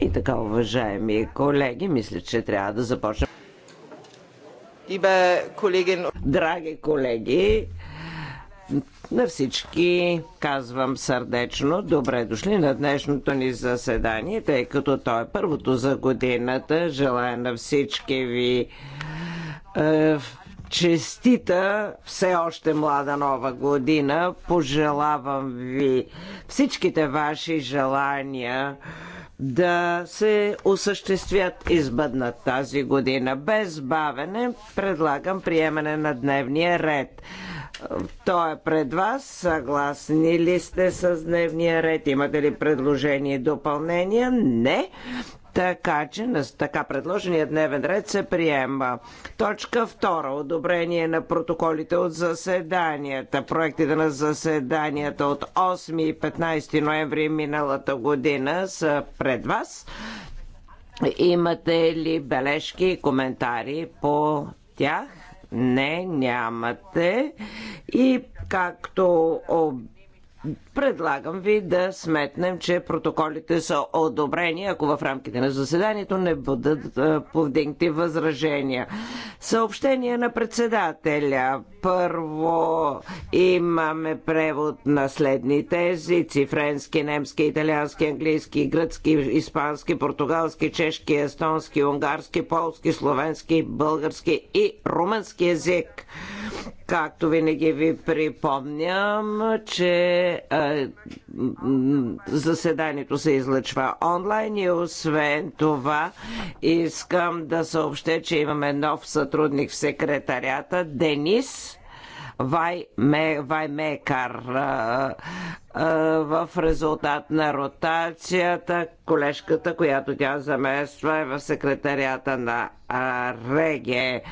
И така, уважаеми колеги, мисля, че трябва да започнем. Драги колеги, на всички казвам сърдечно добре дошли на днешното ни заседание, тъй като то е първото за годината. Желая на всички ви е, честита все още млада нова година. Пожелавам ви всичките ваши желания да се осъществят избъднат тази година. Без бавене предлагам приемане на дневния ред. Той е пред вас. Съгласни ли сте с дневния ред? Имате ли предложение и допълнения? Не. Така че на така предложения дневен ред се приема. Точка 2. Одобрение на протоколите от заседанията. Проектите на заседанията от 8 и 15 ноември миналата година са пред вас. Имате ли бележки и коментари по тях? Не, нямате. И както обичате, Предлагам ви да сметнем, че протоколите са одобрени, ако в рамките на заседанието не бъдат повдигнати възражения. Съобщение на председателя. Първо имаме превод на следните езици. Френски, немски, италиански, английски, гръцки, испански, португалски, чешки, естонски, унгарски, полски, словенски, български и румънски език. Както винаги ви припомням, че е, заседанието се излъчва онлайн и освен това искам да съобщя, че имаме нов сътрудник в секретарята, Денис Ваймекар. Вай в резултат на ротацията. Колежката, която тя замества е в секретарията на Реге.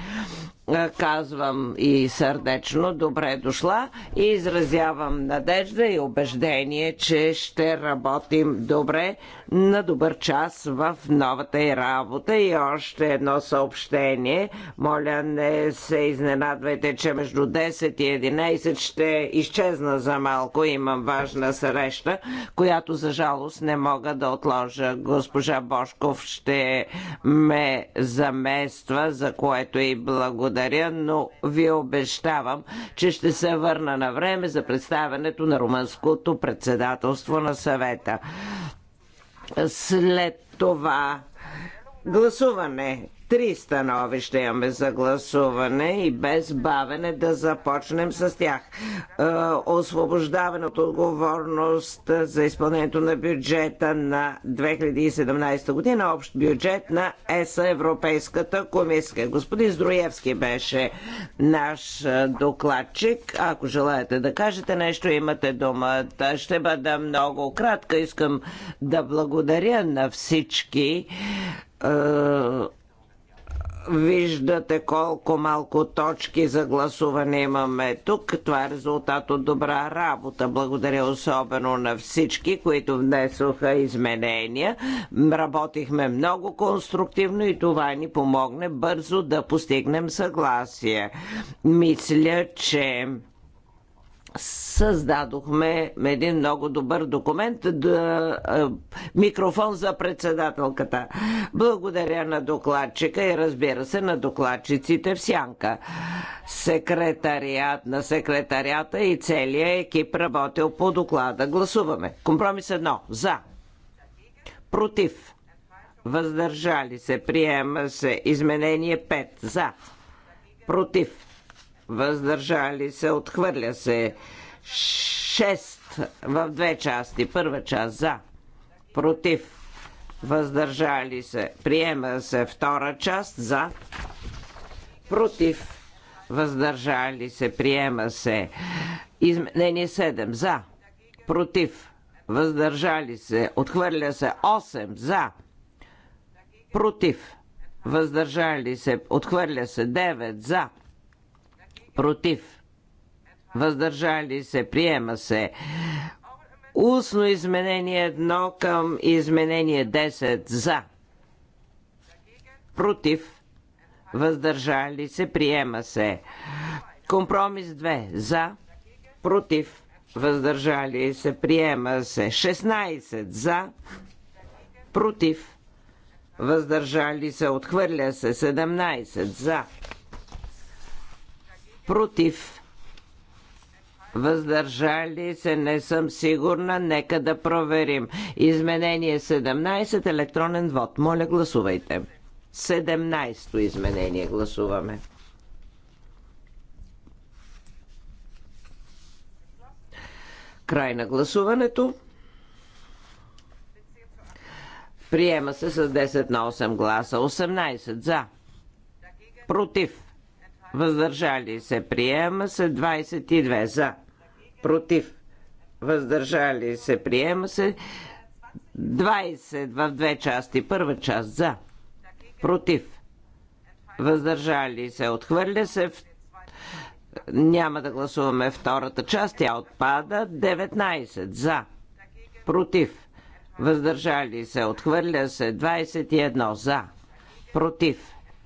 Казвам и сърдечно добре дошла и изразявам надежда и убеждение, че ще работим добре на добър час в новата и работа. И още едно съобщение. Моля, не се изненадвайте, че между 10 и 11 ще изчезна за малко. Имам важно важна среща, която за жалост не мога да отложа. Госпожа Бошков ще ме замества, за което и благодаря, но ви обещавам, че ще се върна на време за представянето на румънското председателство на съвета. След това гласуване Три становища имаме за гласуване и без бавене да започнем с тях. Е, освобождаване от отговорност за изпълнението на бюджета на 2017 година, общ бюджет на ЕСА Европейската комисия. Господин Здроевски беше наш е, докладчик. Ако желаете да кажете нещо, имате думата. Ще бъда много кратка. Искам да благодаря на всички е, Виждате колко малко точки за гласуване имаме тук. Това е резултат от добра работа. Благодаря особено на всички, които внесоха изменения. Работихме много конструктивно и това ни помогне бързо да постигнем съгласие. Мисля, че създадохме един много добър документ. Да, е, микрофон за председателката. Благодаря на докладчика и разбира се на докладчиците в Сянка. Секретариат на секретарията и целият екип работил по доклада. Гласуваме. Компромис едно. За. Против. Въздържали се. Приема се. Изменение 5. За. Против въздържали се, отхвърля се. 6 в две части. Първа част за, против, въздържали се, приема се. Втора част за, против, въздържали се, приема се. Изменени 7 за, против, въздържали се, отхвърля се 8 за, против, въздържали се, отхвърля се 9 за, против, въздържали се, приема се. Устно изменение 1 към изменение 10 за, против, въздържали се, приема се. Компромис 2 за, против, въздържали се, приема се. 16 за, против, въздържали се, отхвърля се. 17 за, против, въздържали се, не съм сигурна, нека да проверим. Изменение 17, електронен вод. Моля, гласувайте. 17-то изменение гласуваме. Край на гласуването. Приема се с 10 на 8 гласа. 18 за. Против въздържали се. Приема се 22 за, против, въздържали се. Приема се 20 в две части. Първа част за, против, въздържали се. Отхвърля се в няма да гласуваме втората част. Тя отпада. 19 за. Против. Въздържали се. Отхвърля се. 21 за. Против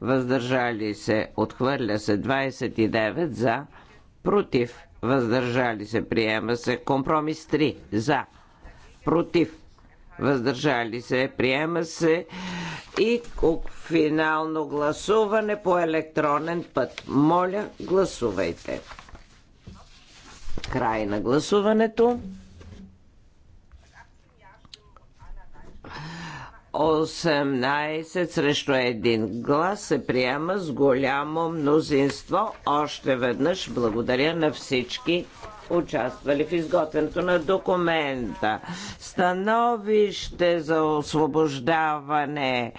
въздържали се, отхвърля се 29 за, против, въздържали се, приема се компромис 3 за, против, въздържали се, приема се и финално гласуване по електронен път. Моля, гласувайте. Край на гласуването. 18 срещу един глас се приема с голямо мнозинство. Още веднъж благодаря на всички участвали в изготвянето на документа. Становище за освобождаване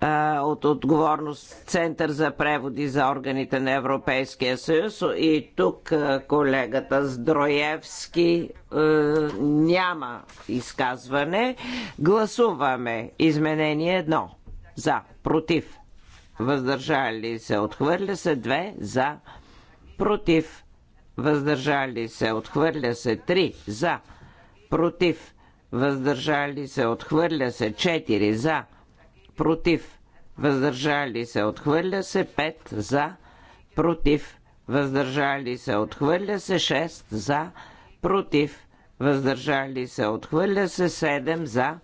а, от отговорност Център за преводи за органите на Европейския съюз и тук а, колегата Здроевски а, няма изказване. Гласуваме изменение едно. За, против, въздържали се, отхвърля се две, за, против, въздържали се, отхвърля се 3 за, против, въздържали се, отхвърля се 4 за, против, въздържали се, отхвърля се 5 за, против, въздържали се, отхвърля се 6 за, против, въздържали се, отхвърля се 7 за,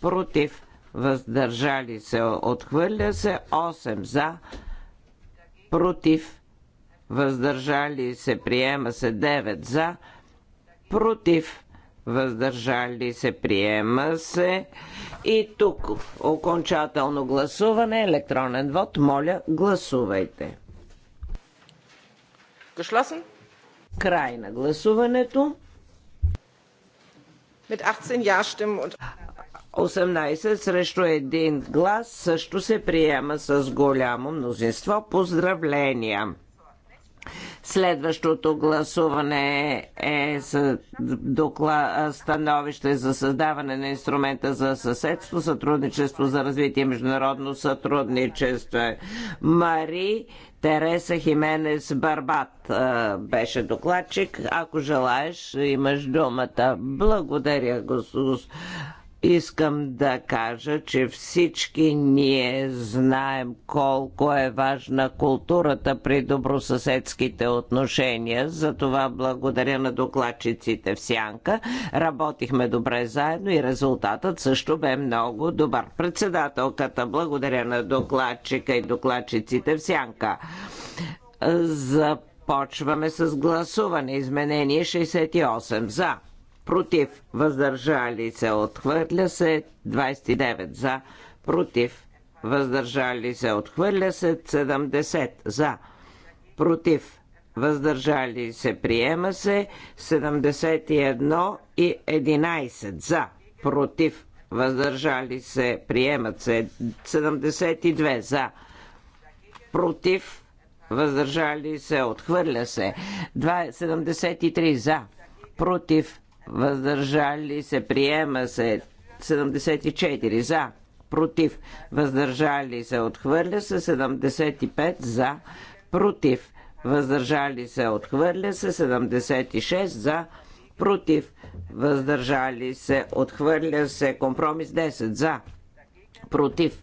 против, въздържали се, отхвърля се 8 за, против, въздържали се, приема се 9 за, против, въздържали се, приема се. И тук окончателно гласуване, електронен вод, моля, гласувайте. Geschlossen? Край на гласуването. 18 Ja-Stimmen und 18 срещу един глас също се приема с голямо мнозинство. Поздравления! Следващото гласуване е докла... становище за създаване на инструмента за съседство, сътрудничество за развитие и международно сътрудничество. Мари Тереса Хименес Барбат беше докладчик. Ако желаеш, имаш думата. Благодаря, господин Искам да кажа, че всички ние знаем колко е важна културата при добросъседските отношения. Затова благодаря на докладчиците в Сянка. Работихме добре заедно и резултатът също бе много добър. Председателката благодаря на докладчика и докладчиците в Сянка. Започваме с гласуване. Изменение 68 за против, въздържали се, отхвърля се, 29 за, против, въздържали се, отхвърля се, 70 за, против, въздържали се, приема се, 71 и 11 за, против, въздържали се, приемат се, 72 за, против, въздържали се, отхвърля се, 73 за, против, въздържали се, приема се 74 за, против, въздържали се, отхвърля се 75 за, против, въздържали се, отхвърля се 76 за, против, въздържали се, отхвърля се компромис 10 за, против,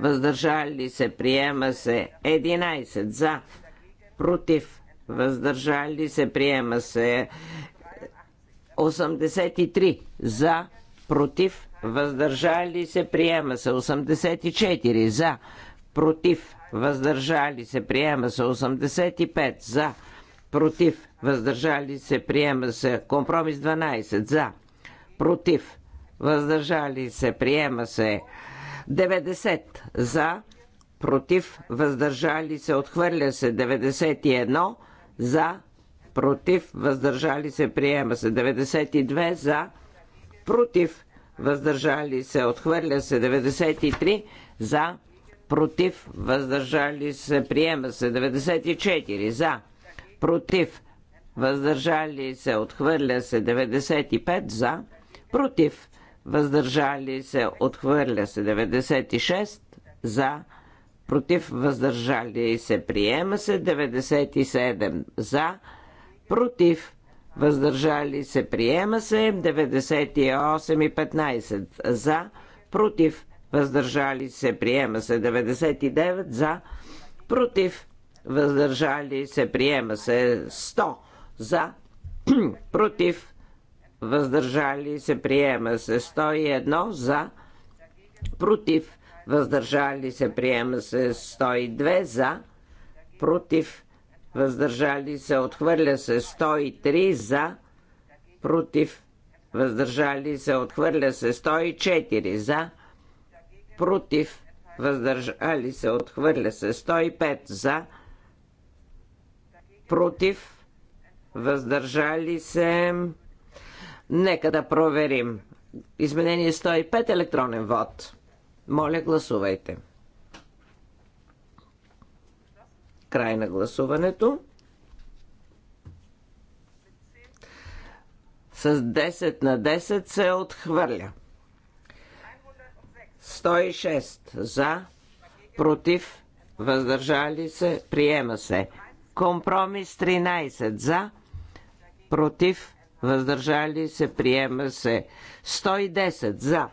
въздържали се, приема се 11 за, против, въздържали се, приема се 83 за, против, въздържали се, приема се 84 за, против, въздържали се, приема се 85 за, против, въздържали се, приема се компромис 12 за, против, въздържали се, приема се 90 за, против, въздържали се, отхвърля се 91 за, против, въздържали се, приема се. 92 за, против, въздържали се, отхвърля се. 93 за, против, въздържали се, приема се. 94 за, против, въздържали се, отхвърля се. 95 за, против, въздържали се, отхвърля се. 96 за, против, въздържали се, приема се. 97 за, против, против, въздържали се, приема се 98 и 15 за, против, въздържали се, приема се 99 за, против, въздържали се, приема се 100 за, против, въздържали се, приема се 101 за, против, въздържали се, приема се 102 за, против, въздържали се, отхвърля се 103 за, против, въздържали се, отхвърля се 104 за, против, въздържали се, отхвърля се 105 за, против, въздържали се. Нека да проверим. Изменение 105 електронен вод. Моля, гласувайте. Край на гласуването. С 10 на 10 се отхвърля. 106 за, против, въздържали се, приема се. Компромис 13 за, против, въздържали се, приема се. 110 за,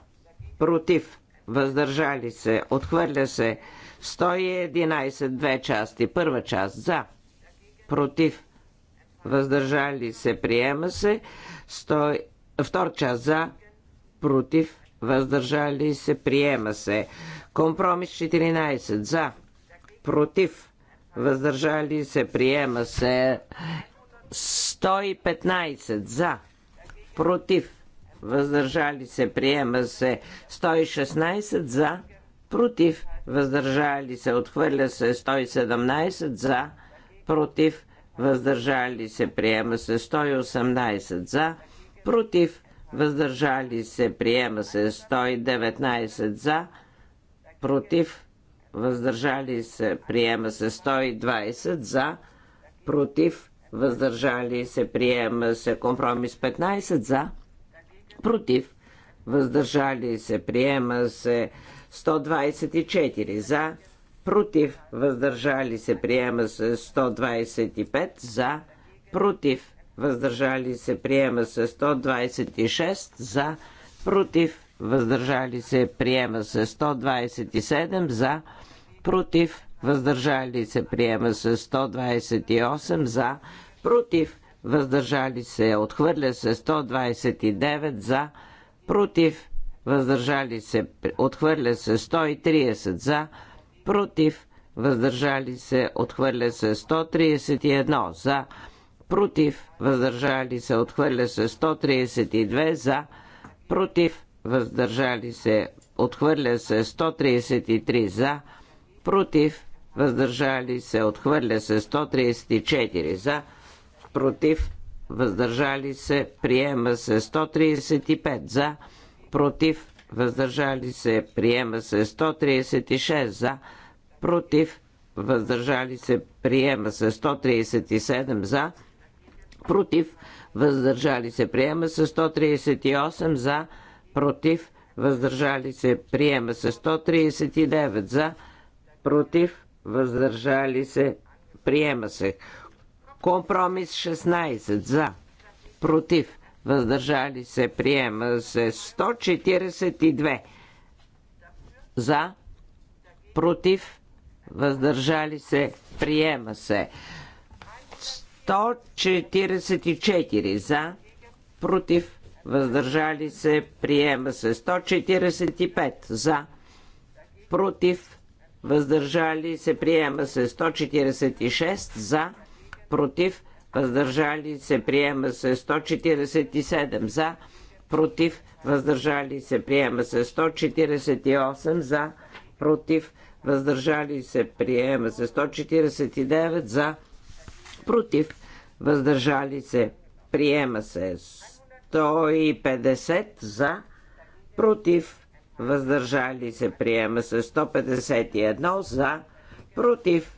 против, въздържали се, отхвърля се. 111, две части. Първа част за, против, въздържали се, приема се. 100, втора част за, против, въздържали се, приема се. Компромис 14 за, против, въздържали се, приема се. 115 за, против, въздържали се, приема се. 116 за, против, въздържали се, отхвърля се 117 за, против, въздържали се, приема се 118 за, против, въздържали се, приема се 119 за, против, въздържали се, приема се 120 за, против, въздържали се, приема се компромис 15 за, против, въздържали се, приема се 124 за, против, въздържали се, приема се 125 за, против, въздържали се, приема се 126 за, против, въздържали се, приема се 127 за, против, въздържали се, приема се 128 за, против, въздържали се, отхвърля се 129 за, против, въздържали се, отхвърля се 130 за, против, въздържали се, отхвърля се 131 за, против, въздържали се, отхвърля се 132 за, против, въздържали се, отхвърля се 133 за, против, въздържали се, отхвърля се 134 за, против, въздържали се, приема се 135 за, против, против, въздържали се, приема се 136 за, против, въздържали се, приема се 137 за, против, въздържали се, приема се 138 за, против, въздържали се, приема се 139 за, против, въздържали се, приема се. Компромис 16 за, против, въздържали се, приема се 142 за, против, въздържали се, приема се 144 за, против, въздържали се, приема се 145 за, против, въздържали се, приема се 146 за, против, въздържали се, приема се 147 за, против, въздържали се, приема се 148 за, против, въздържали се, приема се 149 за, против, въздържали се, приема се 150 за, против, въздържали се, приема се 151 за, против,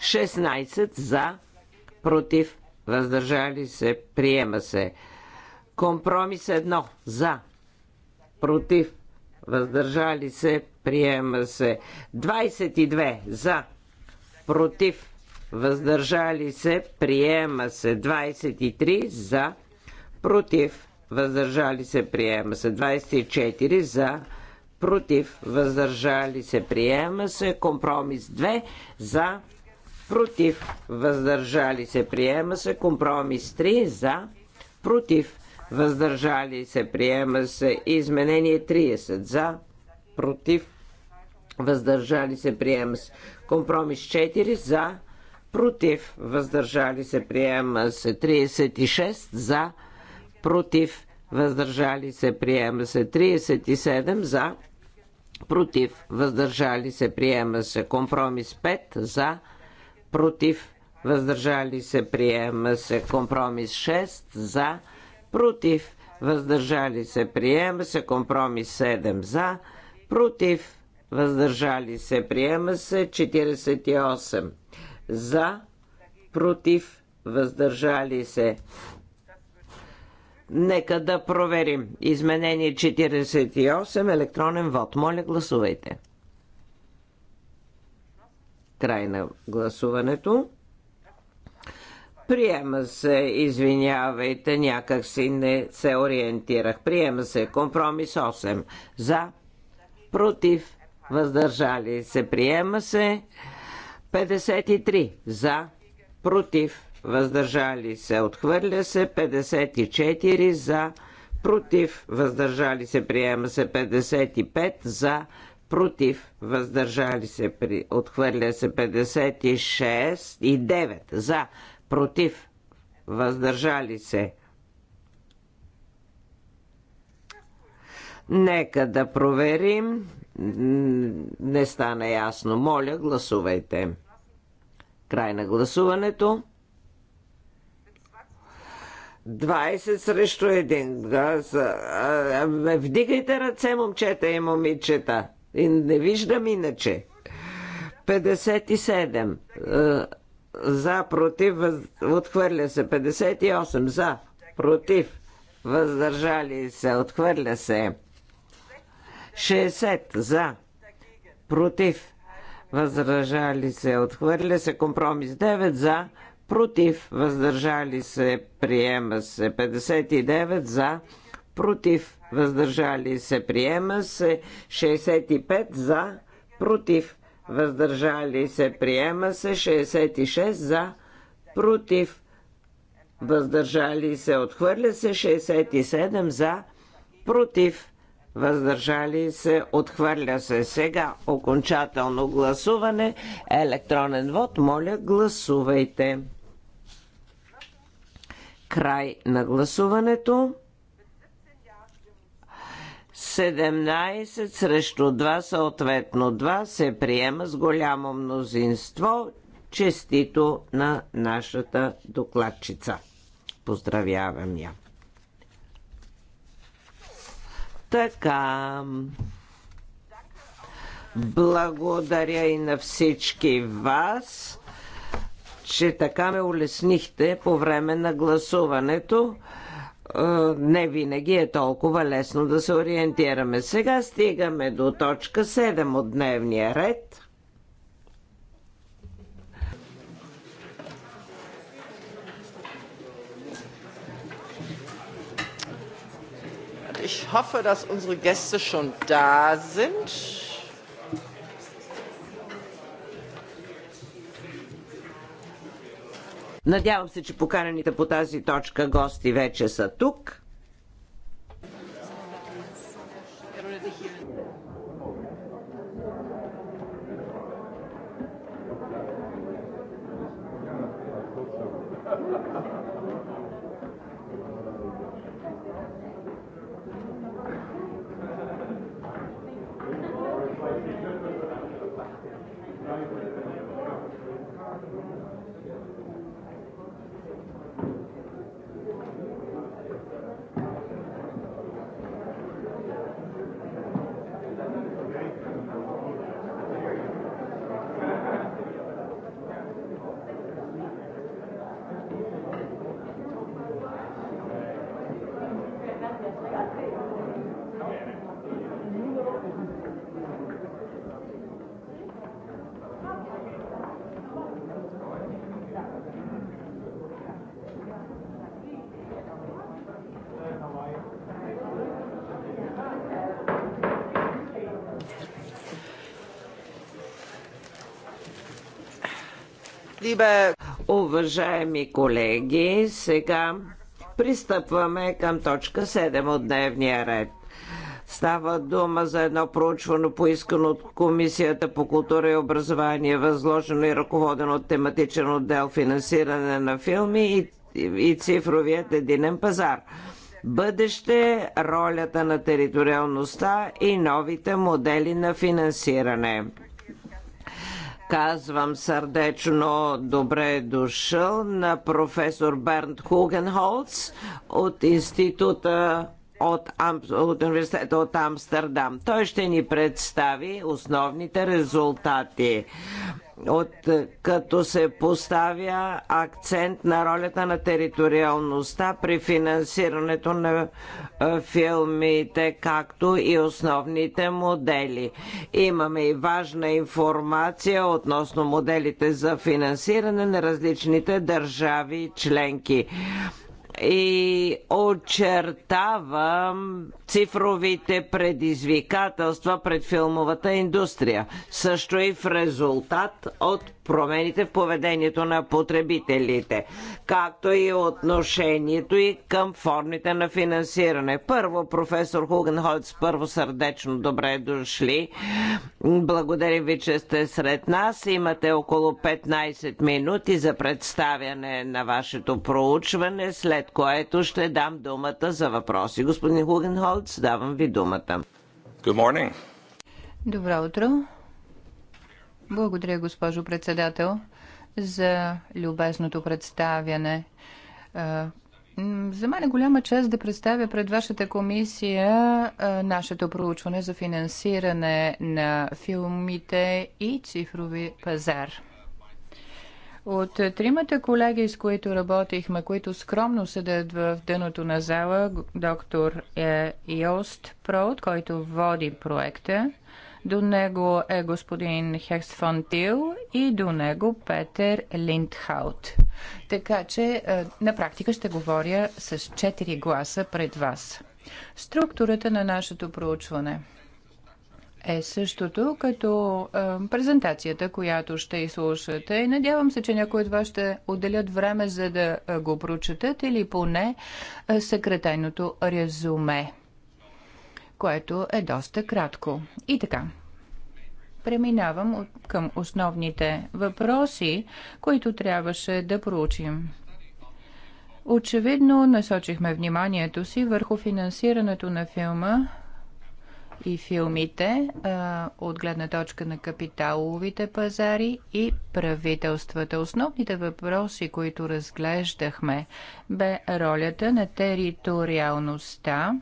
16 за, против, въздържали се, приема се. Компромис 1 за, против, въздържали се, приема се. 22 за, против, въздържали се, приема се. 23 за, против, въздържали се, приема се. 24 за, против, въздържали се, приема се. Компромис 2 за, против, против, въздържали се, приема се. Компромис 3 за, против, въздържали се, приема се. Изменение 30 за, против, въздържали се, приема се. Компромис 4 за, против, въздържали се, приема се. 36 за, против, въздържали се, приема се. 37 за, против, въздържали се, приема се. Компромис 5 за, против, против, въздържали се, приема се. Компромис 6 за, против, въздържали се, приема се. Компромис 7 за, против, въздържали се, приема се. 48 за, против, въздържали се. Нека да проверим. Изменение 48, електронен вод. Моля, гласувайте. Край на гласуването. Приема се, извинявайте, някак си не се ориентирах. Приема се компромис 8. За, против, въздържали се. Приема се 53. За, против, въздържали се. Отхвърля се 54 за, против, въздържали се. Приема се 55 за, против против, въздържали се, при, отхвърля се 56 и 9 за, против, въздържали се. Нека да проверим. Не стана ясно. Моля, гласувайте. Край на гласуването. 20 срещу 1. Вдигайте ръце, момчета и момичета. И не виждам иначе. 57 е, за, против, въз... отхвърля се. 58 за, против, въздържали се, отхвърля се. 60 за, против, въздържали се, отхвърля се. Компромис 9 за, против, въздържали се, приема се. 59 за, против, против, въздържали се, приема се 65 за, против, въздържали се, приема се 66 за, против, въздържали се, отхвърля се 67 за, против, въздържали се, отхвърля се. Сега окончателно гласуване, електронен вод, моля гласувайте. Край на гласуването. 17 срещу 2 съответно 2 се приема с голямо мнозинство. Честито на нашата докладчица. Поздравявам я. Така. Благодаря и на всички вас, че така ме улеснихте по време на гласуването не винаги е толкова лесно да се ориентираме. Сега стигаме до точка 7 от дневния ред. Ich hoffe, dass unsere Gäste schon da sind. Надявам се, че покараните по тази точка гости вече са тук. Уважаеми колеги, сега пристъпваме към точка 7 от дневния ред. Става дума за едно проучване, поискано от Комисията по култура и образование, възложено и ръководено от тематичен отдел финансиране на филми и, и цифровият единен пазар бъдеще, ролята на териториалността и новите модели на финансиране. Казвам сърдечно добре дошъл на професор Бернт Хугенхолц от Института от, Ам... от университета от Амстердам. Той ще ни представи основните резултати от, като се поставя акцент на ролята на териториалността при финансирането на филмите, както и основните модели. Имаме и важна информация относно моделите за финансиране на различните държави членки и очертава цифровите предизвикателства пред филмовата индустрия. Също и в резултат от промените в поведението на потребителите, както и отношението и към формите на финансиране. Първо, професор Хугенхолц, първо сърдечно добре дошли. Благодарим ви, че сте сред нас. Имате около 15 минути за представяне на вашето проучване, след което ще дам думата за въпроси. Господин Хугенхолц, давам ви думата. Good morning. Добро утро. Благодаря, госпожо председател, за любезното представяне. За мен е голяма чест да представя пред вашата комисия нашето проучване за финансиране на филмите и цифрови пазар. От тримата колеги, с които работихме, които скромно седят в дъното на зала, доктор е, Йост Проуд, който води проекта, до него е господин Хекс фон Тил и до него Петър Линдхаут. Така че е, на практика ще говоря с 4 гласа пред вас. Структурата на нашето проучване е същото като е, презентацията, която ще изслушате. Надявам се, че някои от вас ще отделят време, за да е, го прочетат или поне е, секретайното резюме което е доста кратко. И така, преминавам към основните въпроси, които трябваше да проучим. Очевидно насочихме вниманието си върху финансирането на филма и филмите а, от гледна точка на капиталовите пазари и правителствата. Основните въпроси, които разглеждахме, бе ролята на териториалността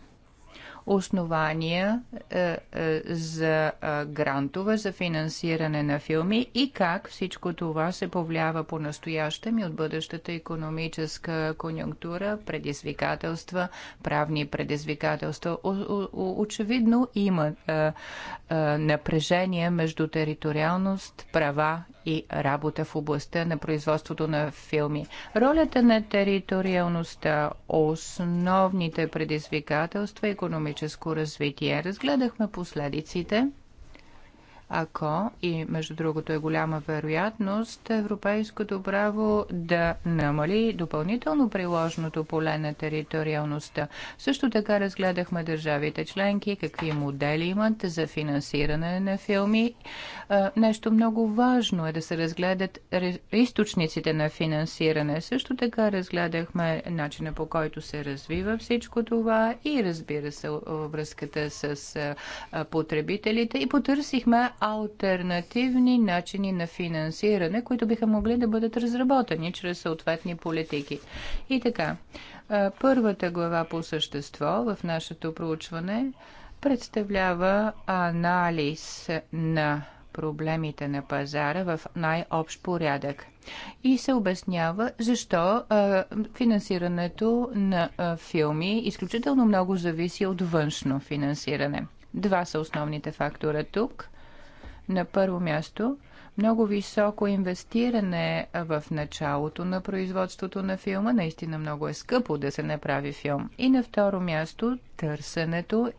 основания е, е, за е, грантове, за финансиране на филми и как всичко това се повлиява по настоящем и от бъдещата економическа конъюнктура, предизвикателства, правни предизвикателства. очевидно има напрежение между териториалност, права и работа в областта на производството на филми. Ролята на териториалността, основните предизвикателства, економическа економическо развитие. Разгледахме последиците ако и между другото е голяма вероятност европейското право да намали допълнително приложното поле на териториалността. Също така разгледахме държавите членки, какви модели имат за финансиране на филми. Нещо много важно е да се разгледат източниците на финансиране. Също така разгледахме начина по който се развива всичко това и разбира се връзката с потребителите и потърсихме альтернативни начини на финансиране, които биха могли да бъдат разработени чрез съответни политики. И така, първата глава по същество в нашето проучване представлява анализ на проблемите на пазара в най-общ порядък. И се обяснява защо а, финансирането на а, филми изключително много зависи от външно финансиране. Два са основните фактора тук. На първо място, много високо инвестиране в началото на производството на филма. Наистина много е скъпо да се направи филм. И на второ място, търсенето.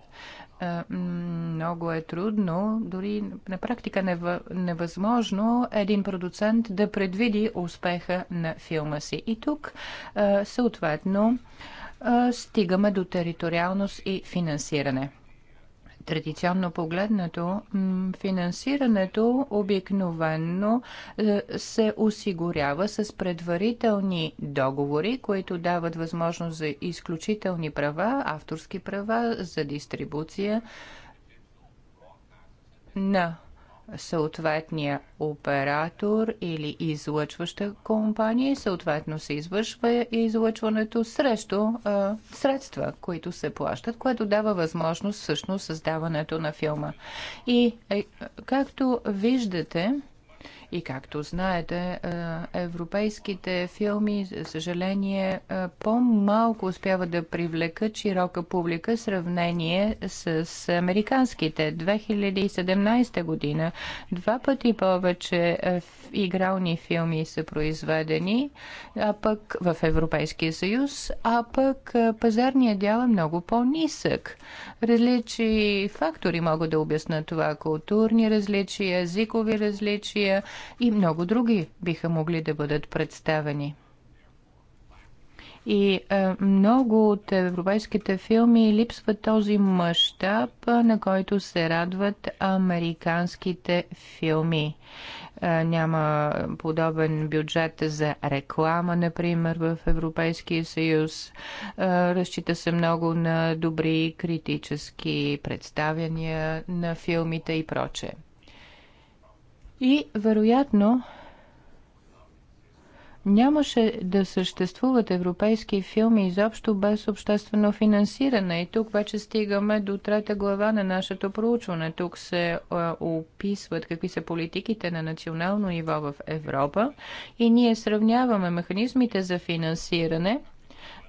Е, много е трудно, дори на практика невъзможно един продуцент да предвиди успеха на филма си. И тук, е, съответно, е, стигаме до териториалност и финансиране. Традиционно погледнато, финансирането обикновенно е, се осигурява с предварителни договори, които дават възможност за изключителни права, авторски права, за дистрибуция на съответния оператор или излъчваща компания и съответно се извършва излъчването срещу а, средства, които се плащат, което дава възможност всъщност създаването на филма. И е, както виждате, и както знаете, е, европейските филми, за съжаление, е, по-малко успяват да привлекат широка публика в сравнение с американските. 2017 година два пъти повече е, игрални филми са произведени, а пък в Европейския съюз, а пък пазарният дял е много по-нисък. Различни фактори могат да обяснат това. Културни различия, езикови различия, и много други биха могли да бъдат представени. И е, много от европейските филми липсва този мащаб, на който се радват американските филми. Е, няма подобен бюджет за реклама, например, в Европейския съюз. Е, разчита се много на добри критически представяния на филмите и прочее. И вероятно нямаше да съществуват европейски филми изобщо без обществено финансиране. И тук вече стигаме до трета глава на нашето проучване. Тук се а, описват какви са политиките на национално ниво в Европа и ние сравняваме механизмите за финансиране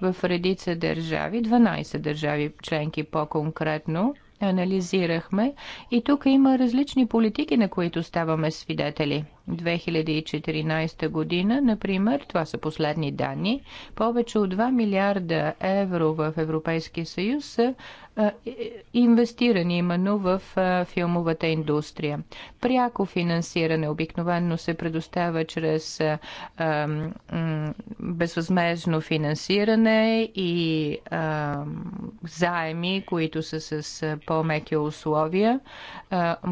в редица държави, 12 държави членки по-конкретно – анализирахме. И тук има различни политики, на които ставаме свидетели. 2014 година, например, това са последни данни, повече от 2 милиарда евро в Европейския съюз са инвестирани именно в филмовата индустрия. Пряко финансиране обикновено се предоставя чрез безвъзмезно финансиране и заеми, които са с по-меки условия.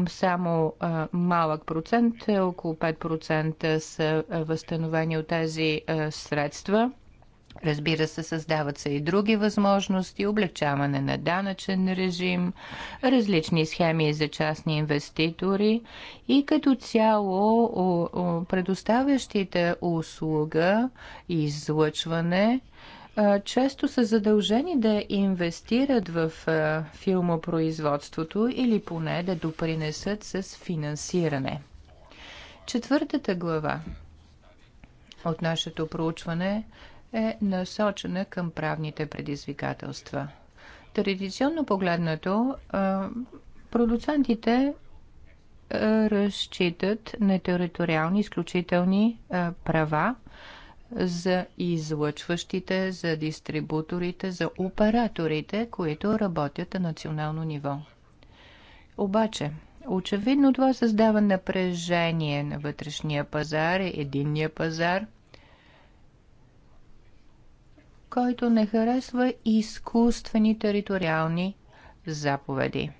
Само малък процент, е около 5 95% са възстановени от тези средства. Разбира се, създават се и други възможности, облегчаване на данъчен режим, различни схеми за частни инвеститори и като цяло предоставящите услуга и излъчване често са задължени да инвестират в филмопроизводството или поне да допринесат с финансиране. Четвъртата глава от нашето проучване е насочена към правните предизвикателства. Традиционно погледнато, продуцентите разчитат на териториални изключителни права за излъчващите, за дистрибуторите, за операторите, които работят на национално ниво. Обаче, Очевидно това създава напрежение на вътрешния пазар, и единния пазар, който не харесва изкуствени териториални заповеди.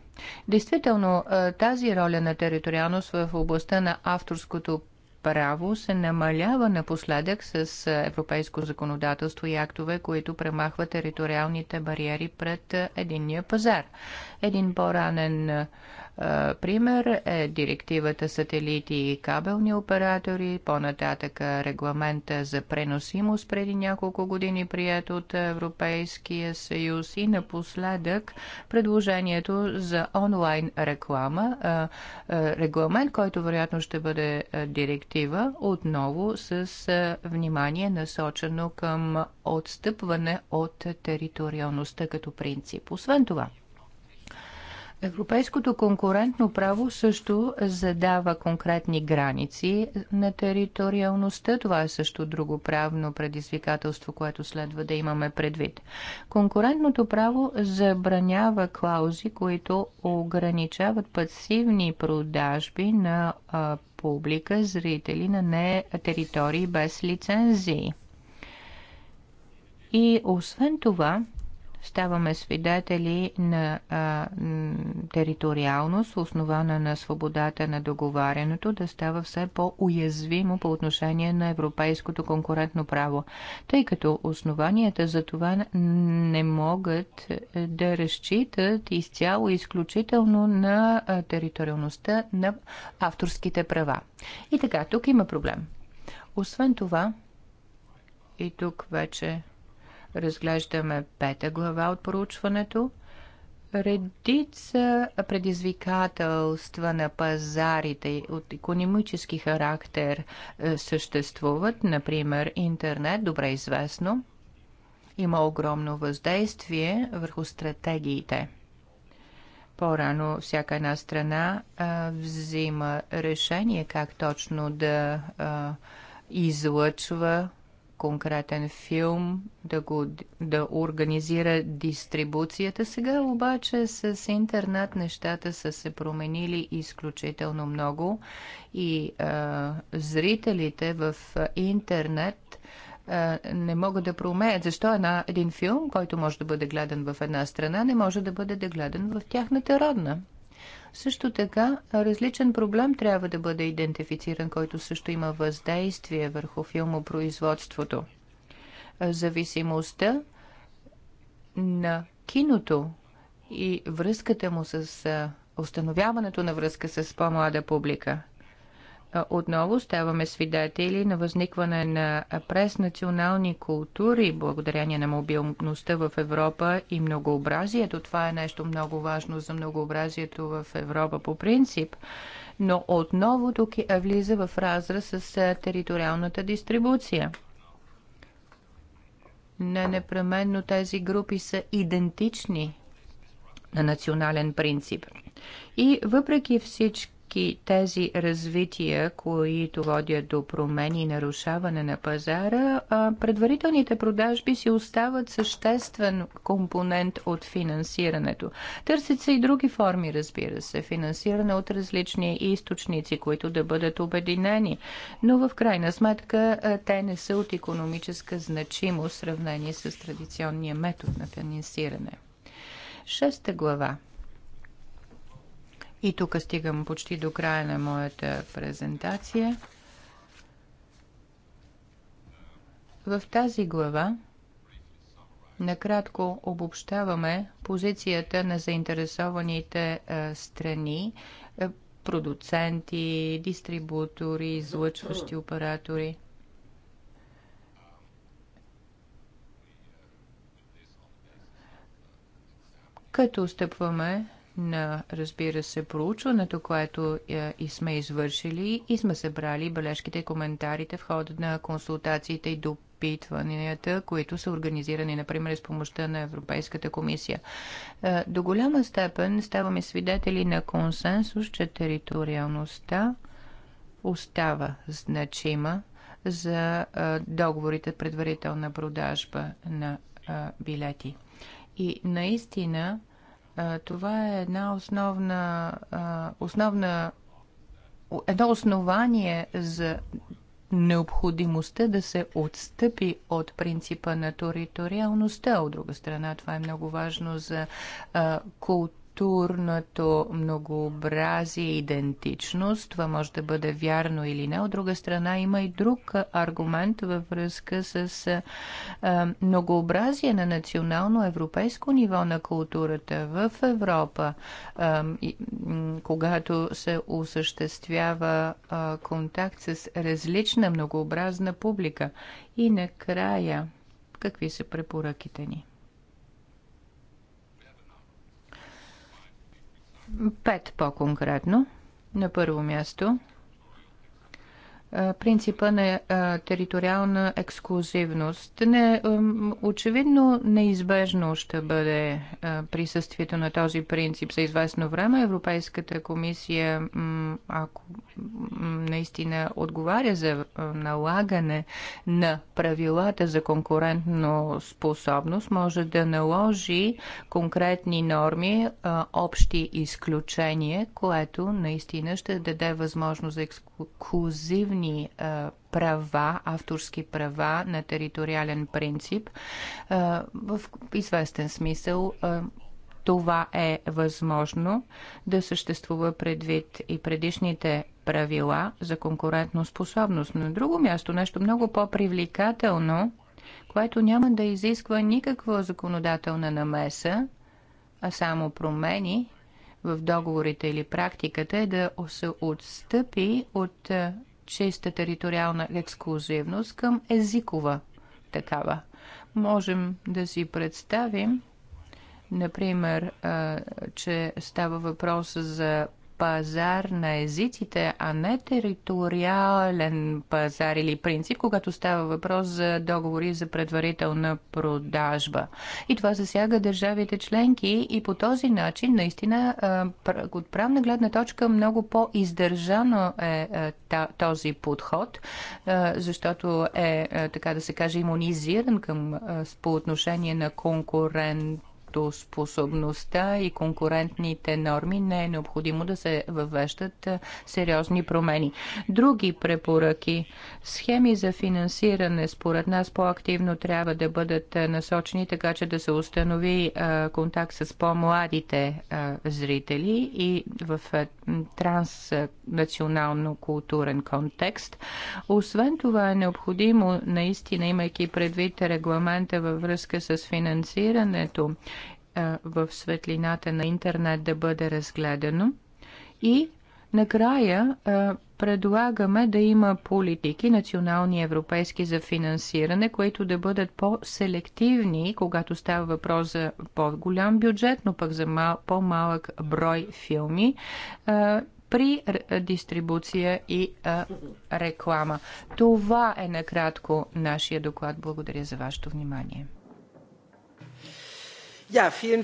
Действително, тази роля на териториалност в областта на авторското право се намалява напоследък с европейско законодателство и актове, които премахват териториалните бариери пред единния пазар. Един по-ранен пример е директивата сателити и кабелни оператори, по-нататък регламента за преносимост преди няколко години прият от Европейския съюз и напоследък предложението за онлайн реклама, регламент, който вероятно ще бъде директива, отново с внимание насочено към отстъпване от териториалността като принцип. Освен това, Европейското конкурентно право също задава конкретни граници на териториалността. Това е също друго правно предизвикателство, което следва да имаме предвид. Конкурентното право забранява клаузи, които ограничават пасивни продажби на а, публика, зрители на не територии без лицензии. И освен това, ставаме свидетели на а, териториалност, основана на свободата на договарянето, да става все по-уязвимо по отношение на европейското конкурентно право, тъй като основанията за това не могат е, да разчитат изцяло изключително на териториалността на авторските права. И така, тук има проблем. Освен това, и тук вече разглеждаме пета глава от проучването. Редица предизвикателства на пазарите от економически характер е, съществуват, например интернет, добре известно. Има огромно въздействие върху стратегиите. По-рано всяка една страна а, взима решение как точно да а, излъчва конкретен филм, да, го, да организира дистрибуцията. Сега обаче с интернет нещата са се променили изключително много и а, зрителите в интернет а, не могат да проумеят защо една, един филм, който може да бъде гледан в една страна, не може да бъде да гледан в тяхната родна. Също така, различен проблем трябва да бъде идентифициран, който също има въздействие върху филмопроизводството. Зависимостта на киното и връзката му с установяването на връзка с по-млада публика отново ставаме свидетели на възникване на преснационални култури, благодарение на мобилността в Европа и многообразието. Това е нещо много важно за многообразието в Европа по принцип, но отново тук е влиза в разраз с териториалната дистрибуция. Не непременно тези групи са идентични на национален принцип. И въпреки всички всички тези развития, които водят до промени и нарушаване на пазара, предварителните продажби си остават съществен компонент от финансирането. Търсят се и други форми, разбира се, финансиране от различни източници, които да бъдат обединени, но в крайна сметка те не са от економическа значимост в сравнение с традиционния метод на финансиране. Шеста глава – и тук стигам почти до края на моята презентация. В тази глава накратко обобщаваме позицията на заинтересованите е, страни, е, продуценти, дистрибутори, излъчващи оператори. Като стъпваме на, разбира се, проучването, което е, и сме извършили и сме събрали бележките и коментарите в хода на консултациите и допитванията, които са организирани, например, с помощта на Европейската комисия. Е, до голяма степен ставаме свидетели на консенсус, че териториалността остава значима за е, договорите предварителна продажба на билети. И наистина това е една основна, основна, едно основание за необходимостта да се отстъпи от принципа на териториалността. От друга страна, това е много важно за култура културното многообразие и е идентичност. Това може да бъде вярно или не. От друга страна има и друг аргумент във връзка с а, многообразие на национално европейско ниво на културата в Европа, а, и, когато се осъществява а, контакт с различна многообразна публика. И накрая, какви са препоръките ни? Пет по-конкретно. На първо място принципа на териториална ексклюзивност. Не, очевидно неизбежно ще бъде присъствието на този принцип за известно време. Европейската комисия, ако наистина отговаря за налагане на правилата за конкурентно способност, може да наложи конкретни норми, общи изключения, което наистина ще даде възможност за ексклюзивни определени права, авторски права на териториален принцип. В известен смисъл това е възможно да съществува предвид и предишните правила за конкурентно способност. На друго място нещо много по-привлекателно, което няма да изисква никаква законодателна намеса, а само промени в договорите или практиката е да се отстъпи от чиста териториална ексклюзивност към езикова такава. Можем да си представим, например, че става въпрос за пазар на езиците, а не териториален пазар или принцип, когато става въпрос за договори за предварителна продажба. И това засяга държавите членки и по този начин наистина от правна гледна точка много по-издържано е, е този подход, защото е, е, така да се каже, иммунизиран към, по отношение на конкурент конкурентоспособността и конкурентните норми не е необходимо да се въвеждат сериозни промени. Други препоръки. Схеми за финансиране според нас по-активно трябва да бъдат насочени така, че да се установи контакт с по-младите зрители и в транснационално-културен контекст. Освен това е необходимо, наистина имайки предвид регламента във връзка с финансирането, в светлината на интернет да бъде разгледано. И накрая предлагаме да има политики, национални и европейски за финансиране, които да бъдат по-селективни, когато става въпрос за по-голям бюджет, но пък за мал, по-малък брой филми при дистрибуция и а, реклама. Това е накратко нашия доклад. Благодаря за вашето внимание.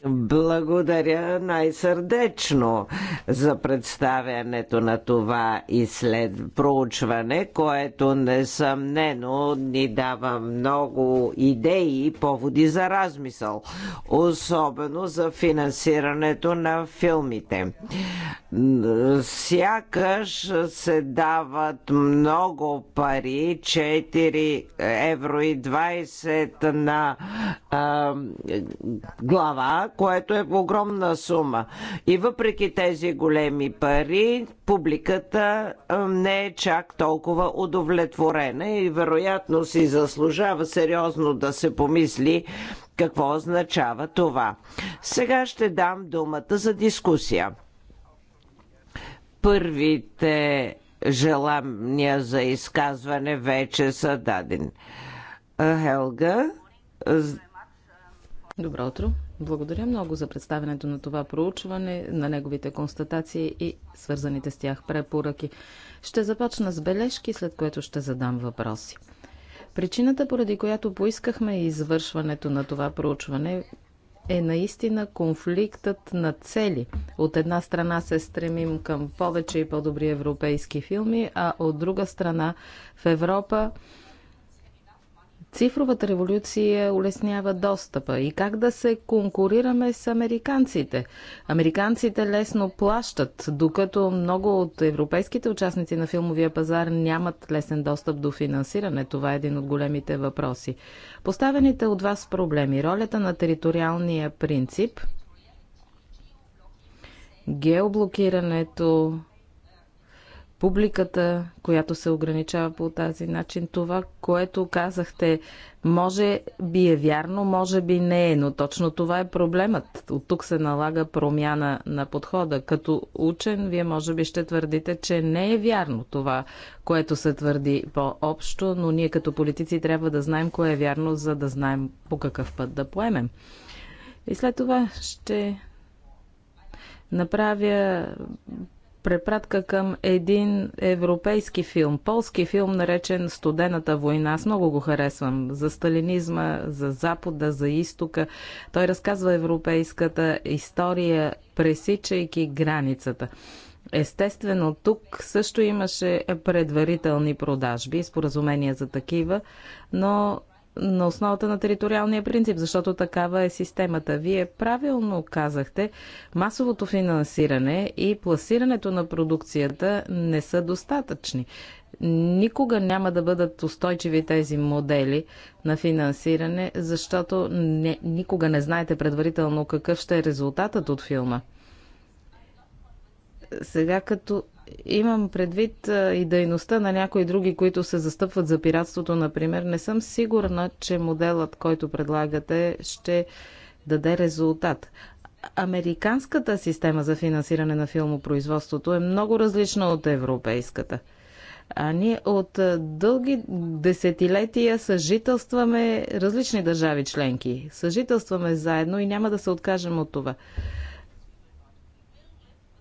Благодаря най-сърдечно за представянето на това и след проучване, което несъмнено ни дава много идеи и поводи за размисъл, особено за финансирането на филмите. Сякаш се дават много пари, 4 евро и 20 на а, глава, което е огромна сума. И въпреки тези големи пари, публиката не е чак толкова удовлетворена и вероятно си заслужава сериозно да се помисли какво означава това. Сега ще дам думата за дискусия. Първите желания за изказване вече са дадени. Е, Хелга. Добро утро. Благодаря много за представенето на това проучване, на неговите констатации и свързаните с тях препоръки. Ще започна с бележки, след което ще задам въпроси. Причината, поради която поискахме извършването на това проучване, е наистина конфликтът на цели. От една страна се стремим към повече и по-добри европейски филми, а от друга страна в Европа Цифровата революция улеснява достъпа и как да се конкурираме с американците. Американците лесно плащат, докато много от европейските участници на филмовия пазар нямат лесен достъп до финансиране. Това е един от големите въпроси. Поставените от вас проблеми, ролята на териториалния принцип, геоблокирането, публиката, която се ограничава по тази начин. Това, което казахте, може би е вярно, може би не е, но точно това е проблемът. От тук се налага промяна на подхода. Като учен, вие може би ще твърдите, че не е вярно това, което се твърди по-общо, но ние като политици трябва да знаем кое е вярно, за да знаем по какъв път да поемем. И след това ще направя препратка към един европейски филм, полски филм, наречен Студената война. Аз много го харесвам. За сталинизма, за Запада, за изтока. Той разказва европейската история, пресичайки границата. Естествено, тук също имаше предварителни продажби, споразумения за такива, но на основата на териториалния принцип, защото такава е системата. Вие правилно казахте, масовото финансиране и пласирането на продукцията не са достатъчни. Никога няма да бъдат устойчиви тези модели на финансиране, защото не, никога не знаете предварително какъв ще е резултатът от филма. Сега като имам предвид и дейността на някои други, които се застъпват за пиратството, например. Не съм сигурна, че моделът, който предлагате, ще даде резултат. Американската система за финансиране на филмопроизводството е много различна от европейската. А ние от дълги десетилетия съжителстваме различни държави членки. Съжителстваме заедно и няма да се откажем от това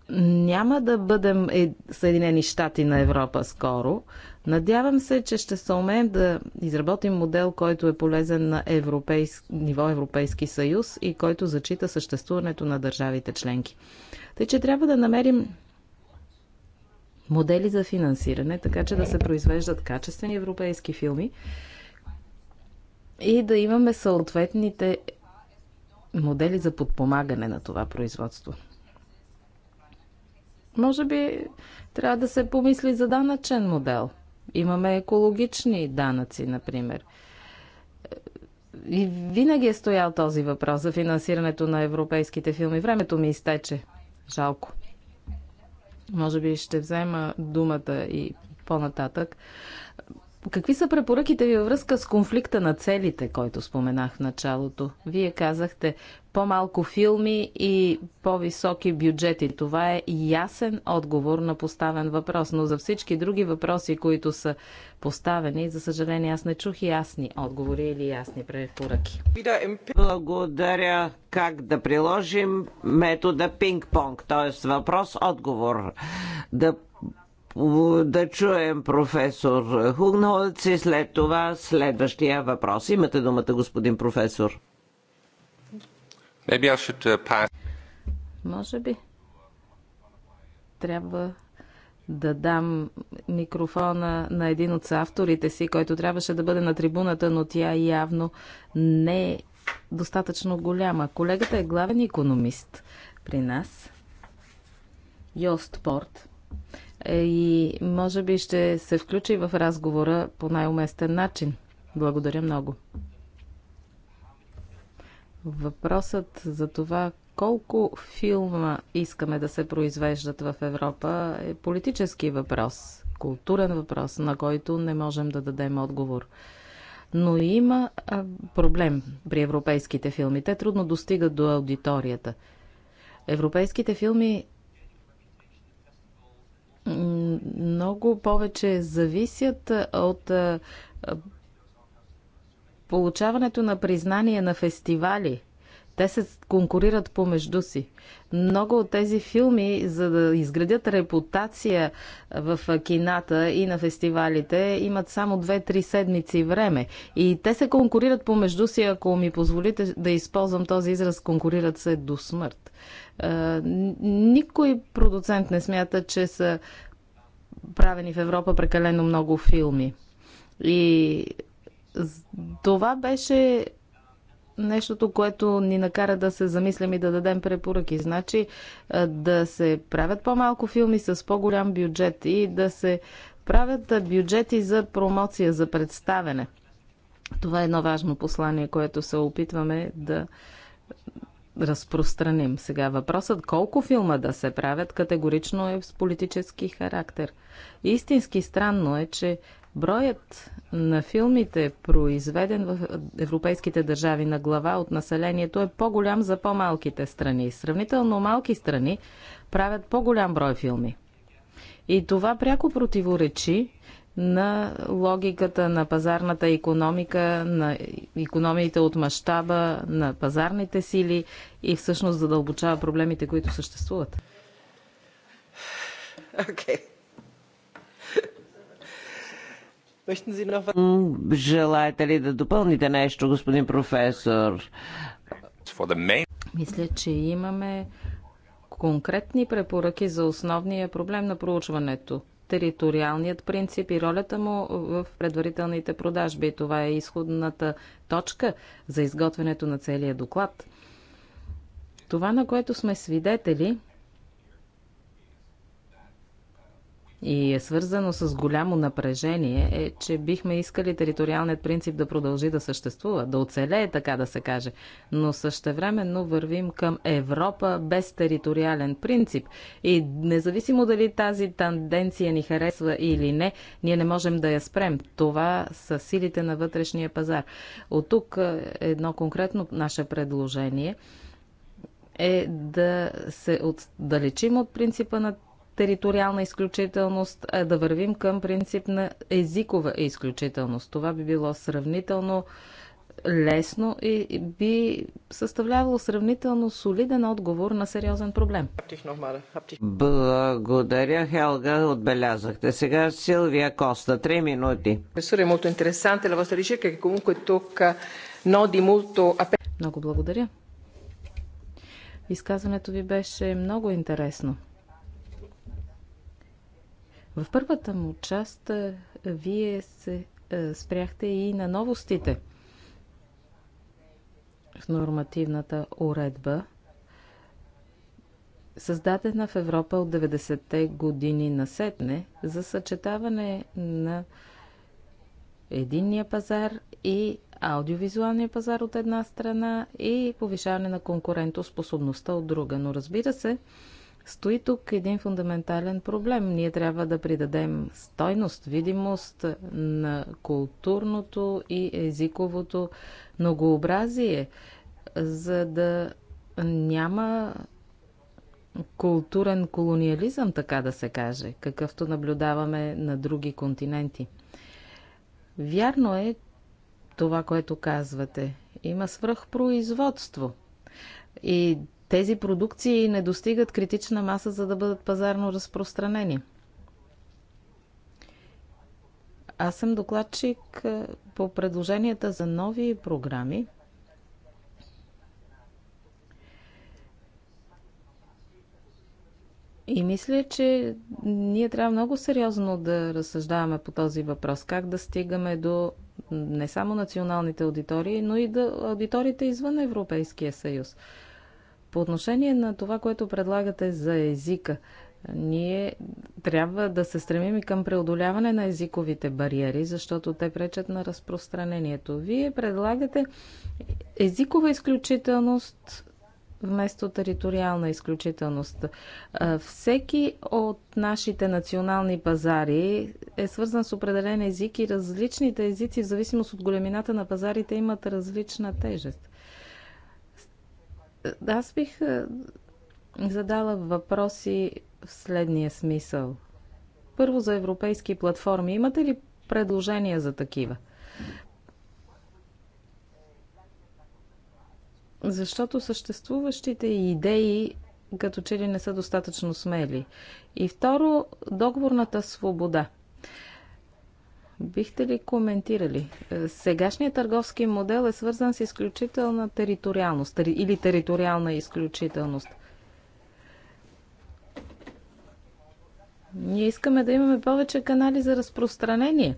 няма да бъдем е, Съединени щати на Европа скоро. Надявам се, че ще се умеем да изработим модел, който е полезен на европейс... ниво Европейски съюз и който зачита съществуването на държавите членки. Тъй, че трябва да намерим модели за финансиране, така че да се произвеждат качествени европейски филми и да имаме съответните модели за подпомагане на това производство. Може би трябва да се помисли за данъчен модел. Имаме екологични данъци, например. И винаги е стоял този въпрос за финансирането на европейските филми. Времето ми изтече. Жалко. Може би ще взема думата и по-нататък. Какви са препоръките ви във връзка с конфликта на целите, който споменах в началото? Вие казахте по-малко филми и по-високи бюджети. Това е ясен отговор на поставен въпрос, но за всички други въпроси, които са поставени, за съжаление аз не чух ясни отговори или ясни препоръки. Благодаря как да приложим метода пинг-понг, т.е. въпрос-отговор. Да да чуем професор Хугнолц и след това следващия въпрос. Имате думата, господин професор. Uh, Може би. Трябва да дам микрофона на един от авторите си, който трябваше да бъде на трибуната, но тя явно не е достатъчно голяма. Колегата е главен економист при нас. Йост Порт е, и може би ще се включи в разговора по най-уместен начин. Благодаря много. Въпросът за това колко филма искаме да се произвеждат в Европа е политически въпрос, културен въпрос, на който не можем да дадем отговор. Но има проблем при европейските филми. Те трудно достигат до аудиторията. Европейските филми много повече зависят от получаването на признание на фестивали. Те се конкурират помежду си. Много от тези филми, за да изградят репутация в кината и на фестивалите, имат само 2-3 седмици време. И те се конкурират помежду си, ако ми позволите да използвам този израз, конкурират се до смърт. Никой продуцент не смята, че са правени в Европа прекалено много филми. И това беше нещото, което ни накара да се замислям и да дадем препоръки. Значи да се правят по-малко филми с по-голям бюджет и да се правят бюджети за промоция, за представене. Това е едно важно послание, което се опитваме да разпространим. Сега въпросът колко филма да се правят категорично е с политически характер. Истински странно е, че броят на филмите, произведен в европейските държави на глава от населението, е по-голям за по-малките страни. Сравнително малки страни правят по-голям брой филми. И това пряко противоречи на логиката на пазарната економика, на економиите от мащаба, на пазарните сили и всъщност задълбочава проблемите, които съществуват. Okay. Желаете ли да допълните нещо, господин професор? Мисля, че имаме конкретни препоръки за основния проблем на проучването териториалният принцип и ролята му в предварителните продажби. Това е изходната точка за изготвянето на целия доклад. Това, на което сме свидетели, и е свързано с голямо напрежение, е, че бихме искали териториалният принцип да продължи да съществува, да оцелее, така да се каже. Но същевременно вървим към Европа без териториален принцип. И независимо дали тази тенденция ни харесва или не, ние не можем да я спрем. Това са силите на вътрешния пазар. От тук е, едно конкретно наше предложение е да се отдалечим от принципа на териториална изключителност, а да вървим към принцип на езикова изключителност. Това би било сравнително лесно и би съставлявало сравнително солиден отговор на сериозен проблем. Благодаря, Хелга, отбелязахте. Сега Силвия Коста, три минути. Е много благодаря. Изказването ви беше много интересно. В първата му част е, вие се е, спряхте и на новостите в нормативната уредба, създадена в Европа от 90-те години насетне за съчетаване на единния пазар и аудиовизуалния пазар от една страна и повишаване на конкурентоспособността от друга. Но разбира се, стои тук един фундаментален проблем. Ние трябва да придадем стойност, видимост на културното и езиковото многообразие, за да няма културен колониализъм, така да се каже, какъвто наблюдаваме на други континенти. Вярно е това, което казвате. Има свръхпроизводство. И тези продукции не достигат критична маса, за да бъдат пазарно разпространени. Аз съм докладчик е, по предложенията за нови програми. И мисля, че ние трябва много сериозно да разсъждаваме по този въпрос. Как да стигаме до не само националните аудитории, но и до аудиториите извън Европейския съюз. По отношение на това, което предлагате за езика, ние трябва да се стремим и към преодоляване на езиковите бариери, защото те пречат на разпространението. Вие предлагате езикова изключителност вместо териториална изключителност. Всеки от нашите национални пазари е свързан с определен език и различните езици, в зависимост от големината на пазарите, имат различна тежест. Аз бих е, задала въпроси в следния смисъл. Първо за европейски платформи. Имате ли предложения за такива? Защото съществуващите идеи като че ли не са достатъчно смели. И второ, договорната свобода – Бихте ли коментирали? Е, сегашният търговски модел е свързан с изключителна териториалност или териториална изключителност. Ние искаме да имаме повече канали за разпространение.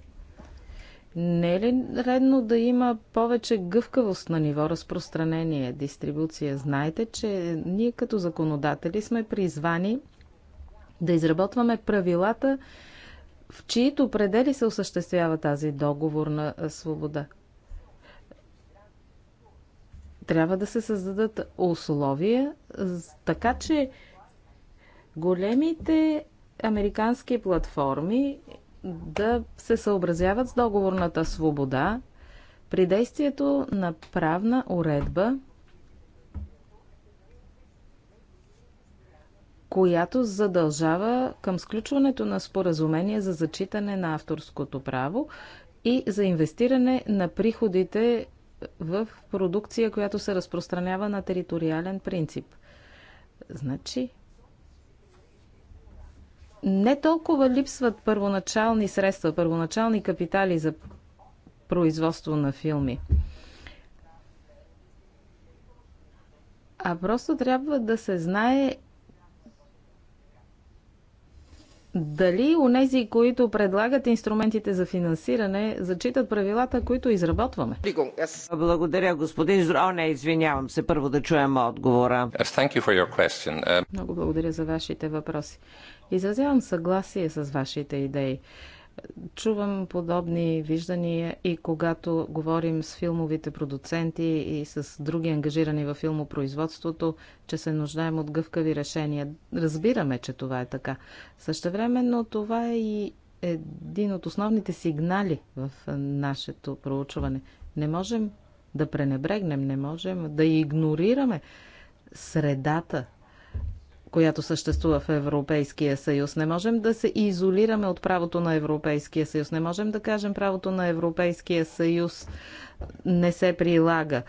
Не е ли редно да има повече гъвкавост на ниво разпространение, дистрибуция? Знаете, че ние като законодатели сме призвани да изработваме правилата, в чието предели се осъществява тази договорна свобода. Трябва да се създадат условия, така че големите американски платформи да се съобразяват с договорната свобода при действието на правна уредба, която задължава към сключването на споразумение за зачитане на авторското право и за инвестиране на приходите в продукция, която се разпространява на териториален принцип. Значи, не толкова липсват първоначални средства, първоначални капитали за производство на филми. А просто трябва да се знае дали онези, които предлагат инструментите за финансиране, зачитат правилата, които изработваме? Благодаря, господин О, Не, извинявам се, първо да чуем отговора. Uh, Много благодаря за вашите въпроси. Изразявам съгласие с вашите идеи. Чувам подобни виждания и когато говорим с филмовите продуценти и с други ангажирани във филмопроизводството, че се нуждаем от гъвкави решения. Разбираме, че това е така. Същевременно това е и един от основните сигнали в нашето проучване. Не можем да пренебрегнем, не можем да игнорираме средата, която съществува в Европейския съюз. Не можем да се изолираме от правото на Европейския съюз. Не можем да кажем правото на Европейския съюз не се прилага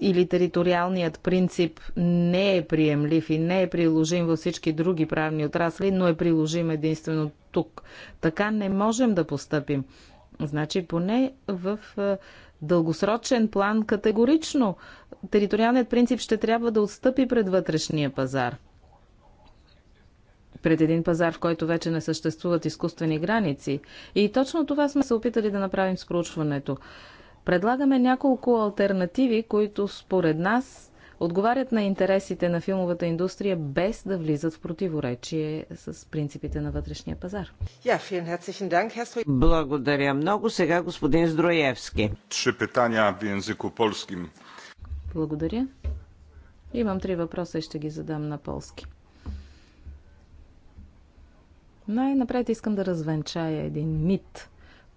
или териториалният принцип не е приемлив и не е приложим във всички други правни отрасли, но е приложим единствено тук. Така не можем да постъпим. Значи поне в дългосрочен план категорично териториалният принцип ще трябва да отстъпи пред вътрешния пазар. Пред един пазар, в който вече не съществуват изкуствени граници. И точно това сме се опитали да направим с проучването. Предлагаме няколко альтернативи, които според нас отговарят на интересите на филмовата индустрия без да влизат в противоречие с принципите на вътрешния пазар. Благодаря много. Сега господин Здроевски. Три питания в езико полски. Благодаря. Имам три въпроса и ще ги задам на полски. Най-напред искам да развенчая един мит,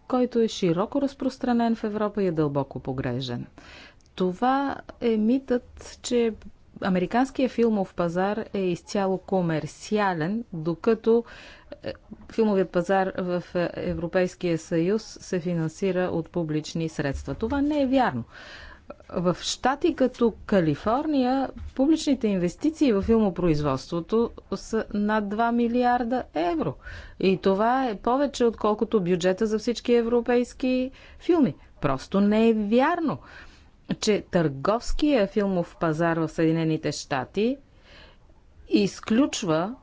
който е широко разпространен в Европа и е дълбоко погрежен. Това е митът, че американският филмов пазар е изцяло комерциален, докато е, филмовият пазар в е, Европейския съюз се финансира от публични средства. Това не е вярно. В щати като Калифорния публичните инвестиции в филмопроизводството са над 2 милиарда евро. И това е повече отколкото бюджета за всички европейски филми. Просто не е вярно че търговския филмов пазар в Съединените щати изключва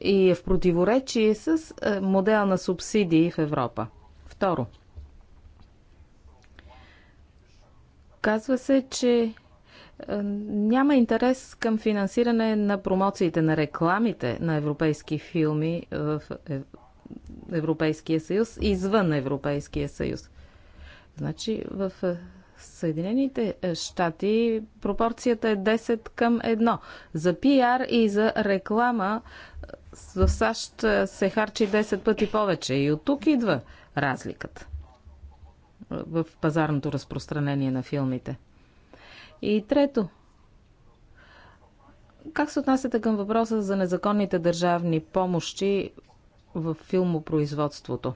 и е в противоречие с е, модел на субсидии в Европа. Второ, казва се, че е, няма интерес към финансиране на промоциите, на рекламите на европейски филми в е, Европейския съюз, извън Европейския съюз. Значи в Съединените е, щати пропорцията е 10 към 1. За пиар и за реклама е, в САЩ е, се харчи 10 пъти повече. И от тук идва разликата в пазарното разпространение на филмите. И трето, как се отнасяте към въпроса за незаконните държавни помощи в филмопроизводството?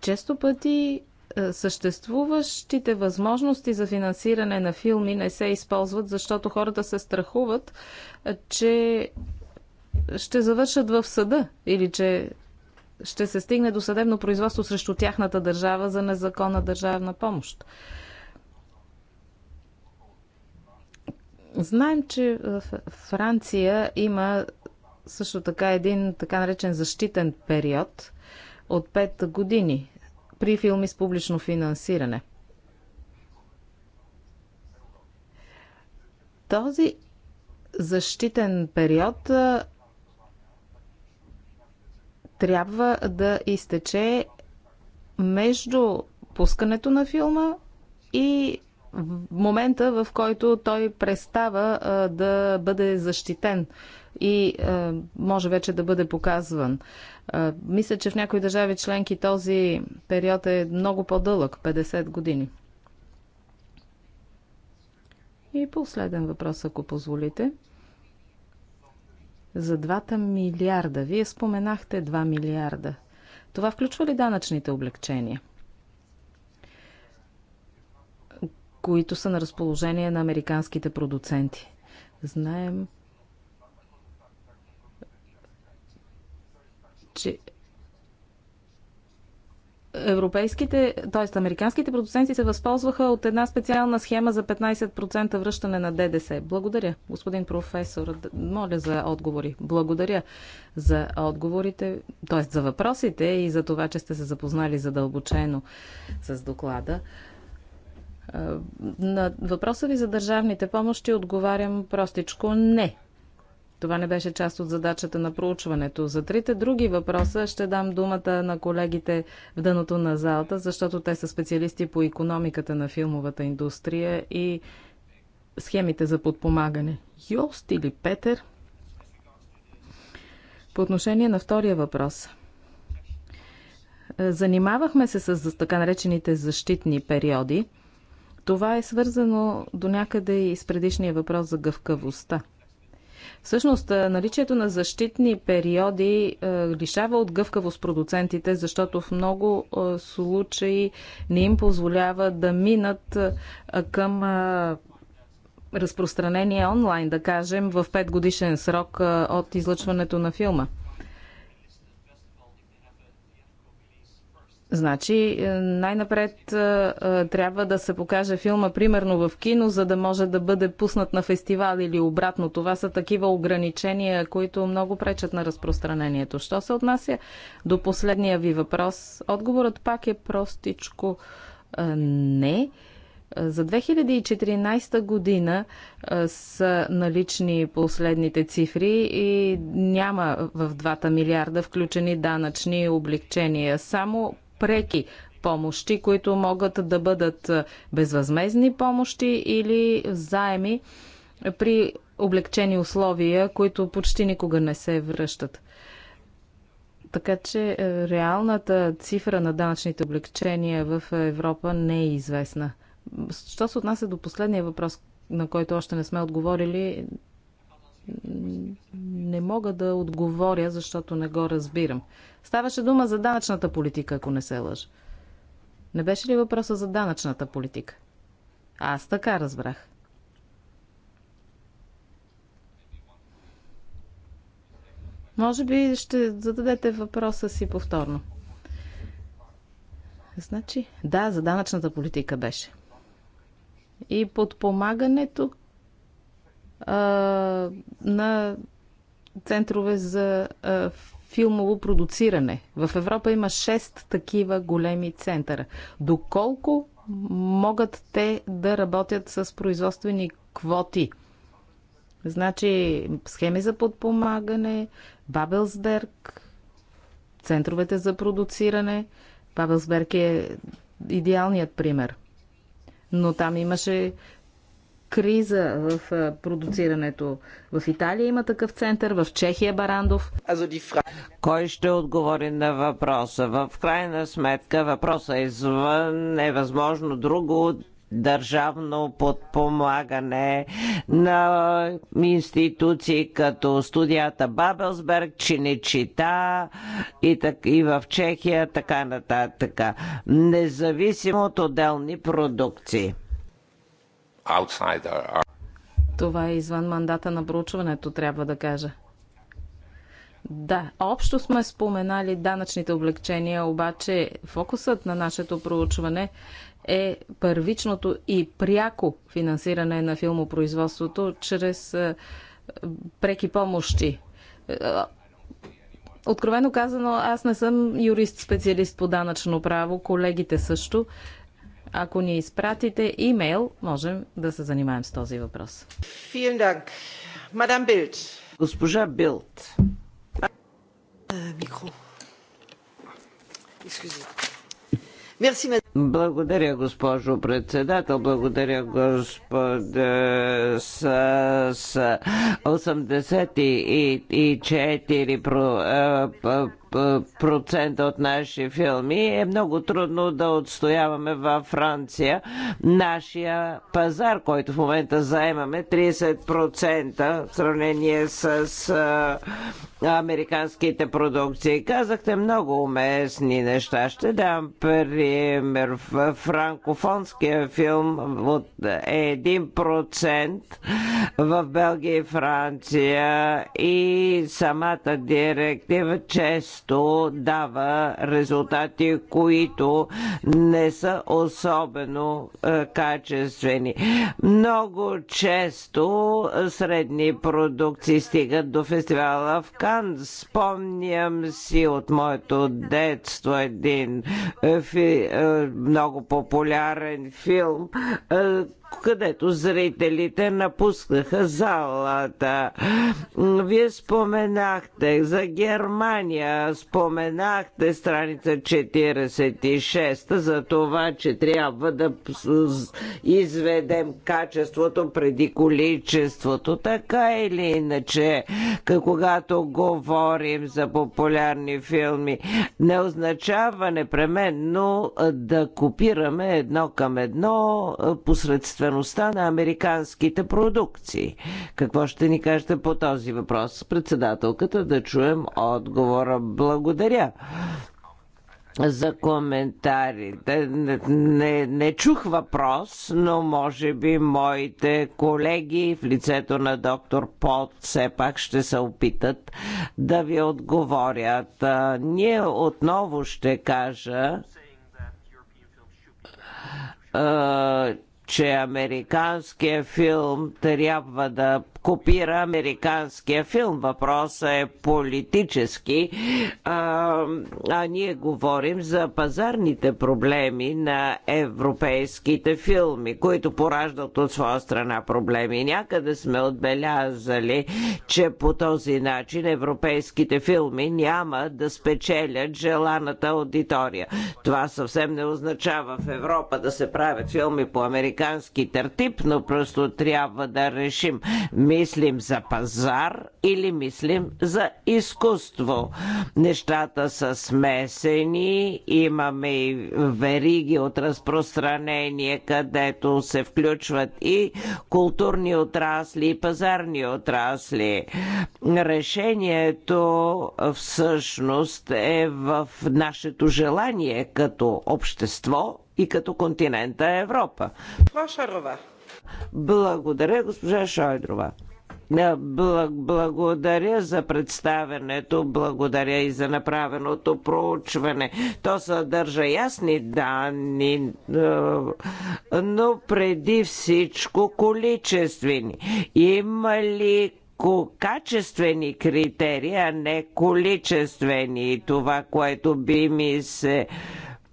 Често пъти е, съществуващите възможности за финансиране на филми не се използват, защото хората се страхуват, е, че ще завършат в съда или че ще се стигне до съдебно производство срещу тяхната държава за незаконна държавна помощ. Знаем, че в Франция има също така един така наречен защитен период от 5 години при филми с публично финансиране. Този защитен период трябва да изтече между пускането на филма и момента, в който той престава да бъде защитен и е, може вече да бъде показван. Е, мисля, че в някои държави членки този период е много по-дълъг 50 години. И последен въпрос, ако позволите. За 2 милиарда. Вие споменахте 2 милиарда. Това включва ли данъчните облегчения? които са на разположение на американските продуценти. Знаем, че европейските, т.е. американските продуценти се възползваха от една специална схема за 15% връщане на ДДС. Благодаря, господин професор. Моля за отговори. Благодаря за отговорите, т.е. за въпросите и за това, че сте се запознали задълбочено с доклада. Е, на въпроса ви за държавните помощи отговарям простичко не. Това не беше част от задачата на проучването. За трите други въпроса ще дам думата на колегите в дъното на залата, защото те са специалисти по економиката на филмовата индустрия и схемите за подпомагане. Йост или Петър? По отношение на втория въпрос. Занимавахме се с така наречените защитни периоди. Това е свързано до някъде и с предишния въпрос за гъвкавостта – Всъщност, наличието на защитни периоди лишава от гъвкавост продуцентите, защото в много случаи не им позволява да минат към разпространение онлайн, да кажем, в 5 годишен срок от излъчването на филма. Значи, е, най-напред е, е, трябва да се покаже филма, примерно в кино, за да може да бъде пуснат на фестивал или обратно. Това са такива ограничения, които много пречат на разпространението. Що се отнася до последния ви въпрос? Отговорът пак е простичко не. За 2014 година са налични последните цифри и няма в двата милиарда включени данъчни облегчения. Само преки помощи, които могат да бъдат е, безвъзмезни помощи или заеми при облегчени условия, които почти никога не се връщат. Така че е, реалната цифра на данъчните облегчения в Европа не е известна. Що се отнася до последния въпрос, на който още не сме отговорили, не мога да отговоря, защото не го разбирам. Ставаше дума за данъчната политика, ако не се лъж. Не беше ли въпроса за данъчната политика? Аз така разбрах. Може би ще зададете въпроса си повторно. Значи, да, за данъчната политика беше. И подпомагането а, на центрове за а, филмово продуциране. В Европа има 6 такива големи центъра. Доколко могат те да работят с производствени квоти? Значи схеми за подпомагане, Бабелсберг, центровете за продуциране. Бабелсберг е идеалният пример. Но там имаше криза в продуцирането. В Италия има такъв център, в Чехия Барандов. Кой ще отговори на въпроса? В крайна сметка въпроса е извън, е възможно друго държавно подпомагане на институции като студията Бабелсберг, Чиничита и, так, и в Чехия, така нататък. Независимо от отделни продукции. Това е извън мандата на проучването, трябва да кажа. Да, общо сме споменали данъчните облегчения, обаче фокусът на нашето проучване е първичното и пряко финансиране на филмопроизводството чрез е, преки помощи. Е, откровено казано, аз не съм юрист-специалист по данъчно право, колегите също. Ако ни изпратите имейл, можем да се занимаем с този въпрос. Мадам Билт. Госпожа Билт. Е, микро. Благодаря, госпожо председател. Благодаря, господа. С, с 84 процента от наши филми, е много трудно да отстояваме във Франция нашия пазар, който в момента заемаме 30% в сравнение с американските продукции. Казахте много уместни неща. Ще дам пример. Франкофонския филм от 1% е в Белгия и Франция и самата директива често често дава резултати, които не са особено е, качествени. Много често средни продукции стигат до фестивала в Кан. Спомням си от моето детство един е, е, много популярен филм, където зрителите напускаха залата. Вие споменахте за Германия, споменахте страница 46 за това, че трябва да изведем качеството преди количеството. Така или иначе, когато говорим за популярни филми, не означава непременно да копираме едно към едно посредство собствеността на американските продукции. Какво ще ни кажете по този въпрос? Председателката да чуем отговора. Благодаря за коментарите. Не, не, не чух въпрос, но може би моите колеги в лицето на доктор Пот все пак ще се опитат да ви отговорят. Ние отново ще кажа, че американския филм трябва да копира американския филм. Въпросът е политически, а, а ние говорим за пазарните проблеми на европейските филми, които пораждат от своя страна проблеми. Някъде сме отбелязали, че по този начин европейските филми няма да спечелят желаната аудитория. Това съвсем не означава в Европа да се правят филми по американски тертип, но просто трябва да решим. Ми мислим за пазар или мислим за изкуство. Нещата са смесени, имаме и вериги от разпространение, където се включват и културни отрасли, и пазарни отрасли. Решението всъщност е в нашето желание като общество и като континента Европа. Благодаря, госпожа Шойдрова. Благодаря за представенето, благодаря и за направеното проучване. То съдържа ясни данни, е, но преди всичко количествени. Има ли качествени критерии, а не количествени? Това, което би ми се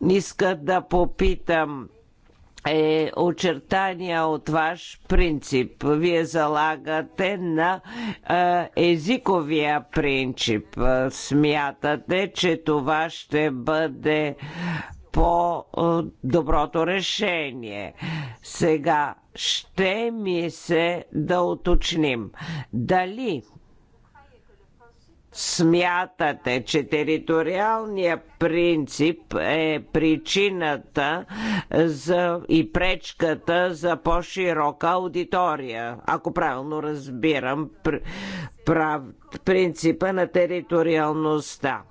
иска да попитам е очертания от ваш принцип. Вие залагате на е, езиковия принцип. Смятате, че това ще бъде по-доброто решение. Сега ще ми се да уточним дали смятате, че териториалният принцип е причината за и пречката за по-широка аудитория, ако правилно разбирам прав, принципа на териториалността.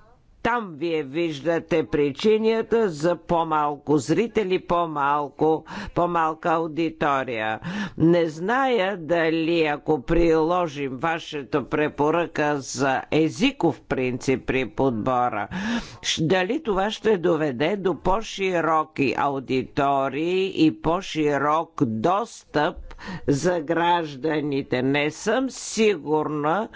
Там вие виждате причинията за по-малко зрители, по-малко, по-малка аудитория. Не зная дали ако приложим вашето препоръка за езиков принцип при подбора, дали това ще доведе до по-широки аудитории и по-широк достъп за гражданите. Не съм сигурна,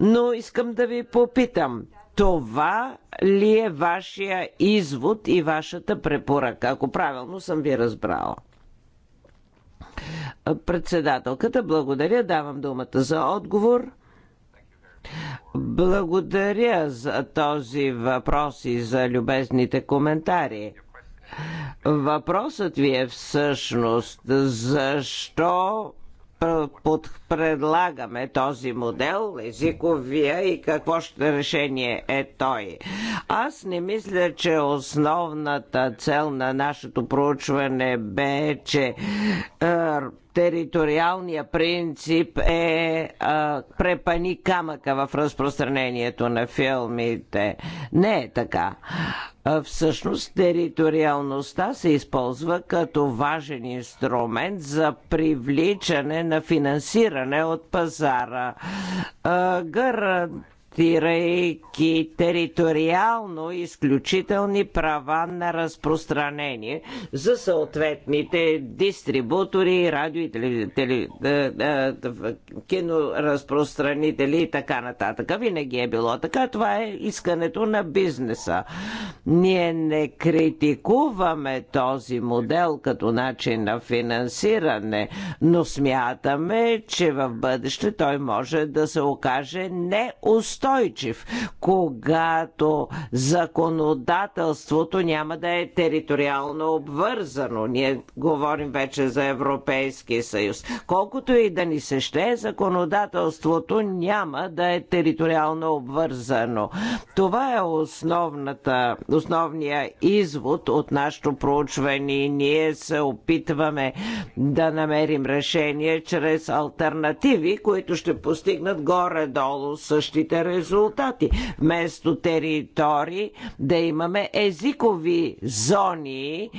но искам да ви попитам. Това ли е вашия извод и вашата препоръка, ако правилно съм ви разбрала? Председателката, благодаря. Давам думата за отговор. Благодаря за този въпрос и за любезните коментари. Въпросът ви е всъщност защо предлагаме този модел, езиковия и какво ще решение е той. Аз не мисля, че основната цел на нашето проучване бе, че е, териториалния принцип е а, препани камъка в разпространението на филмите. Не е така. А, всъщност териториалността се използва като важен инструмент за привличане на финансиране от пазара. А, гър, гарантирайки териториално изключителни права на разпространение за съответните дистрибутори, радио и е, е, киноразпространители и така нататък. Винаги е било така. Това е искането на бизнеса. Ние не критикуваме този модел като начин на финансиране, но смятаме, че в бъдеще той може да се окаже неустойчив устойчив, когато законодателството няма да е териториално обвързано. Ние говорим вече за Европейския съюз. Колкото и да ни се ще, законодателството няма да е териториално обвързано. Това е основната, основния извод от нашото проучване и ние се опитваме да намерим решение чрез альтернативи, които ще постигнат горе-долу същите резултати резултати. Вместо територии да имаме езикови зони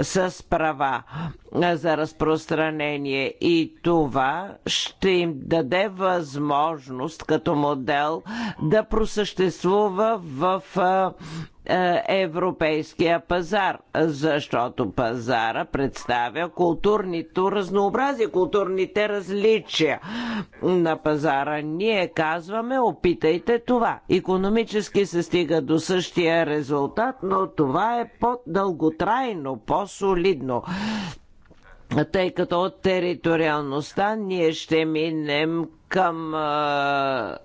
с права за разпространение и това ще им даде възможност като модел да просъществува в е, европейския пазар, защото пазара представя културното разнообразие, културните различия на пазара. Ние казваме, опитайте това. Економически се стига до същия резултат, но това е по-дълготрайно, по-солидно тъй като от териториалността ние ще минем към а,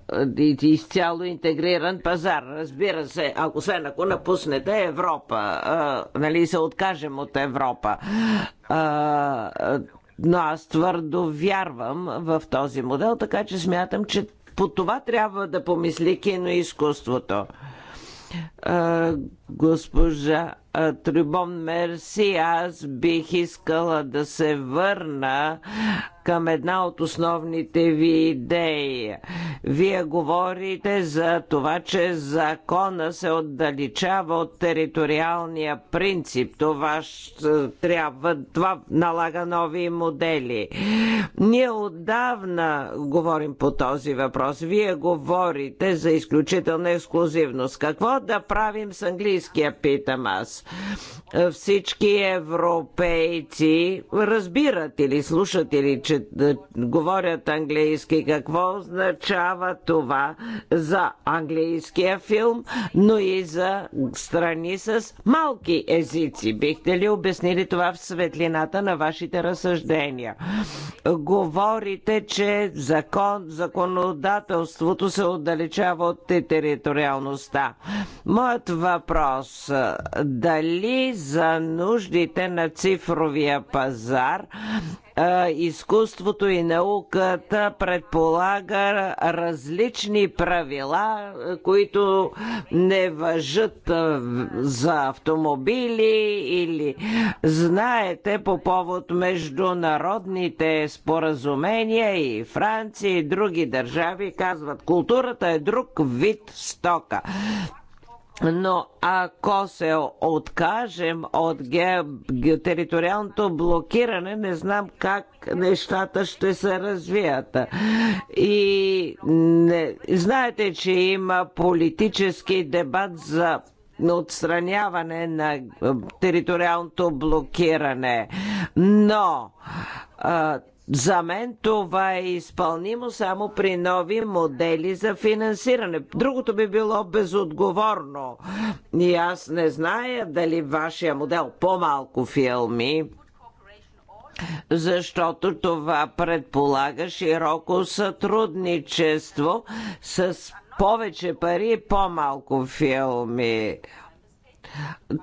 изцяло интегриран пазар. Разбира се, ако се ако напуснете Европа, а, нали, се откажем от Европа. А, но аз твърдо вярвам в този модел, така че смятам, че по това трябва да помисли киноизкуството. А, госпожа Трибон Мерси, аз бих искала да се върна към една от основните ви идеи. Вие говорите за това, че закона се отдалечава от териториалния принцип. Това ще трябва, това налага нови модели. Ние отдавна говорим по този въпрос. Вие говорите за изключителна ексклюзивност. Какво да правим с английския, питам аз? Всички европейци разбират или слушат или че, говорят английски. Какво означава това за английския филм, но и за страни с малки езици? Бихте ли обяснили това в светлината на вашите разсъждения? Говорите, че закон, законодателството се отдалечава от териториалността. Моят въпрос да дали за нуждите на цифровия пазар изкуството и науката предполага различни правила, които не въжат за автомобили или знаете по повод международните споразумения и Франция и други държави казват културата е друг вид стока но ако се откажем от ге... териториалното блокиране, не знам как нещата ще се развият. И не... знаете, че има политически дебат за на отстраняване на е, териториалното блокиране. Но а, за мен това е изпълнимо само при нови модели за финансиране. Другото би било безотговорно. И аз не зная дали вашия модел по-малко филми защото това предполага широко сътрудничество с повече пари и по-малко филми.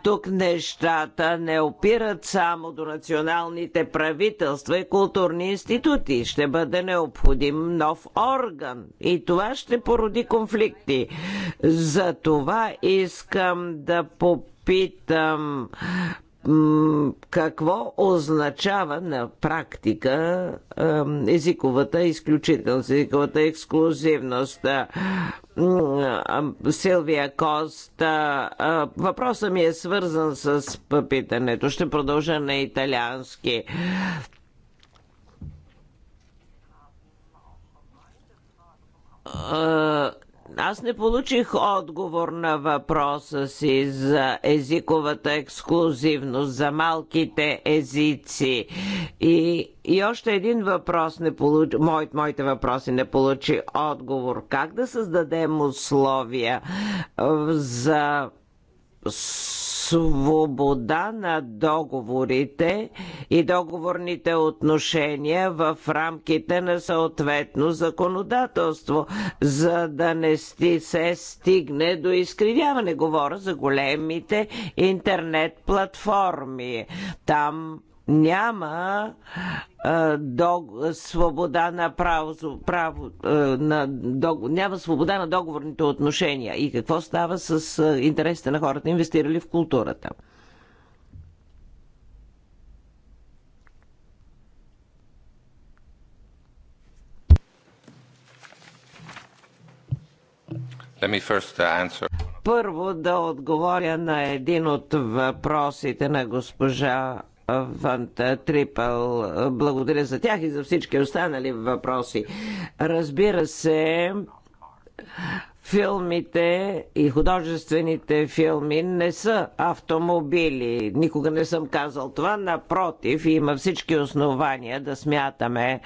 Тук нещата не опират само до националните правителства и културни институти. Ще бъде необходим нов орган и това ще породи конфликти. За това искам да попитам какво означава на практика езиковата изключителност, езиковата ексклюзивност. Силвия Коста. Въпросът ми е свързан с питането. Ще продължа на италиански. Аз не получих отговор на въпроса си за езиковата ексклюзивност, за малките езици. И, и още един въпрос не получи, мой, моите въпроси не получи отговор. Как да създадем условия за свобода на договорите и договорните отношения в рамките на съответно законодателство, за да не сти се стигне до изкривяване. Говоря за големите интернет платформи. Там няма а, до, свобода на право, право а, на, до, няма свобода на договорните отношения. И какво става с а, интересите на хората, инвестирали в културата? Let me first uh, answer първо да отговоря на един от въпросите на госпожа Фанта Трипъл. Благодаря за тях и за всички останали въпроси. Разбира се, филмите и художествените филми не са автомобили. Никога не съм казал това. Напротив, има всички основания да смятаме,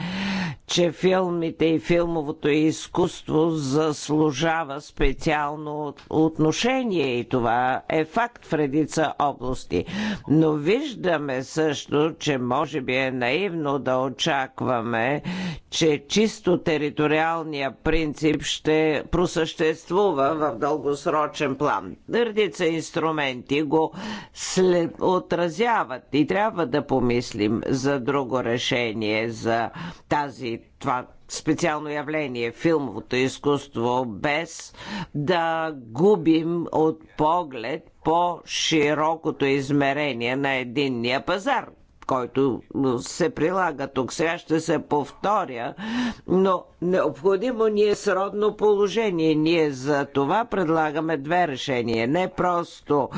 че филмите и филмовото изкуство заслужава специално отношение и това е факт в редица области. Но виждаме също, че може би е наивно да очакваме, че чисто териториалния принцип ще просъществува в дългосрочен план. Редица инструменти го след, отразяват и трябва да помислим за друго решение за тази това специално явление, филмовото изкуство, без да губим от поглед по-широкото измерение на единния пазар, който се прилага тук. Сега ще се повторя, но необходимо ни е сродно положение. Ние за това предлагаме две решения. Не просто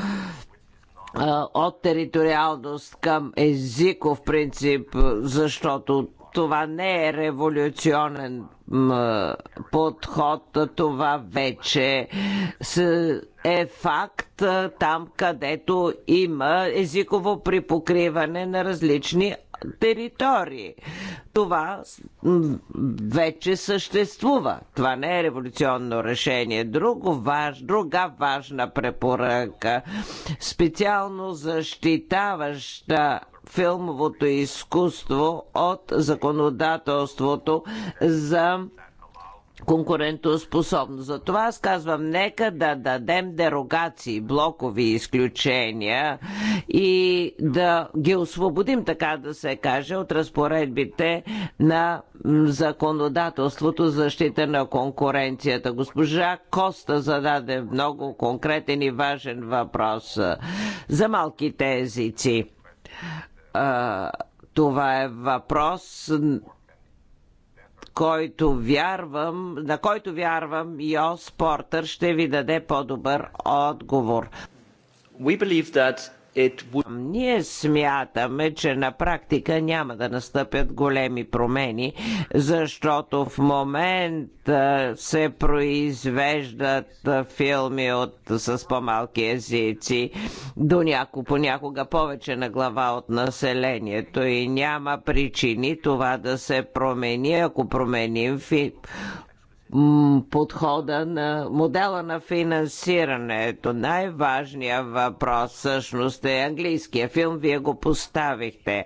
от териториалност към езиков принцип, защото това не е революционен подход, това вече се е факт там, където има езиково припокриване на различни територии. Това вече съществува. Това не е революционно решение. Друго важ, друга важна препоръка, специално защитаваща филмовото изкуство от законодателството за конкурентоспособно. Затова аз казвам, нека да дадем дерогации, блокови изключения и да ги освободим, така да се каже, от разпоредбите на законодателството за защита на конкуренцията. Госпожа Коста зададе много конкретен и важен въпрос за малките езици. Това е въпрос който вярвам, на който вярвам, Йос Портер ще ви даде по-добър отговор. We believe that е Ние смятаме, че на практика няма да настъпят големи промени, защото в момент се произвеждат филми от, с по-малки езици, до няко, понякога повече на глава от населението и няма причини това да се промени, ако променим фи подхода на модела на финансирането. Най-важният въпрос всъщност е английския филм, вие го поставихте.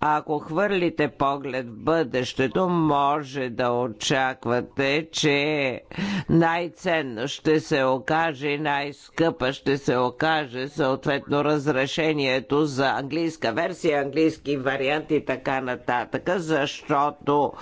Ако хвърлите поглед в бъдещето, може да очаквате, че най-ценно ще се окаже и най-скъпа ще се окаже съответно разрешението за английска версия, английски варианти и така нататък, защото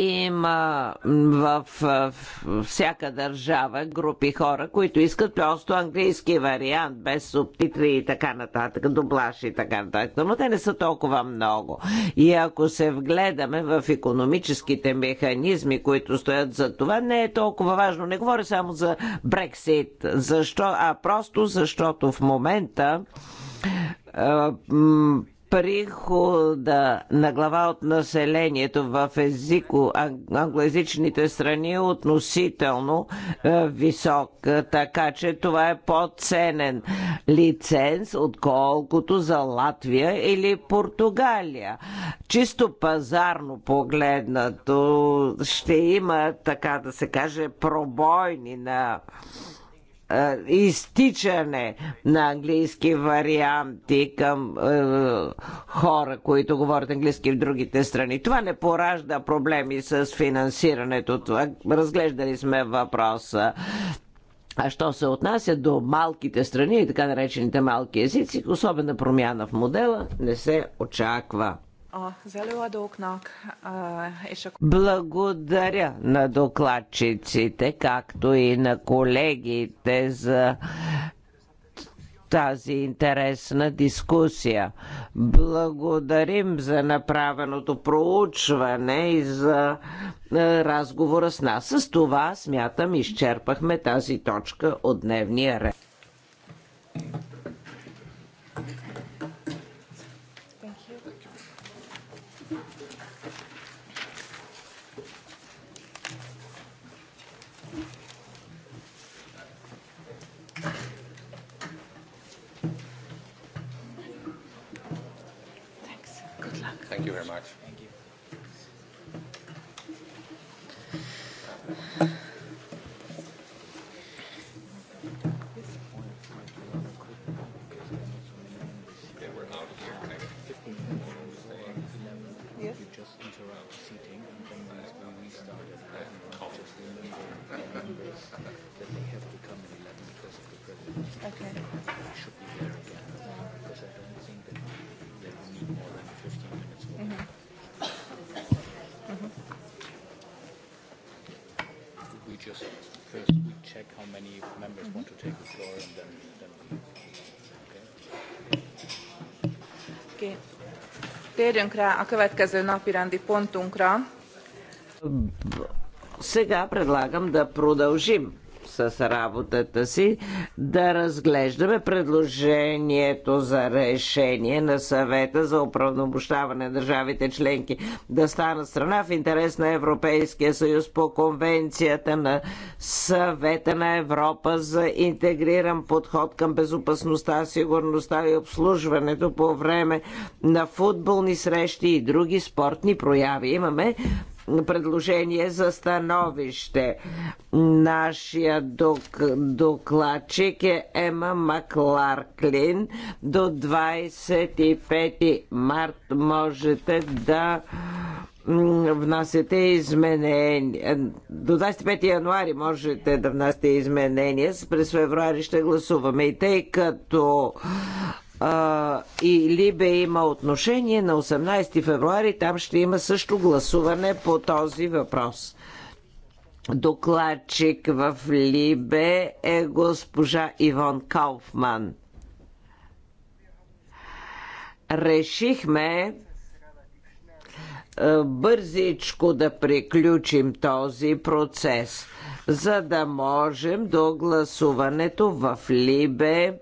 има в, в всяка държава групи хора, които искат просто английски вариант, без субтитри и така нататък, дублаж и така нататък. Но те не са толкова много. И ако се вгледаме в економическите механизми, които стоят за това, не е толкова важно. Не говоря само за Брексит. Защо? А просто защото в момента прихода на глава от населението в езико, англоязичните страни е относително е, висок, така че това е по-ценен лиценз, отколкото за Латвия или Португалия. Чисто пазарно погледнато ще има, така да се каже, пробойни на е, изтичане на английски варианти към е, хора, които говорят английски в другите страни. Това не поражда проблеми с финансирането. Това, разглеждали сме въпроса. А що се отнася до малките страни и така наречените малки езици, особена промяна в модела не се очаква. Благодаря на докладчиците, както и на колегите за тази интересна дискусия. Благодарим за направеното проучване и за е, разговора с нас. С това, смятам, изчерпахме тази точка от дневния ред. Térjünk rá a következő napirendi pontunkra. Сега предлагам да продължим с работата си, да разглеждаме предложението за решение на съвета за управномощаване на държавите членки да стана страна в интерес на Европейския съюз по конвенцията на съвета на Европа за интегриран подход към безопасността, сигурността и обслужването по време на футболни срещи и други спортни прояви. Имаме предложение за становище. Нашия док, докладчик е Ема Макларклин. До 25 март можете да внасяте изменения. До 25 януари можете да внасяте изменения. През февруари ще гласуваме. И тъй като а, и Либе има отношение на 18 февруари. Там ще има също гласуване по този въпрос. Докладчик в Либе е госпожа Ивон Кауфман. Решихме бързичко да приключим този процес, за да можем до гласуването в Либе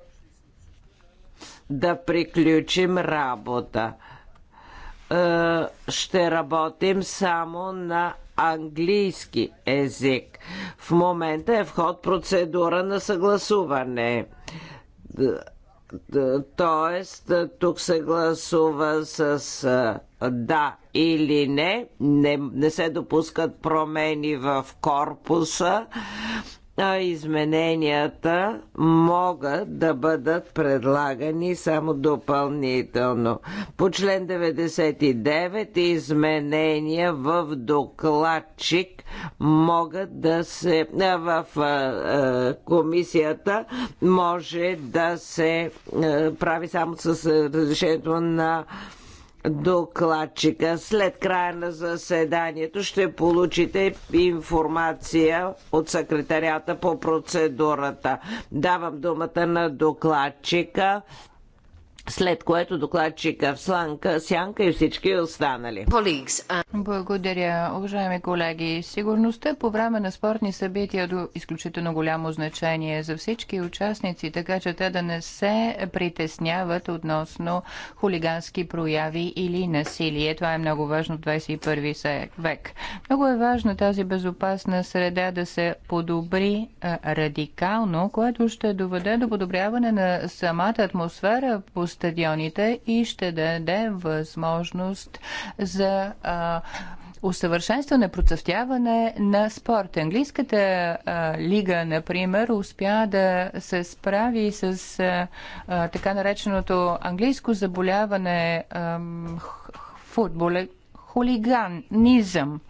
да приключим работа. Е, ще работим само на английски език. В момента е вход процедура на съгласуване. Е, е, тоест, тук се гласува с да или не. Не, не се допускат промени в корпуса а измененията могат да бъдат предлагани само допълнително. По член 99 изменения в докладчик могат да се в комисията може да се прави само с разрешението на докладчика. След края на заседанието ще получите информация от секретарята по процедурата. Давам думата на докладчика след което докладчика в Сланка, Сянка и всички останали. Благодаря, уважаеми колеги. Сигурността по време на спортни събития е до изключително голямо значение за всички участници, така че те да не се притесняват относно хулигански прояви или насилие. Това е много важно в 21 век. Много е важно тази безопасна среда да се подобри радикално, което ще доведе до подобряване на самата атмосфера по стадионите и ще даде възможност за усъвършенстване, процъфтяване на спорта. Английската а, лига, например, успя да се справи с а, а, така нареченото английско заболяване а, футбол, хулиганизъм.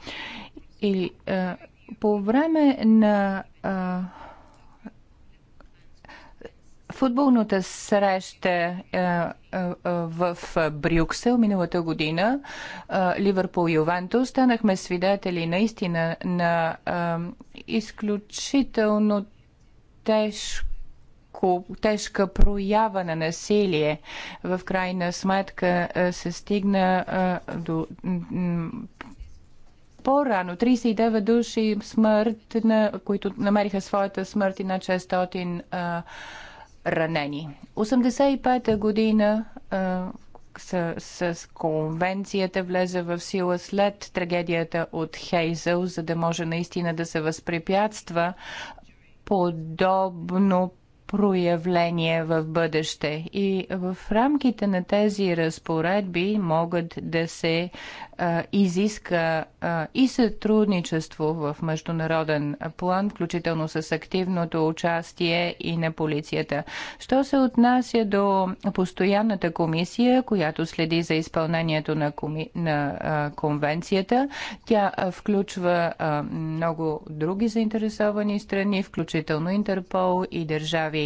И а, по време на а, футболната среща е, е, е, в Брюксел миналата година, Ливърпул и Ованто, станахме свидетели наистина на изключително тежко тежка проява на насилие. В крайна сметка се стигна до по-рано 39 души смърт, на които намериха своята смърт и на 600 а, ранени. 85-та година а, с, с конвенцията влезе в сила след трагедията от Хейзъл, за да може наистина да се възпрепятства подобно проявление в бъдеще. И в рамките на тези разпоредби могат да се а, изиска а, и сътрудничество в международен план, включително с активното участие и на полицията. Що се отнася до постоянната комисия, която следи за изпълнението на, коми... на а, конвенцията, тя включва а, много други заинтересовани страни, включително Интерпол и държави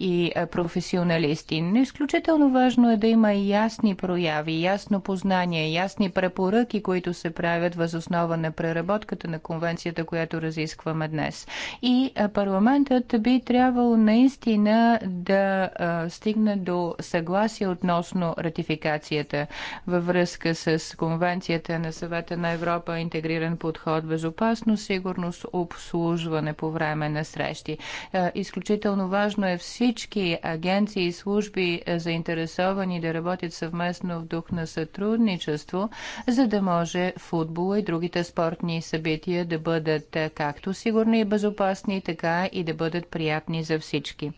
и е, професионалисти. Но изключително важно е да има ясни прояви, ясно познание, ясни препоръки, които се правят въз основа на преработката на конвенцията, която разискваме днес. И е, парламентът би трябвало наистина да е, стигне до съгласие относно ратификацията във връзка с конвенцията на съвета на Европа, интегриран подход, безопасност, сигурност, обслужване по време на срещи. Изключително важно Важно е всички агенции и служби е, заинтересовани да работят съвместно в дух на сътрудничество, за да може футбола и другите спортни събития да бъдат е, както сигурни и безопасни, така и да бъдат приятни за всички.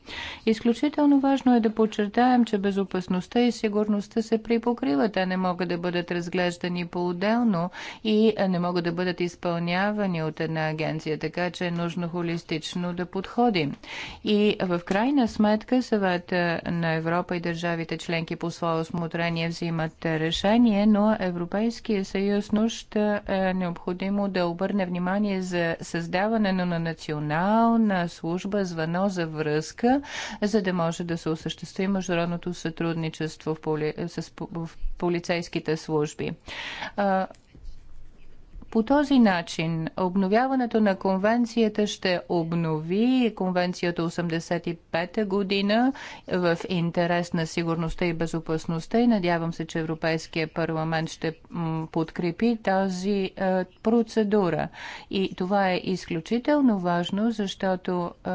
Изключително важно е да подчертаем, че безопасността и сигурността се припокриват, а не могат да бъдат разглеждани по-отделно и е, не могат да бъдат изпълнявани от една агенция, така че е нужно холистично да подходим. И в крайна сметка съвета на Европа и държавите членки по свое осмотрение взимат решение, но Европейския съюз нужда е, е необходимо да обърне внимание за създаване на национална служба, звено за връзка, за да може да се осъществи международното сътрудничество в, поли... с... в полицейските служби. По този начин обновяването на конвенцията ще обнови конвенцията 85-та година в интерес на сигурността и безопасността и надявам се, че Европейския парламент ще подкрепи тази е, процедура. И това е изключително важно, защото, е,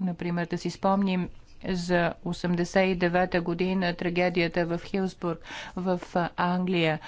например, да си спомним за 89-та година трагедията в Хилсбург в Англия.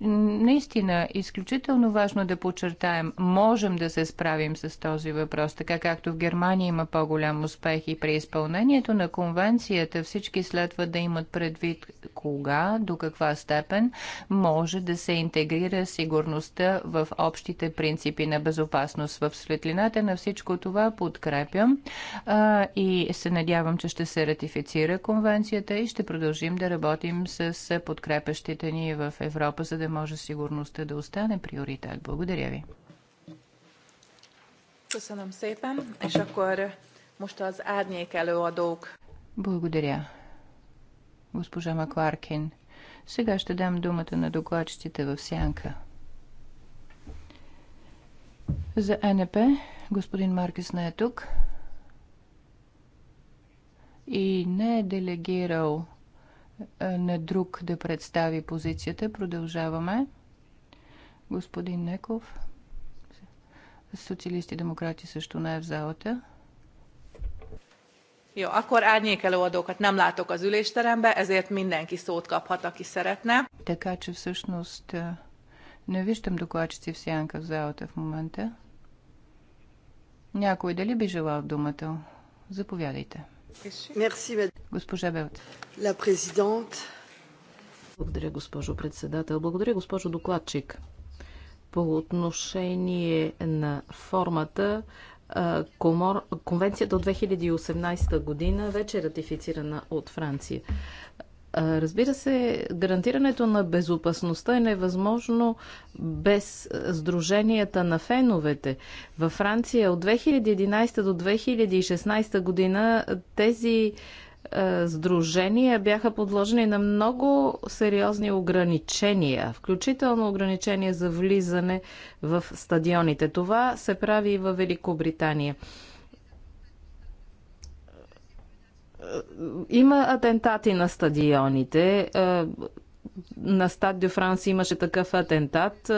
Наистина, изключително важно да подчертаем, можем да се справим с този въпрос, така както в Германия има по-голям успех и при изпълнението на конвенцията всички следва да имат предвид кога, до каква степен може да се интегрира сигурността в общите принципи на безопасност. В светлината на всичко това подкрепям а, и се надявам, че ще се ратифицира конвенцията и ще продължим да работим с подкрепещите ни в Европа, за да може сигурността да остане приоритет. Благодаря ви. Благодаря. Госпожа Макларкин, сега ще дам думата на докладчиците в сянка. За НП господин Маркес не е тук и не е делегирал е, на друг да представи позицията. Продължаваме. Господин Неков. Социалисти и демократи също не е в залата. Jó, akkor árnyékelő adókat nem látok az ülésterembe, ezért mindenki szót kaphat, aki szeretne. Така kácsi всъщност növistem е, виждам докладчици az сянка momente. Nyákoj, de момента. Някой дали би Госпожа Белт. Благодаря, госпожо председател. Благодаря, госпожо докладчик. По отношение на формата, Конвенцията от 2018 година вече е ратифицирана от Франция. Разбира се, гарантирането на безопасността е невъзможно без сдруженията на феновете. Във Франция от 2011 до 2016 година тези сдружения бяха подложени на много сериозни ограничения, включително ограничения за влизане в стадионите. Това се прави и във Великобритания. Има атентати на стадионите. Е, на Стад Дю Франс имаше такъв атентат.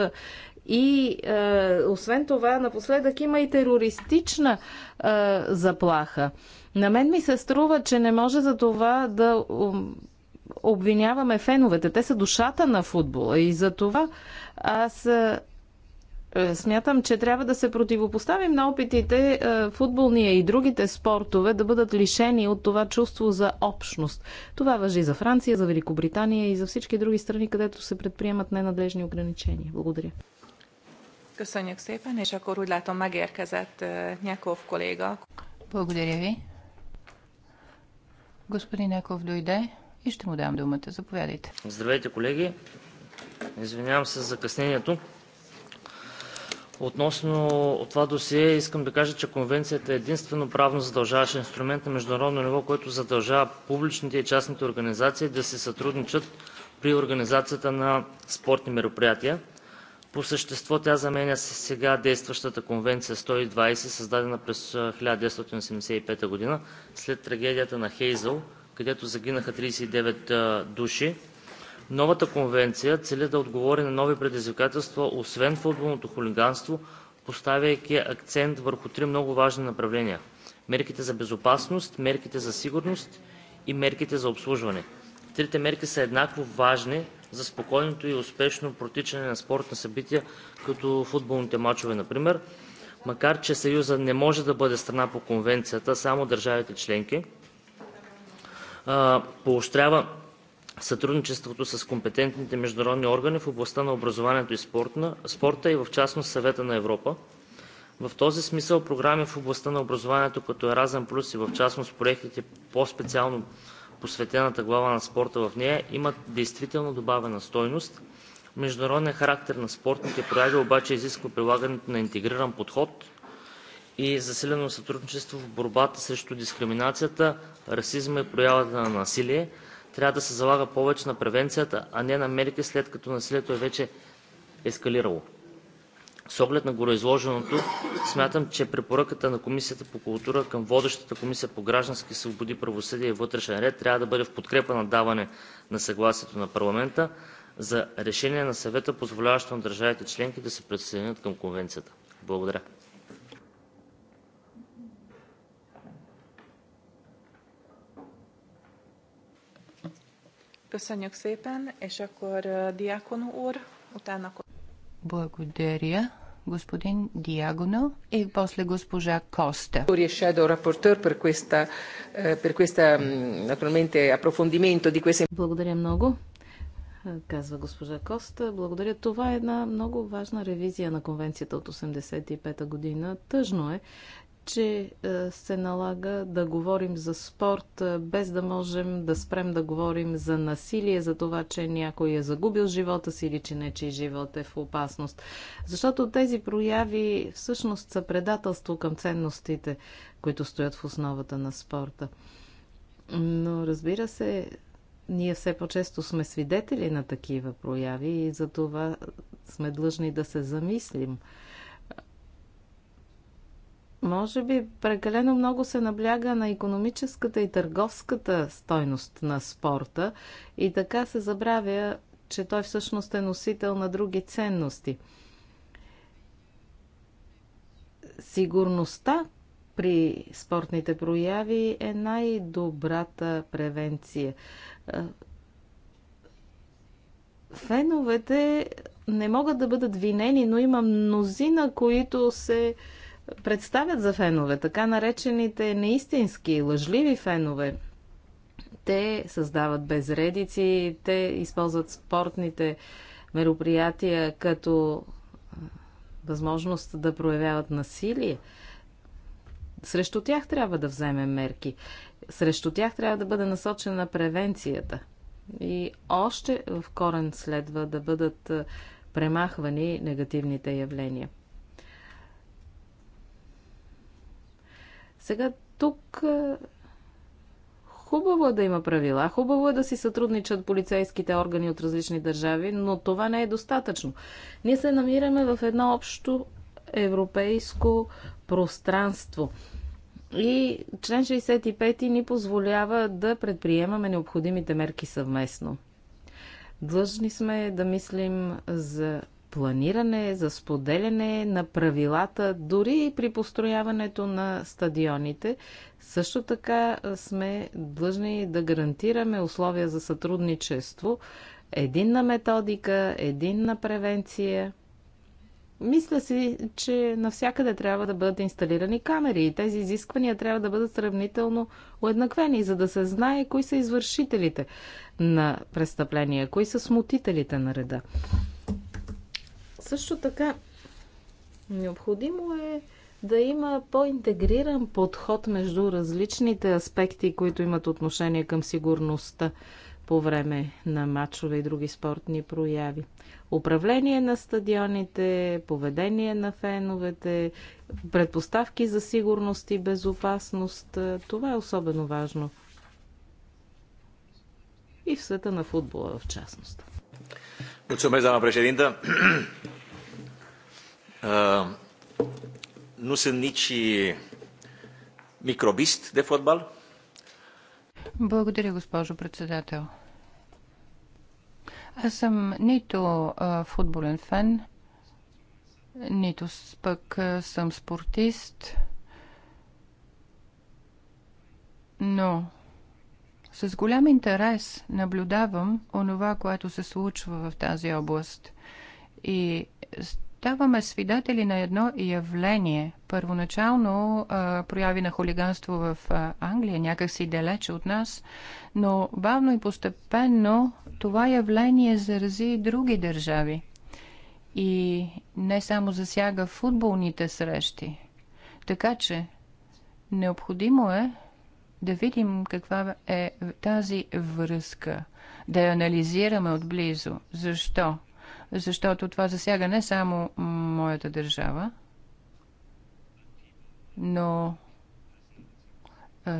И е, освен това, напоследък има и терористична е, заплаха. На мен ми се струва, че не може за това да обвиняваме феновете. Те са душата на футбола. И за това аз е, е, смятам, че трябва да се противопоставим на опитите е, футболния и другите спортове да бъдат лишени от това чувство за общност. Това въжи за Франция, за Великобритания и за всички други страни, където се предприемат ненадлежни ограничения. Благодаря. Köszönjük szépen, és akkor úgy látom megérkezett е, Nyakov kolléga. Благодаря ви. Господин Яков дойде и ще му дам думата. Заповядайте. Здравейте, колеги. Извинявам се за закъснението. Относно това досие искам да кажа, че Конвенцията е единствено правно задължаващ инструмент на международно ниво, който задължава публичните и частните организации да си сътрудничат при организацията на спортни мероприятия. По същество тя заменя сега действащата Конвенция 120, създадена през 1985 г. след трагедията на Хейзъл, където загинаха 39 души Новата конвенция цели да отговори на нови предизвикателства освен футболното хулиганство, поставяйки акцент върху три много важни направления – мерките за безопасност, мерките за сигурност и мерките за обслужване. Трите мерки са еднакво важни за спокойното и успешно протичане на спортни събития, като футболните мачове, например. Макар че Съюза не може да бъде страна по конвенцията, само държавите членки поощрява сътрудничеството с компетентните международни органи в областта на образованието и спорта и в частност Съвета на Европа. В този смисъл програми в областта на образованието като „Еразъм плюс“ и в частност проектите по-специално посветената глава на спорта в нея имат действително добавена стойност. Международният характер на спортните прояви обаче изисква прилагането на интегриран подход и засилено сътрудничество в борбата срещу дискриминацията, расизма и проявата на насилие, трябва да се залага повече на превенцията, а не на мерки, след като насилието е вече ескалирало. С оглед на гореизложеното смятам, че препоръката на Комисията по култура към водещата Комисия по граждански свободи, правосъдие и вътрешен ред трябва да бъде в подкрепа на даване на съгласието на Парламента за решение на Съвета, позволяващо на държавите членки да се присъединят към Конвенцията. Благодаря. Köszönjük szépen, és akkor uh, Diákon úr, utána... Благодаря, господин Диагоно и после госпожа Коста. E eh, Благодаря много, казва госпожа Коста. Благодаря. Това е една много важна ревизия на конвенцията от 85-та година. Тъжно е, че е, се налага да говорим за спорт, е, без да можем да спрем да говорим за насилие, за това, че някой е загубил живота си или че че живот е в опасност. Защото тези прояви всъщност са предателство към ценностите, които стоят в основата на спорта. Но разбира се, ние все по-често сме свидетели на такива прояви и за това сме длъжни да се замислим – може би прекалено много се набляга на економическата и търговската стойност на спорта и така се забравя, че той всъщност е носител на други ценности. Сигурността при спортните прояви е най-добрата превенция. Феновете не могат да бъдат винени, но има мнозина, които се представят за фенове, така наречените неистински, лъжливи фенове. Те създават безредици, те използват спортните мероприятия като възможност да проявяват насилие. Срещу тях трябва да вземем мерки. Срещу тях трябва да бъде насочена превенцията. И още в корен следва да бъдат премахвани негативните явления. Сега тук хубаво е да има правила, хубаво е да си сътрудничат полицейските органи от различни държави, но това не е достатъчно. Ние се намираме в едно общо европейско пространство. И член 65 ни позволява да предприемаме необходимите мерки съвместно. Длъжни сме да мислим за планиране, за споделяне на правилата, дори и при построяването на стадионите. Също така сме длъжни да гарантираме условия за сътрудничество, единна методика, единна превенция. Мисля си, че навсякъде трябва да бъдат инсталирани камери и тези изисквания трябва да бъдат сравнително уеднаквени, за да се знае кои са извършителите на престъпления, кои са смутителите на реда. Също така, необходимо е да има по-интегриран подход между различните аспекти, които имат отношение към сигурността по време на матчове и други спортни прояви. Управление на стадионите, поведение на феновете, предпоставки за сигурност и безопасност. Това е особено важно. И в света на футбола в частност. Mulțumesc, doamna președintă. Nu sunt nici микробист де fotbal. Благодаря, госпожо председател. Аз съм нито а, футболен фен, нито пък съм спортист, но с голям интерес наблюдавам онова, което се случва в тази област. И ставаме свидетели на едно явление. Първоначално а, прояви на хулиганство в а, Англия, някакси далече от нас, но бавно и постепенно това явление зарази и други държави. И не само засяга футболните срещи. Така че необходимо е да видим каква е тази връзка, да я анализираме отблизо. Защо? защото това засяга не само моята държава, но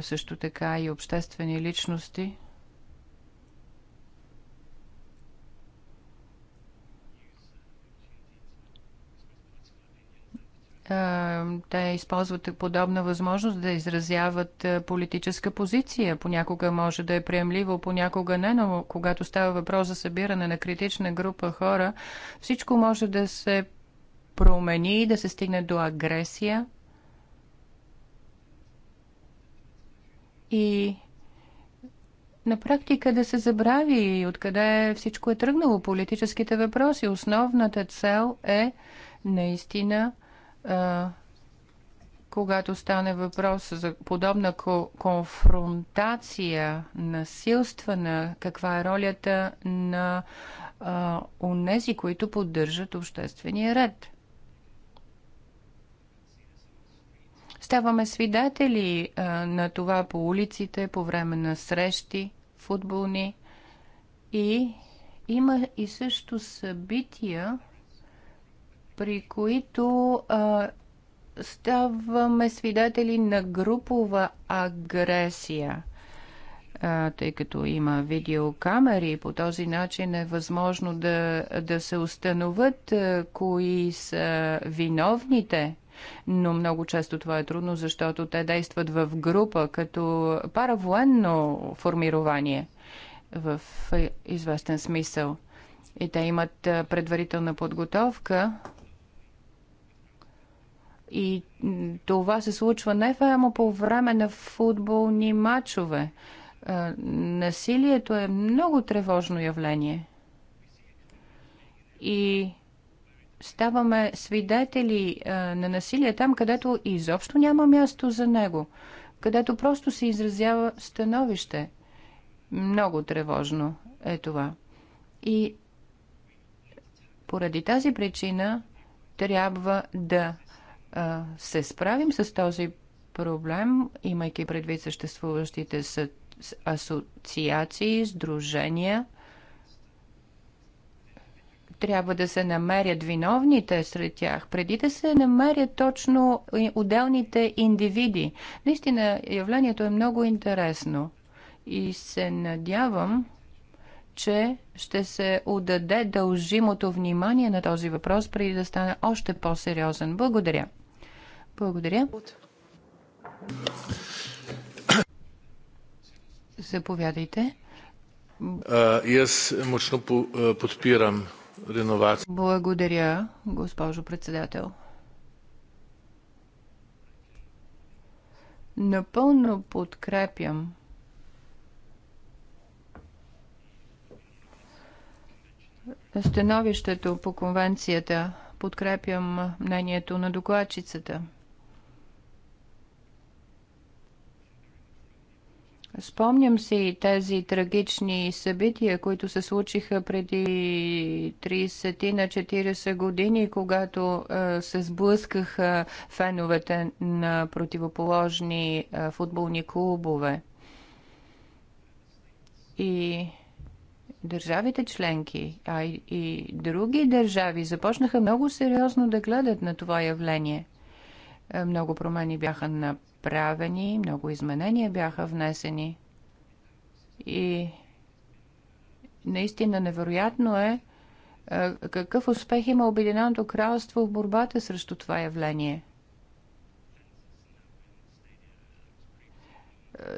също така и обществени личности – те използват подобна възможност да изразяват политическа позиция. Понякога може да е приемливо, понякога не, но когато става въпрос за събиране на критична група хора, всичко може да се промени и да се стигне до агресия. И на практика да се забрави откъде всичко е тръгнало. Политическите въпроси, основната цел е наистина когато стане въпрос за подобна конфронтация, насилствена, каква е ролята на а, унези, които поддържат обществения ред. Ставаме свидетели а, на това по улиците, по време на срещи, футболни и има и също събития, при които а, ставаме свидетели на групова агресия тъй като има видеокамери. По този начин е възможно да, да се установят кои са виновните. Но много често това е трудно, защото те действат в група, като паравоенно формирование в известен смисъл. И те имат предварителна подготовка и това се случва не само по време на футболни матчове. Е, насилието е много тревожно явление. И ставаме свидетели е, на насилие там, където изобщо няма място за него, където просто се изразява становище. Много тревожно е това. И поради тази причина трябва да се справим с този проблем, имайки предвид съществуващите асоциации, сдружения, трябва да се намерят виновните сред тях, преди да се намерят точно отделните индивиди. Наистина, явлението е много интересно и се надявам, че ще се отдаде дължимото внимание на този въпрос, преди да стане още по-сериозен. Благодаря. Благодаря. Заповядайте. Аз мощно подпирам реновация. Благодаря, госпожо председател. Напълно подкрепям становището по конвенцията. Подкрепям мнението на докладчицата. Спомням си тези трагични събития, които се случиха преди 30 на 40 години, когато е, се сблъскаха феновете на противоположни е, футболни клубове. И държавите членки, а и, и други държави започнаха много сериозно да гледат на това явление. Е, много промени бяха направени, много изменения бяха внесени. И наистина невероятно е, е какъв успех има Обединеното кралство в борбата срещу това явление –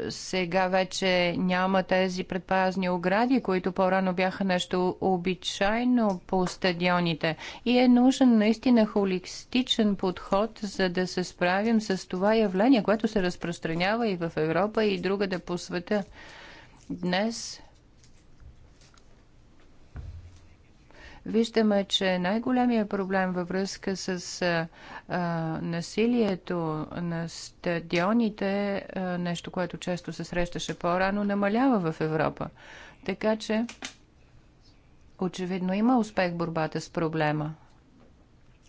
сега вече няма тези предпазни огради, които по-рано бяха нещо обичайно по стадионите. И е нужен наистина холистичен подход, за да се справим с това явление, което се разпространява и в Европа, и другаде по света. Днес виждаме, че най-големия проблем във връзка с а, насилието на стадионите, а, нещо, което често се срещаше по-рано, намалява в Европа. Така че, очевидно, има успех борбата с проблема.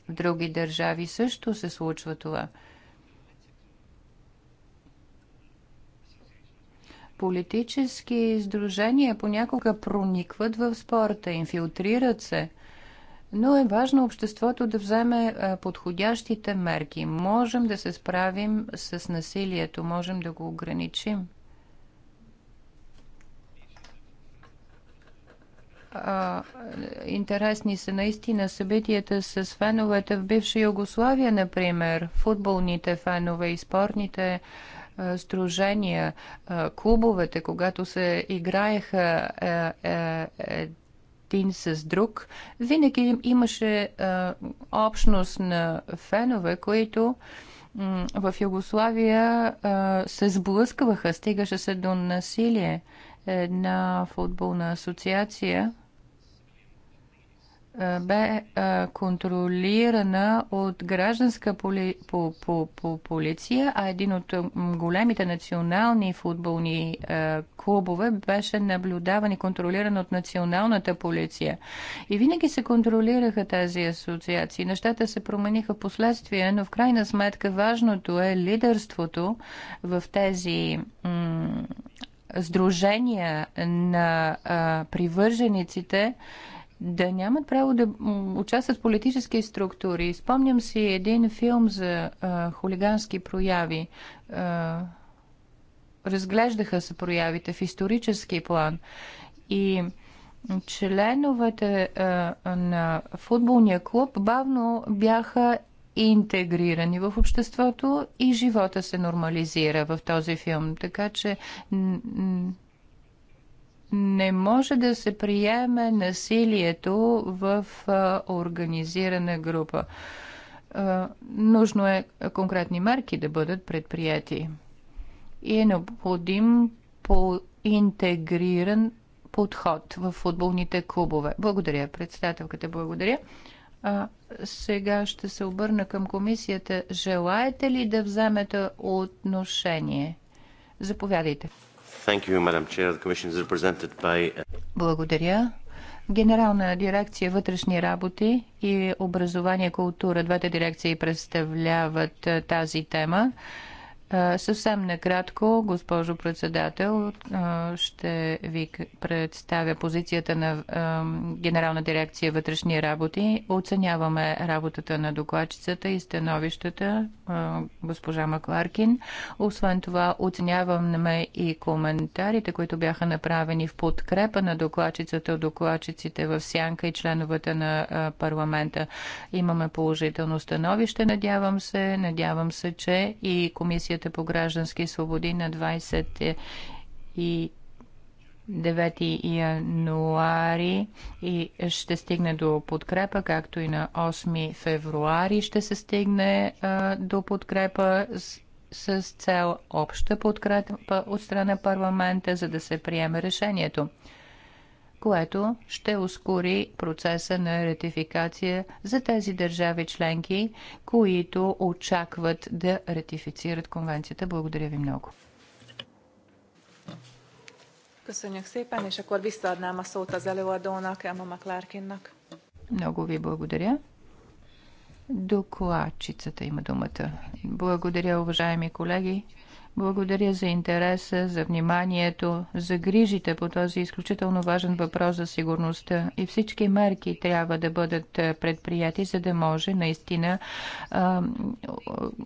В други държави също се случва това. политически издружения понякога проникват в спорта, инфилтрират се. Но е важно обществото да вземе е, подходящите мерки. Можем да се справим с насилието, можем да го ограничим. а, интересни са наистина събитията с феновете в бивша Югославия, например, футболните фенове и спортните е, стружения, клубовете, когато се играеха един с друг, винаги имаше общност на фенове, които в Югославия се сблъскваха, стигаше се до насилие. Една футболна асоциация бе контролирана от гражданска поли, по, по, по, полиция, а един от големите национални футболни а, клубове беше наблюдаван и контролиран от националната полиция. И винаги се контролираха тези асоциации. Нещата се промениха последствия, последствие, но в крайна сметка важното е лидерството в тези сдружения на а, привържениците да нямат право да участват в политически структури. Спомням си един филм за а, хулигански прояви. А, разглеждаха се проявите в исторически план. И членовете а, на футболния клуб бавно бяха интегрирани в обществото и живота се нормализира в този филм. Така че не може да се приеме насилието в организирана група. Нужно е конкретни мерки да бъдат предприяти. И е необходим по интегриран подход в футболните клубове. Благодаря, председателката, благодаря. А, сега ще се обърна към комисията. Желаете ли да вземете отношение? Заповядайте. Uh, Благодаря. Генерална дирекция вътрешни работи и образование и култура, двете дирекции представляват е, тази тема. Съвсем накратко, госпожо председател, ще ви представя позицията на Генерална дирекция вътрешни работи. Оценяваме работата на докладчицата и становищата госпожа Макларкин. Освен това, оценяваме и коментарите, които бяха направени в подкрепа на докладчицата, докладчиците в Сянка и членовете на парламента. Имаме положително становище, надявам се. Надявам се, че и комисията Комисията по граждански свободи на 20 и 9 януари и ще стигне до подкрепа, както и на 8 февруари ще се стигне а, до подкрепа с, с цел обща подкрепа от страна парламента, за да се приеме решението което ще ускори процеса на ратификация за тези държави членки, които очакват да ратифицират конвенцията. Благодаря ви много. Много ви благодаря. Докладчицата има думата. Благодаря, уважаеми колеги. Благодаря за интереса, за вниманието, за грижите по този изключително важен въпрос за сигурността. И всички мерки трябва да бъдат предприяти, за да може наистина а,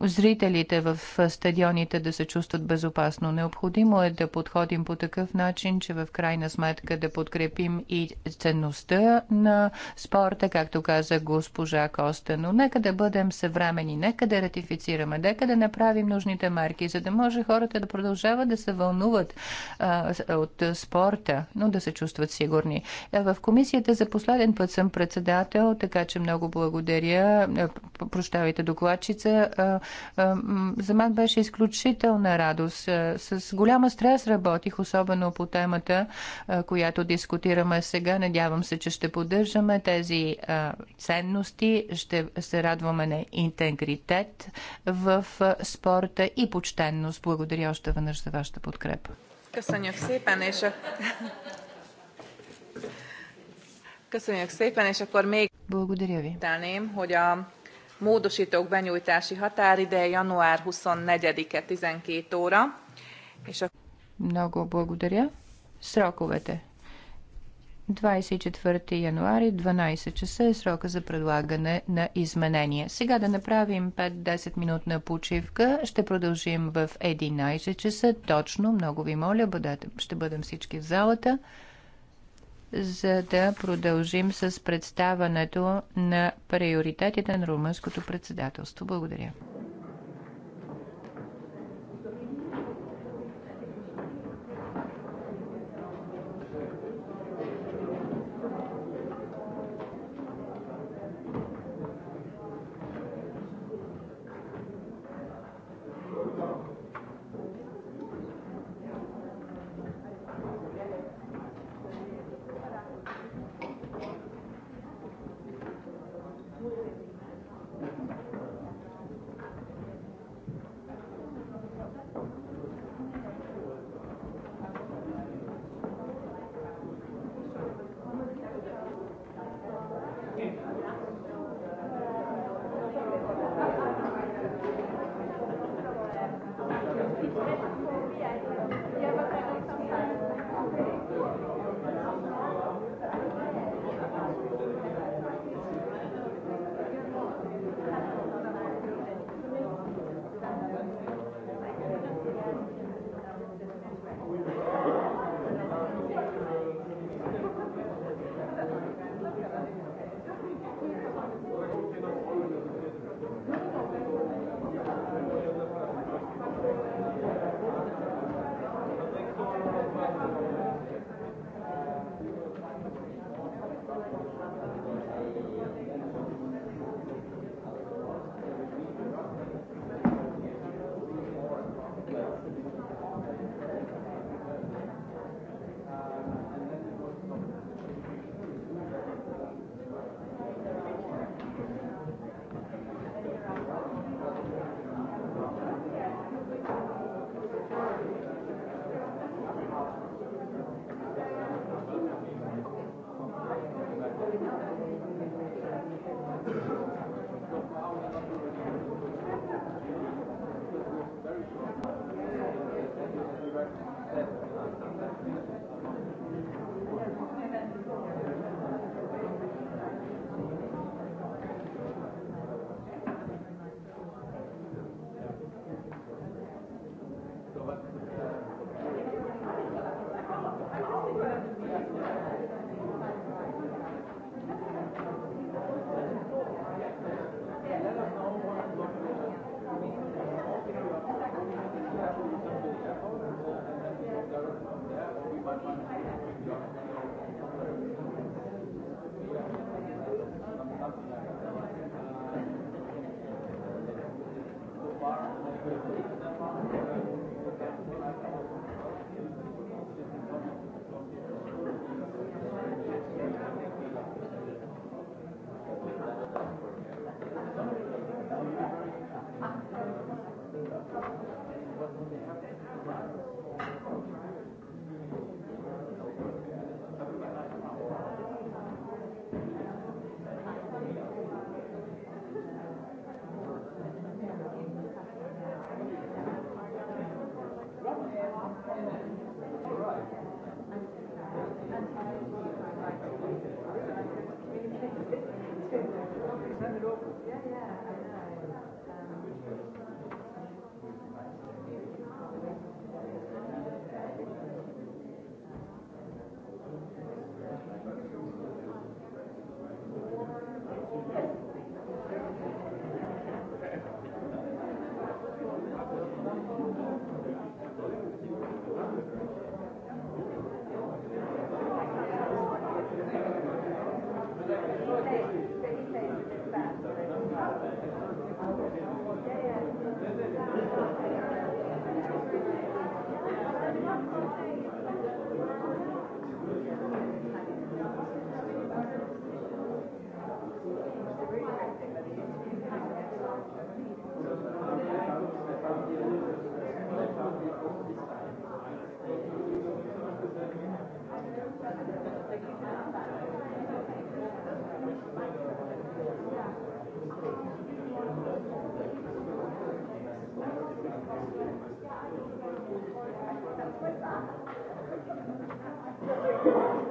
зрителите в стадионите да се чувстват безопасно. Необходимо е да подходим по такъв начин, че в крайна сметка да подкрепим и ценността на спорта, както каза госпожа Коста. Но нека да бъдем съвремени, нека да ратифицираме, нека да направим нужните мерки, за да може може хората да продължават да се вълнуват а, от спорта, но да се чувстват сигурни. Е, в комисията за последен път съм председател, така че много благодаря. Е, прощавайте докладчица. Е, за мен беше изключителна радост. С голяма стрес работих, особено по темата, която дискутираме сега. Надявам се, че ще поддържаме тези ценности, ще се радваме на интегритет в спорта и почтенност благодаря още веднъж за вашата подкрепа. Köszönjük szépen, és Köszönjük szépen, és akkor még Благодаря ви. Tenném, hogy a módosítók benyújtási határideje január 24-e 12 óra. És a... Много благодаря. Сроковете 24 януари, 12 часа е срока за предлагане на изменения. Сега да направим 5-10 минутна почивка. Ще продължим в 11 часа. Точно, много ви моля, бъдете, ще бъдем всички в залата, за да продължим с представането на приоритетите на румънското председателство. Благодаря.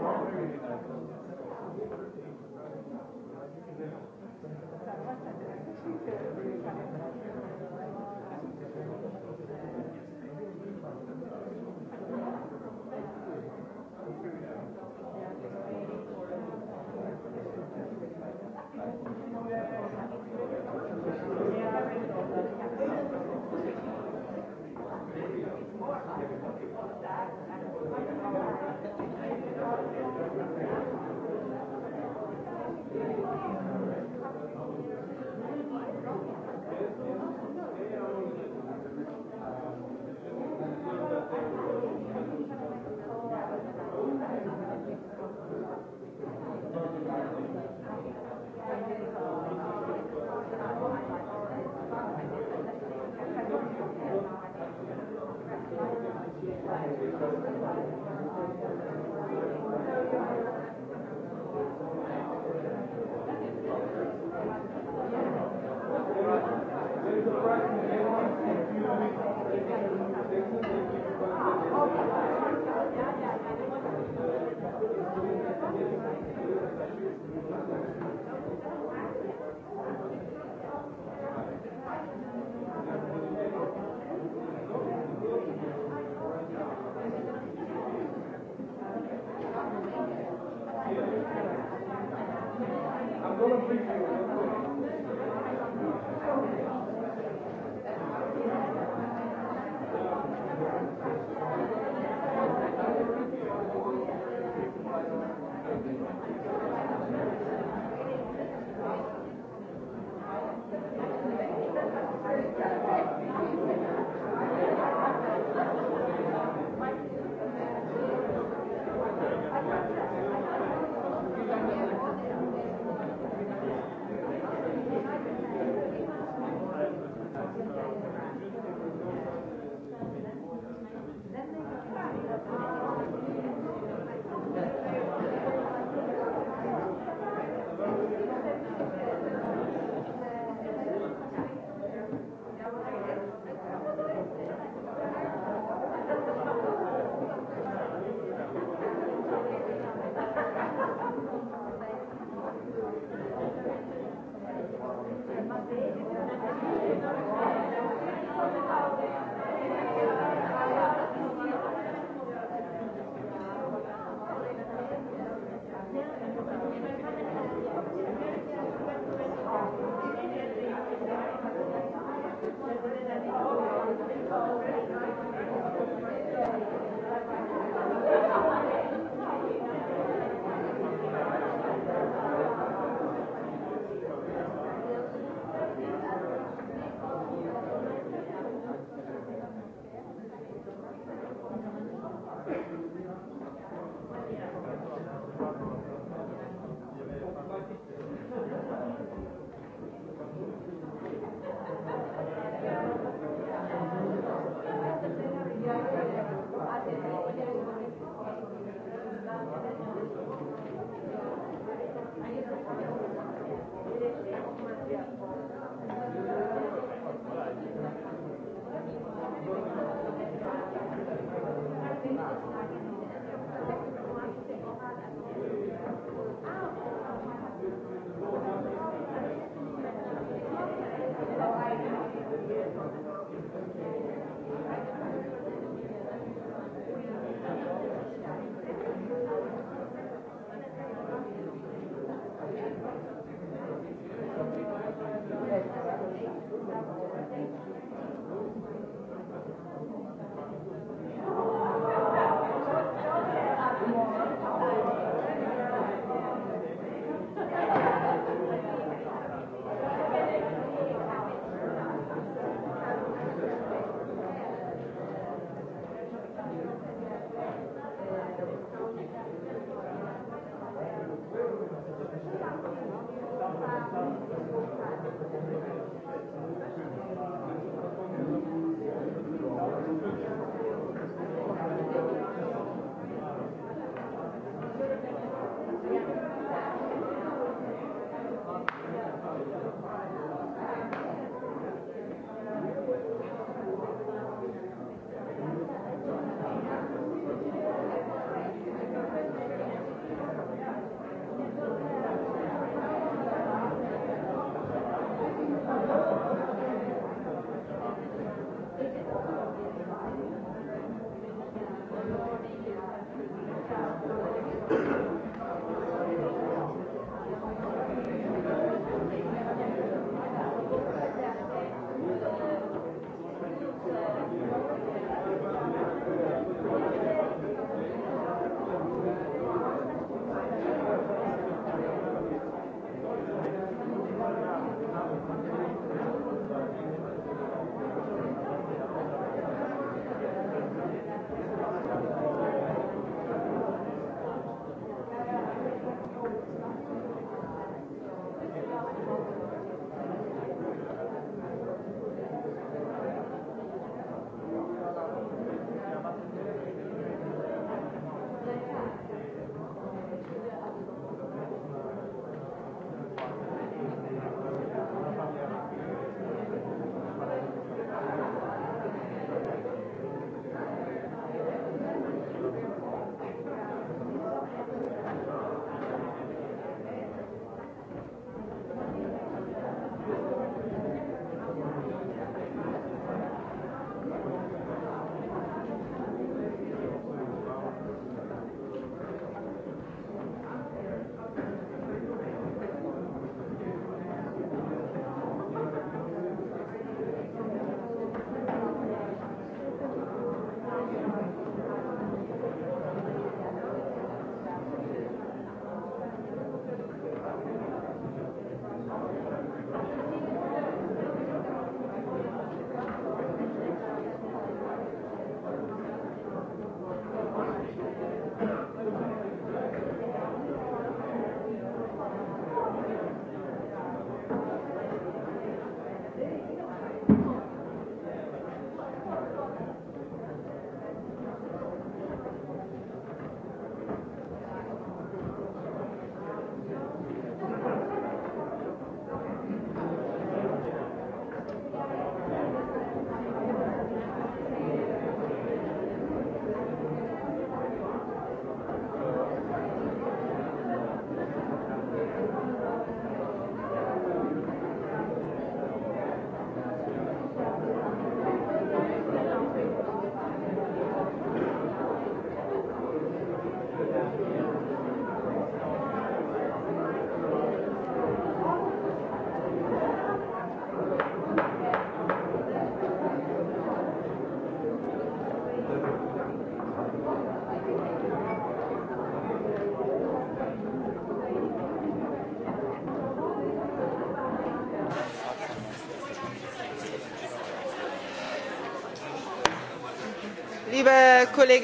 Thank you.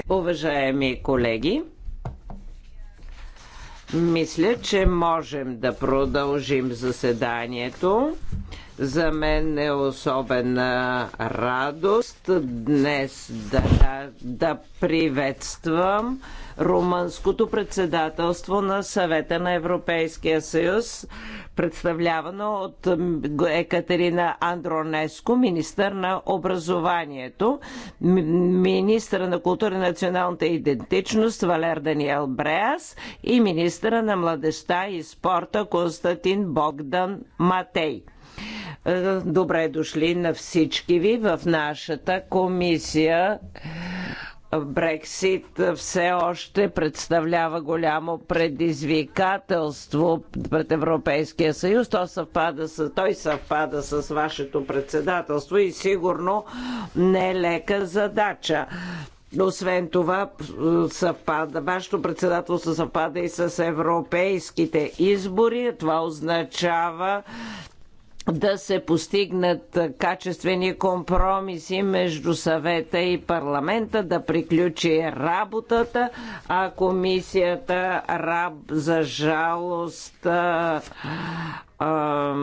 Уважаеми колеги, мисля, че можем да продължим заседанието. За мен е особена радост днес да, да, приветствам румънското председателство на съвета на Европейския съюз, представлявано от Екатерина Андронеско, министър на образованието, министър на култура и националната идентичност Валер Даниел Бреас и министър на младеща и спорта Константин Богдан Матей. Е, добре дошли на всички ви в нашата комисия. Брексит все още представлява голямо предизвикателство пред Европейския съюз. То съвпада с, той съвпада с вашето председателство и сигурно не е лека задача. Освен това, съвпада, вашето председателство съвпада и с европейските избори. Това означава, да се постигнат качествени компромиси между съвета и парламента, да приключи работата, а комисията раб за жалост а, а,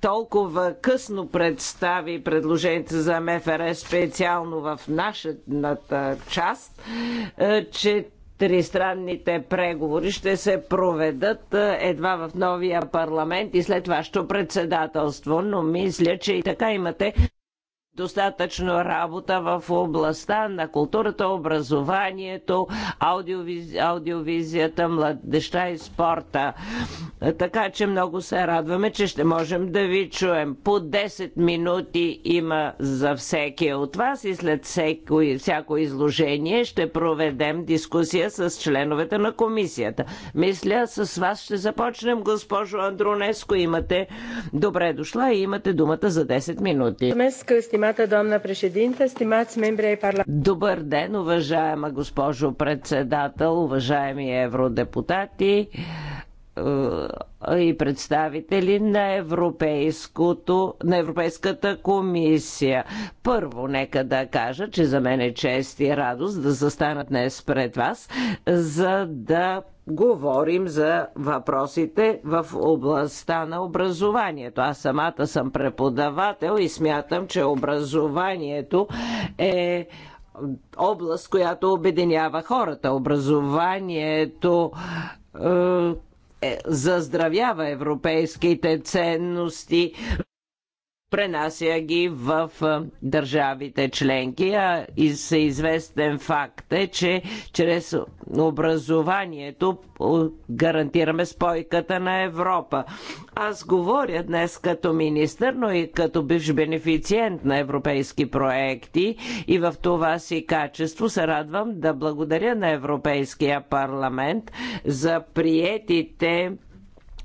толкова късно представи предложението за МФР специално в нашата част, че Тристранните преговори ще се проведат е, едва в новия парламент и след вашето председателство, но мисля, че и така имате достатъчно работа в областта на културата, образованието, аудиовиз... аудиовизията, младеща и спорта. Така че много се радваме, че ще можем да ви чуем. По 10 минути има за всеки от вас и след всяко, всяко изложение ще проведем дискусия с членовете на комисията. Мисля, с вас ще започнем, госпожо Андронеско. Имате добре дошла и имате думата за 10 минути. Добър ден, уважаема госпожо председател, уважаеми евродепутати. Е, и представители на, Европейското, на Европейската комисия. Първо, нека да кажа, че за мен е чест и радост да застанат днес пред вас, за да говорим за въпросите в областта на образованието. Аз самата съм преподавател и смятам, че образованието е област, която обединява хората. Образованието е е, заздравява европейските ценности пренася ги в държавите членки. А и се известен факт е, че чрез образованието гарантираме спойката на Европа. Аз говоря днес като министър, но и като бивш бенефициент на европейски проекти и в това си качество се радвам да благодаря на Европейския парламент за приетите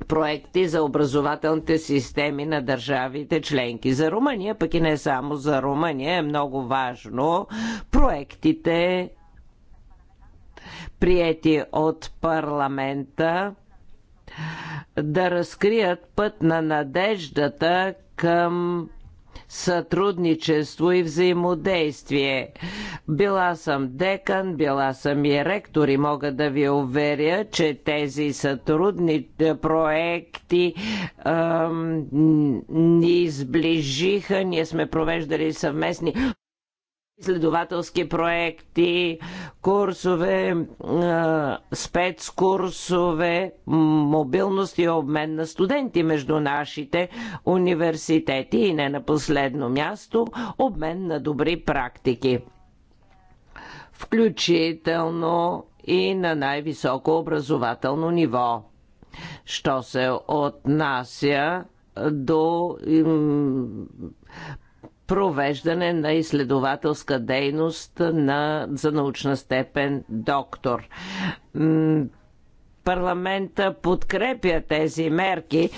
проекти за образователните системи на държавите членки. За Румъния, пък и не само за Румъния, е много важно проектите приети от парламента да разкрият път на надеждата към сътрудничество и взаимодействие. Била съм декан, била съм и ректор и мога да ви уверя, че тези сътрудни е, проекти ем, ни сближиха. Ние сме провеждали съвместни изследователски проекти, курсове, спецкурсове, мобилност и обмен на студенти между нашите университети и не на последно място обмен на добри практики. Включително и на най-високо образователно ниво. Що се отнася до провеждане на изследователска дейност на, за научна степен доктор парламента подкрепя тези мерки,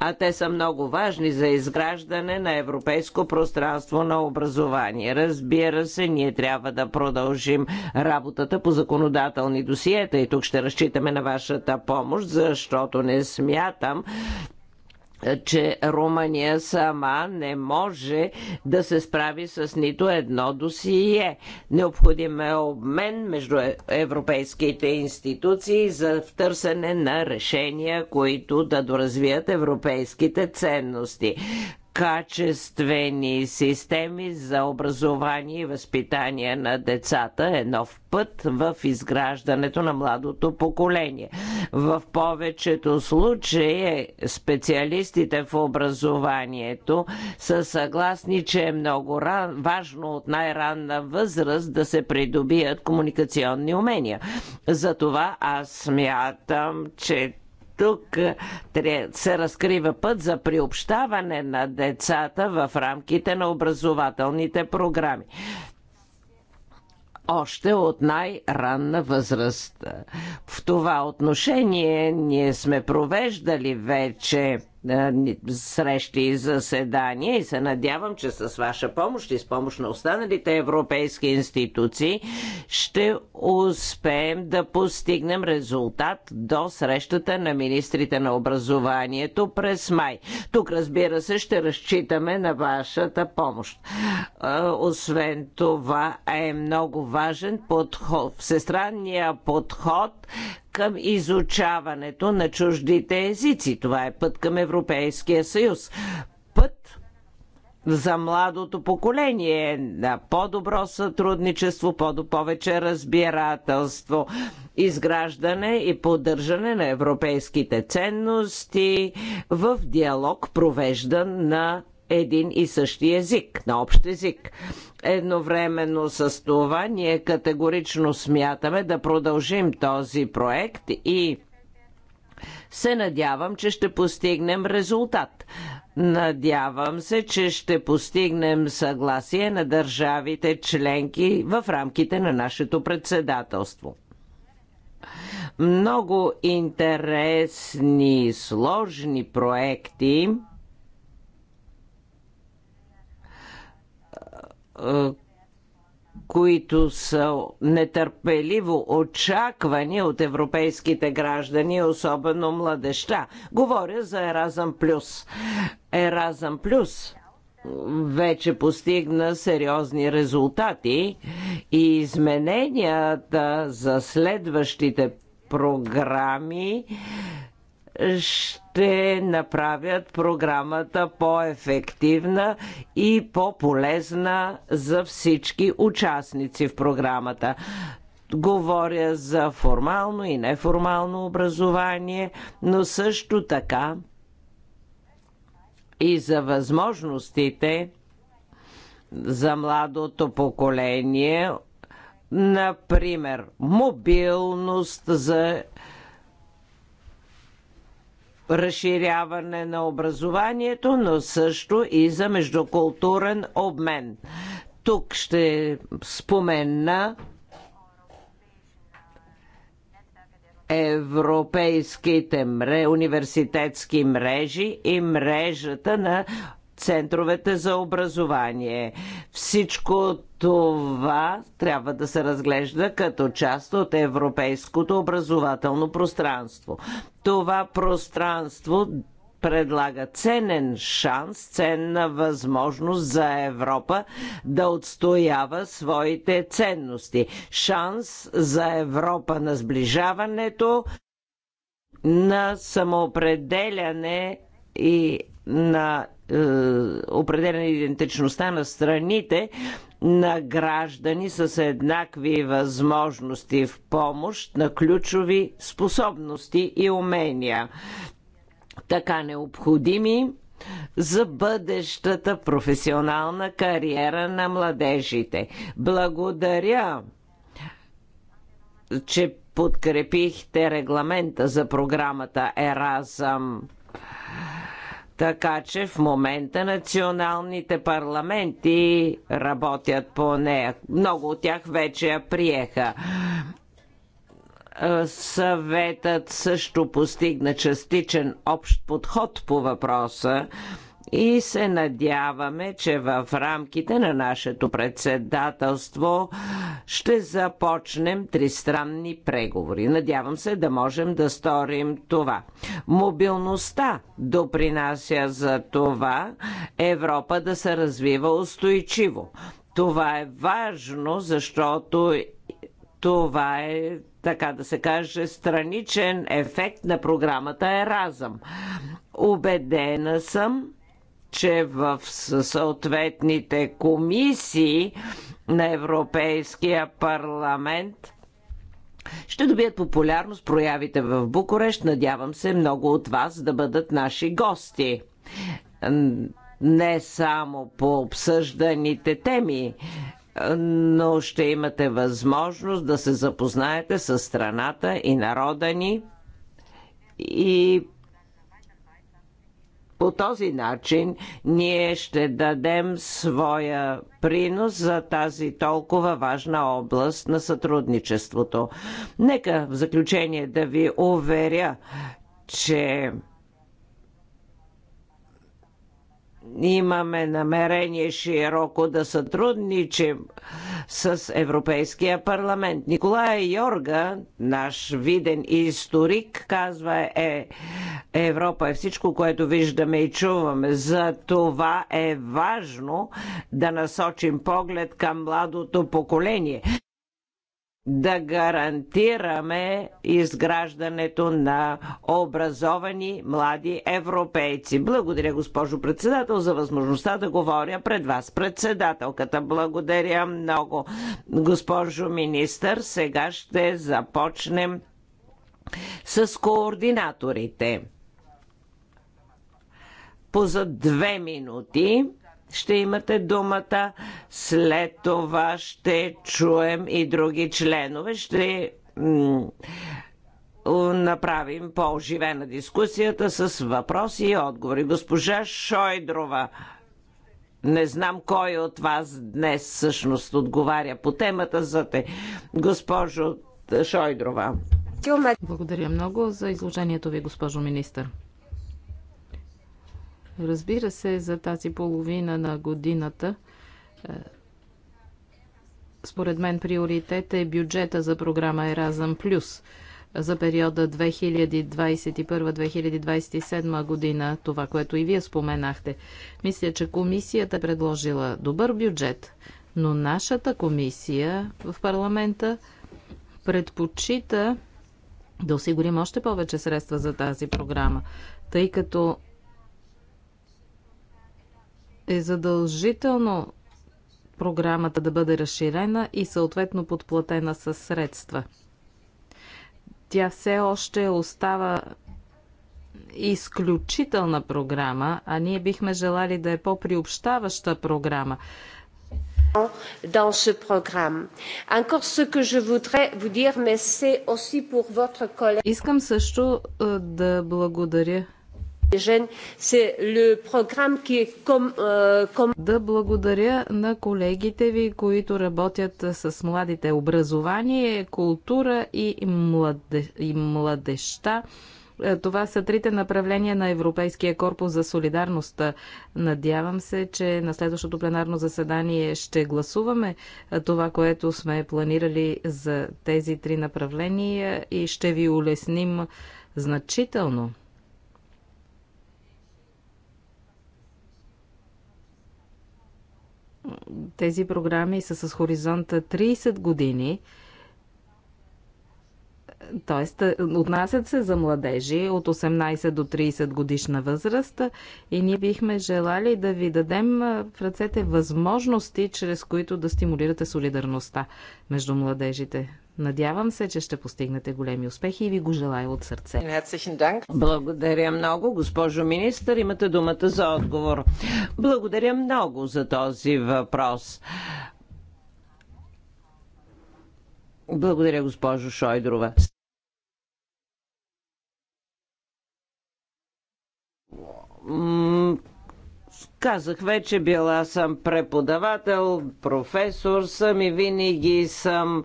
а те са много важни за изграждане на европейско пространство на образование. Разбира се, ние трябва да продължим работата по законодателни досиета и тук ще разчитаме на вашата помощ, защото не смятам, че Румъния сама не може да се справи с нито едно досие. Необходим е обмен между е- европейските институции за търсене на решения, които да доразвият европейските ценности качествени системи за образование и възпитание на децата е нов път в изграждането на младото поколение. В повечето случаи е специалистите в образованието са съгласни, че е много ран, важно от най-ранна възраст да се придобият комуникационни умения. Затова аз смятам, че тук е, се разкрива път за приобщаване на децата в рамките на образователните програми още от най-ранна възраст. В това отношение ние сме провеждали вече е, срещи и заседания и се надявам, че с ваша помощ и с помощ на останалите европейски институции ще успеем да постигнем резултат до срещата на министрите на образованието през май. Тук, разбира се, ще разчитаме на вашата помощ. Е, освен това е много важен подход, всестранния подход към изучаването на чуждите езици. Това е път към Европейския съюз. Път за младото поколение на по-добро сътрудничество, по-повече разбирателство, изграждане и поддържане на европейските ценности в диалог, провеждан на един и същи език, на общ език. Едновременно с това ние категорично смятаме да продължим този проект и се надявам, че ще постигнем резултат. Надявам се, че ще постигнем съгласие на държавите членки в рамките на нашето председателство. Много интересни, сложни проекти които са нетърпеливо очаквани от европейските граждани, особено младеща. Говоря за Еразъм Плюс. Еразъм Плюс вече постигна сериозни резултати и измененията за следващите програми ще ще направят програмата по-ефективна и по-полезна за всички участници в програмата. Говоря за формално и неформално образование, но също така и за възможностите за младото поколение, например, мобилност за разширяване на образованието, но също и за междукултурен обмен. Тук ще спомена европейските мре, университетски мрежи и мрежата на центровете за образование. Всичко това трябва да се разглежда като част от европейското образователно пространство. Това пространство предлага ценен шанс, ценна възможност за Европа да отстоява своите ценности. Шанс за Европа на сближаването, на самоопределяне и на е, определена идентичността на страните на граждани с еднакви възможности в помощ на ключови способности и умения, така необходими за бъдещата професионална кариера на младежите. Благодаря, че подкрепихте регламента за програмата Еразъм така че в момента националните парламенти работят по нея. Много от тях вече я приеха. Е, съветът също постигна частичен общ подход по въпроса и се надяваме, че в рамките на нашето председателство ще започнем тристранни преговори. Надявам се да можем да сторим това. Мобилността допринася за това Европа да се развива устойчиво. Това е важно, защото това е, така да се каже, страничен ефект на програмата Еразъм. Убедена съм, че в съответните комисии на Европейския парламент ще добият популярност проявите в Букурещ. Надявам се много от вас да бъдат наши гости не само по обсъжданите теми, но ще имате възможност да се запознаете с страната и народа ни и по този начин ние ще дадем своя принос за тази толкова важна област на сътрудничеството. Нека в заключение да ви уверя, че имаме намерение широко да сътрудничим с Европейския парламент. Николай Йорга, наш виден историк, казва е Европа е всичко, което виждаме и чуваме. За това е важно да насочим поглед към младото поколение да гарантираме изграждането на образовани млади европейци. Благодаря, госпожо председател, за възможността да говоря пред вас. Председателката, благодаря много, госпожо министър. Сега ще започнем с координаторите. По за две минути ще имате думата. След това ще чуем и други членове. Ще направим по-оживена дискусията с въпроси и отговори. Госпожа Шойдрова, не знам кой от вас днес всъщност отговаря по темата за те. Госпожо Шойдрова. Благодаря много за изложението ви, госпожо министър. Разбира се, за тази половина на годината е, според мен приоритет е бюджета за програма Еразъм Плюс за периода 2021-2027 година, това, което и вие споменахте. Мисля, че комисията е предложила добър бюджет, но нашата комисия в парламента предпочита да осигурим още повече средства за тази програма, тъй като е задължително програмата да бъде разширена и съответно подплатена с средства. Тя все още остава изключителна програма, а ние бихме желали да е по-приобщаваща програма ans dans ce programme. Encore ce que je voudrais vous dire, mais c'est aussi pour votre collègue. C'est le Искам също да comme... да благодаря на колегите ви, които работят с младите образование, култура и, младе, и младеща е, това са трите направления на Европейския корпус за солидарност. Надявам се, че на следващото пленарно заседание ще гласуваме е, това, което сме планирали за тези три направления и ще ви улесним значително. Тези програми са с хоризонта 30 години т.е. отнасят се за младежи от 18 до 30 годишна възраст и ние бихме желали да ви дадем е, в ръцете възможности, чрез които да стимулирате солидарността между младежите. Надявам се, че ще постигнете големи успехи и ви го желая от сърце. Благодаря много, госпожо министър. Имате думата за отговор. Благодаря много за този въпрос. Благодаря, госпожо Шойдрова. Казах вече, била съм преподавател, професор съм и винаги съм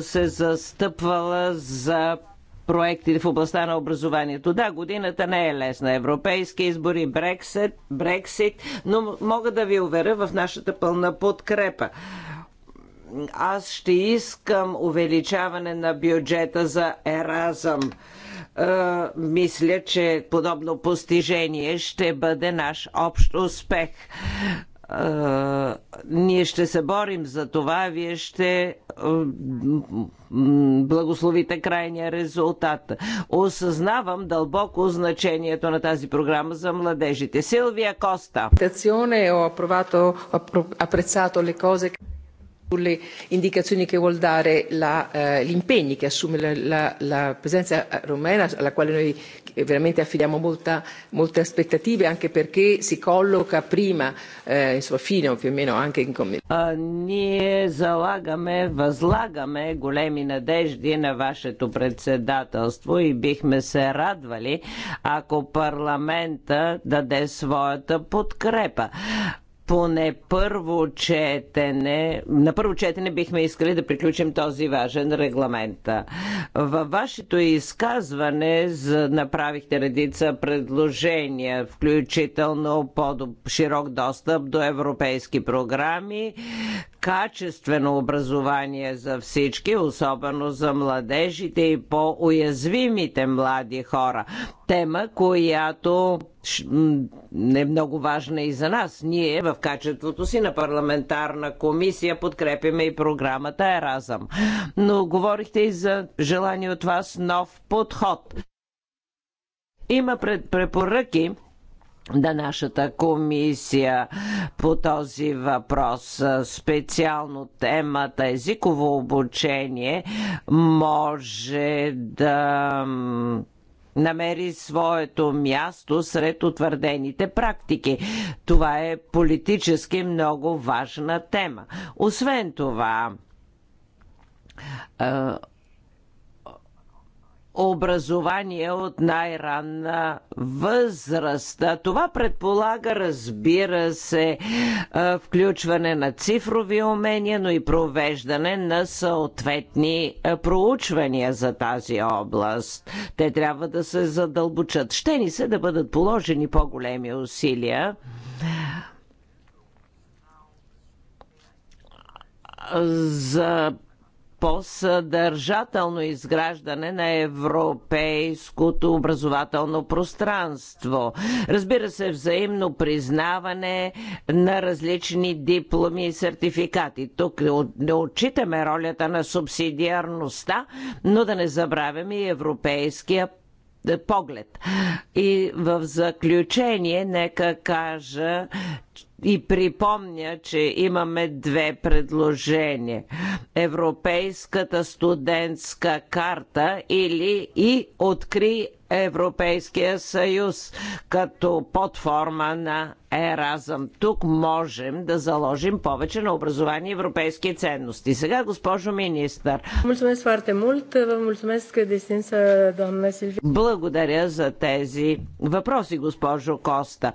се застъпвала за проекти в областта на образованието. Да, годината не е лесна. Европейски избори, Брексит, Брексит, но мога да ви уверя в нашата пълна подкрепа аз ще искам увеличаване на бюджета за Еразъм. Е, мисля, че подобно постижение ще бъде наш общ успех е, ние ще се борим за това, вие ще е, благословите крайния резултат. Осъзнавам дълбоко значението на тази програма за младежите. Силвия Коста sulle indicazioni che vuol dare la, gli impegni che assume la, la, presenza romena, alla quale noi veramente affidiamo molta, molte aspettative, anche perché si colloca prima, eh, insomma, fine o più o meno anche in commissione. Ние ако парламента даде своята подкрепа поне първо четене, на първо четене бихме искали да приключим този важен регламент. Във вашето изказване направихте редица предложения, включително по-широк достъп до европейски програми, качествено образование за всички, особено за младежите и по-уязвимите млади хора. Тема, която е много важна и за нас. Ние в качеството си на парламентарна комисия подкрепяме и програмата Еразъм. Но говорихте и за желание от вас нов подход. Има препоръки да нашата комисия по този въпрос. Специално темата езиково обучение може да намери своето място сред утвърдените практики. Това е политически много важна тема. Освен това, образование от най-ранна възраст. Това предполага, разбира се, е, включване на цифрови умения, но и провеждане на съответни е, проучвания за тази област. Те трябва да се задълбочат. Ще ни се да бъдат положени по-големи усилия. за по-съдържателно изграждане на европейското образователно пространство. Разбира се, взаимно признаване на различни дипломи и сертификати. Тук не отчитаме ролята на субсидиарността, но да не забравяме и европейския поглед. И в заключение, нека кажа, и припомня, че имаме две предложения. Европейската студентска карта или и откри Европейския съюз като подформа на еразъм. Тук можем да заложим повече на образование и европейски ценности. Сега, госпожо министър. Благодаря за тези въпроси, госпожо Коста.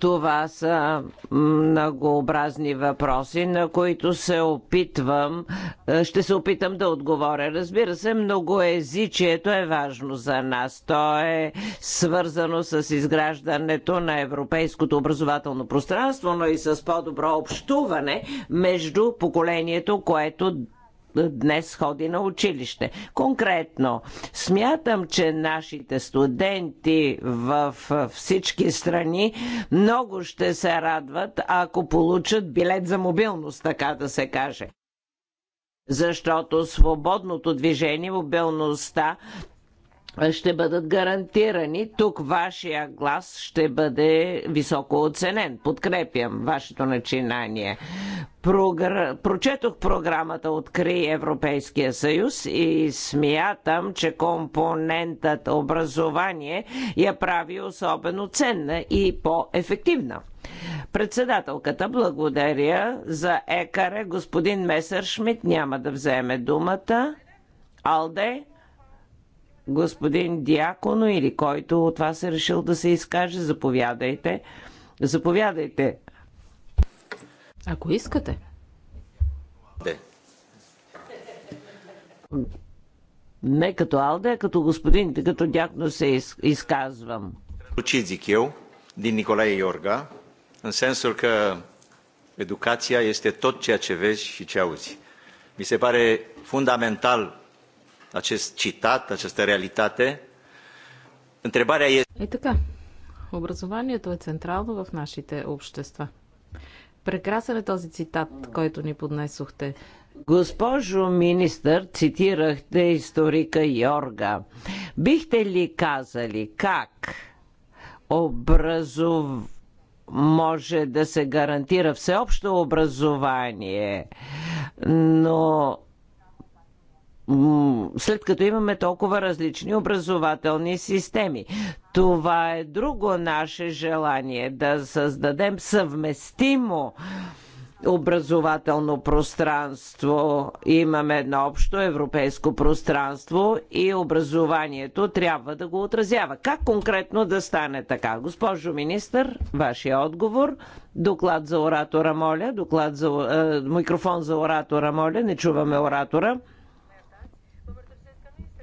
Това са многообразни въпроси, на които се опитвам, е, ще се опитам да отговоря. Разбира се, многоезичието е важно за нас. То е свързано с изграждането на европейското образователно пространство, но и с по-добро общуване между поколението, което днес ходи на училище. Конкретно, смятам, че нашите студенти в всички страни много ще се радват, ако получат билет за мобилност, така да се каже защото свободното движение, мобилността ще бъдат гарантирани. Тук вашия глас ще бъде високо оценен. Подкрепям вашето начинание. Програ... Прочетох програмата Откри Европейския съюз и смятам, че компонентът образование я прави особено ценна и по-ефективна. Председателката благодаря за екаре. Господин Месершмит няма да вземе думата. Алде? господин Дяконо или който от вас е решил да се изкаже, заповядайте. Заповядайте. Ако искате. Де. Не като Алде, а като господин, като дякно се из, изказвам. Ucizic Дин Николай Йорга, Iorga, сенсор ка едукация educația este tot ceea ce vezi și ce auzi. Mi se pare fundamental acest citat, această realitate. Întrebarea е... Е така. Образованието е централно в нашите общества. Прекрасен е този цитат, който ни поднесохте. Госпожо министър, цитирахте историка Йорга. Бихте ли казали как образов... може да се гарантира всеобщо образование, но след като имаме толкова различни образователни системи. Това е друго наше желание да създадем съвместимо образователно пространство. Имаме едно общо европейско пространство и образованието трябва да го отразява. Как конкретно да стане така? Госпожо министър, вашия отговор. Доклад за оратора, моля. Доклад за, е, микрофон за оратора, моля. Не чуваме оратора.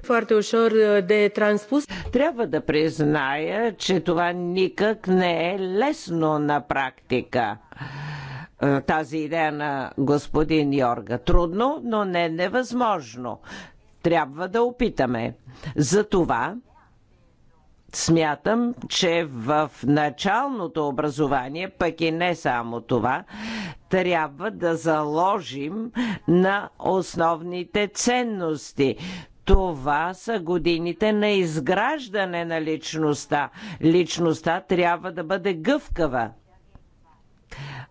Foarte ușor uh, de transpus. Трябва да призная, че това никак не е лесно на практика е, тази идея на господин Йорга. Трудно, но не невъзможно. Трябва да опитаме. Затова смятам, че в началното образование, пък и не само това, трябва да заложим на основните ценности. Това са годините на изграждане на личността. Личността трябва да бъде гъвкава,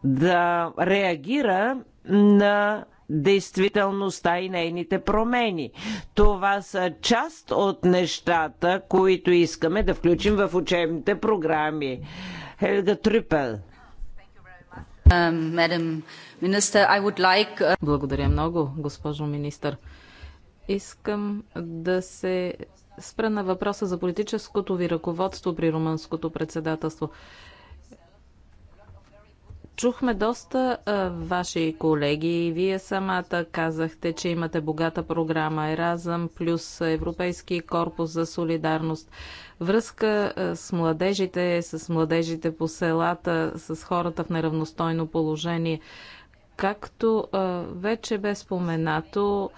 да реагира на действителността и нейните промени. Това са част от нещата, които искаме да включим в учебните програми. Хелга Трюпел. Uh, Благодаря много, госпожо министър. Искам да се спра на въпроса за политическото ви ръководство при румънското председателство. Чухме доста а, ваши колеги и вие самата казахте, че имате богата програма Еразъм плюс Европейски корпус за солидарност. Връзка а, с младежите, с младежите по селата, с хората в неравностойно положение. Както а, вече бе споменато, а,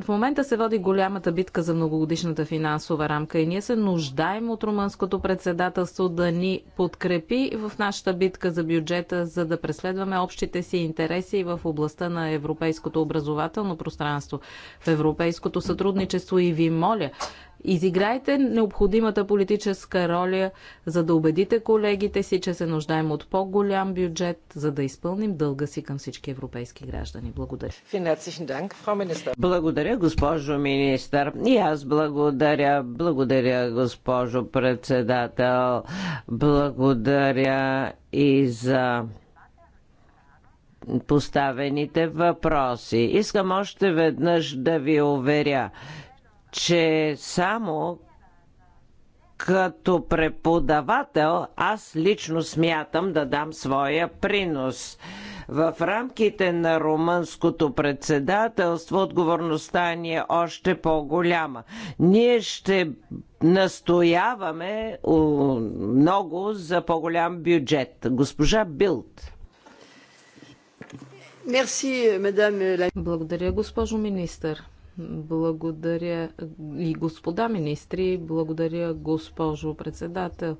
в момента се води голямата битка за многогодишната финансова рамка и ние се нуждаем от румънското председателство да ни подкрепи в нашата битка за бюджета, за да преследваме общите си интереси в областта на европейското образователно пространство, в европейското сътрудничество и ви моля Изиграйте необходимата политическа роля, за да убедите колегите си, че се нуждаем от по-голям бюджет, за да изпълним дълга си към всички европейски граждани. Благодаря. Благодаря, госпожо министър. И аз благодаря. Благодаря, госпожо председател. Благодаря и за поставените въпроси. Искам още веднъж да ви уверя, че само като преподавател аз лично смятам да дам своя принос. В рамките на румънското председателство отговорността ни е още по-голяма. Ние ще настояваме много за по-голям бюджет. Госпожа Билт. Благодаря, госпожо министър. Благодаря и господа министри, благодаря госпожо председател.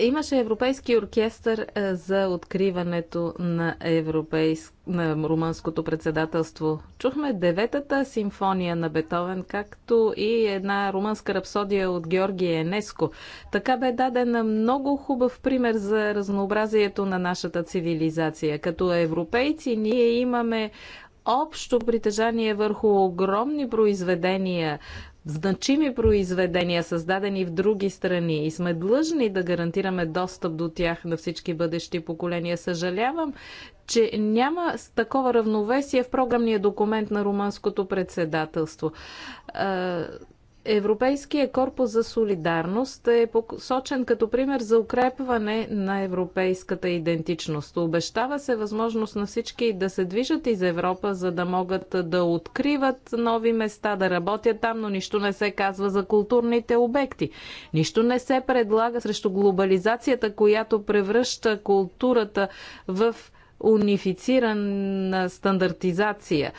Имаше Европейски оркестър е, за откриването на, европейск... на румънското председателство. Чухме деветата симфония на Бетовен, както и една румънска рапсодия от Георгия Енеско. Така бе даден много хубав пример за разнообразието на нашата цивилизация. Като европейци ние имаме общо притежание върху огромни произведения, значими произведения, създадени в други страни и сме длъжни да гарантираме достъп до тях на всички бъдещи поколения. Съжалявам, че няма такова равновесие в програмния документ на румънското председателство. Европейския корпус за солидарност е посочен като пример за укрепване на европейската идентичност. Обещава се възможност на всички да се движат из Европа, за да могат да откриват нови места, да работят там, но нищо не се казва за културните обекти. Нищо не се предлага срещу глобализацията, която превръща културата в унифицирана стандартизация.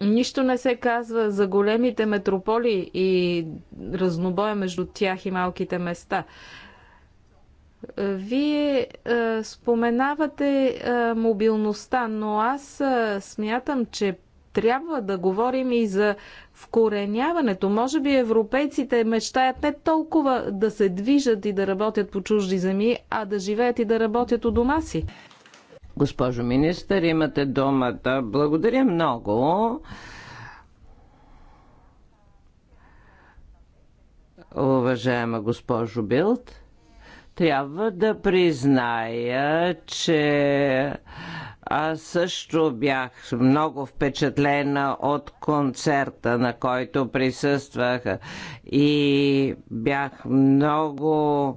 Нищо не се казва за големите метрополи и разнобоя между тях и малките места. Вие е, споменавате е, мобилността, но аз е, смятам, че трябва да говорим и за вкореняването. Може би европейците мечтаят не толкова да се движат и да работят по чужди земи, а да живеят и да работят у дома си. Госпожо министър, имате думата. Благодаря много. Уважаема госпожо Билт, трябва да призная, че аз също бях много впечатлена от концерта, на който присъствах и бях много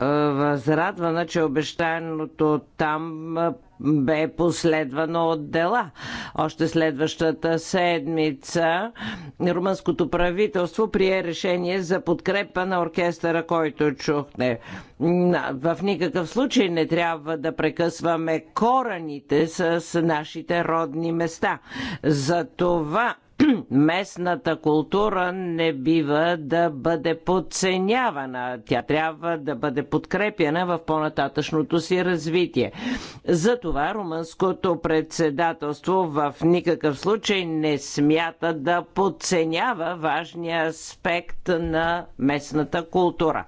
е, възрадвана, че обещаното там е, бе последвано от дела. Още следващата седмица румънското правителство прие решение за подкрепа на оркестъра, който чухне. В никакъв случай не трябва да прекъсваме кораните с нашите родни места. За това местната култура не бива да бъде подценявана. Тя трябва да бъде подкрепена в по-нататъчното си развитие. Затова румънското председателство в никакъв случай не смята да подценява важния аспект на местната култура.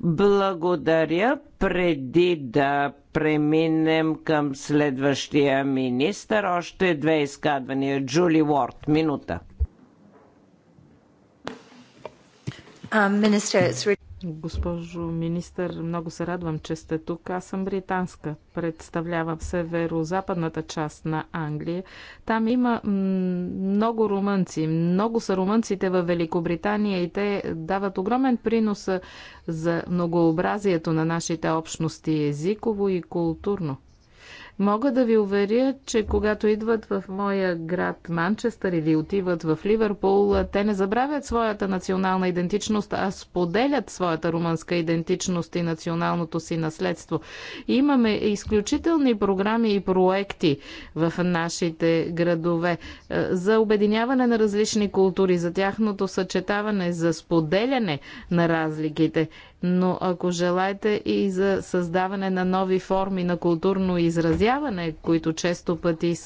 Благодаря преди да преминем към следващия министър. Още две изказвания. Джули Уорд, минута. Um, minister, Госпожо министър, много се радвам, че сте тук. Аз съм британска. Представлявам северо-западната част на Англия. Там има много румънци. Много са румънците във Великобритания и те дават огромен принос за многообразието на нашите общности езиково и културно. Мога да ви уверя, че когато идват в моя град Манчестър или отиват в Ливърпул, те не забравят своята национална идентичност, а споделят своята румънска идентичност и националното си наследство. Имаме изключителни програми и проекти в нашите градове е, за обединяване на различни култури, за тяхното съчетаване, за споделяне на разликите но ако желаете и за създаване на нови форми на културно изразяване, които често пъти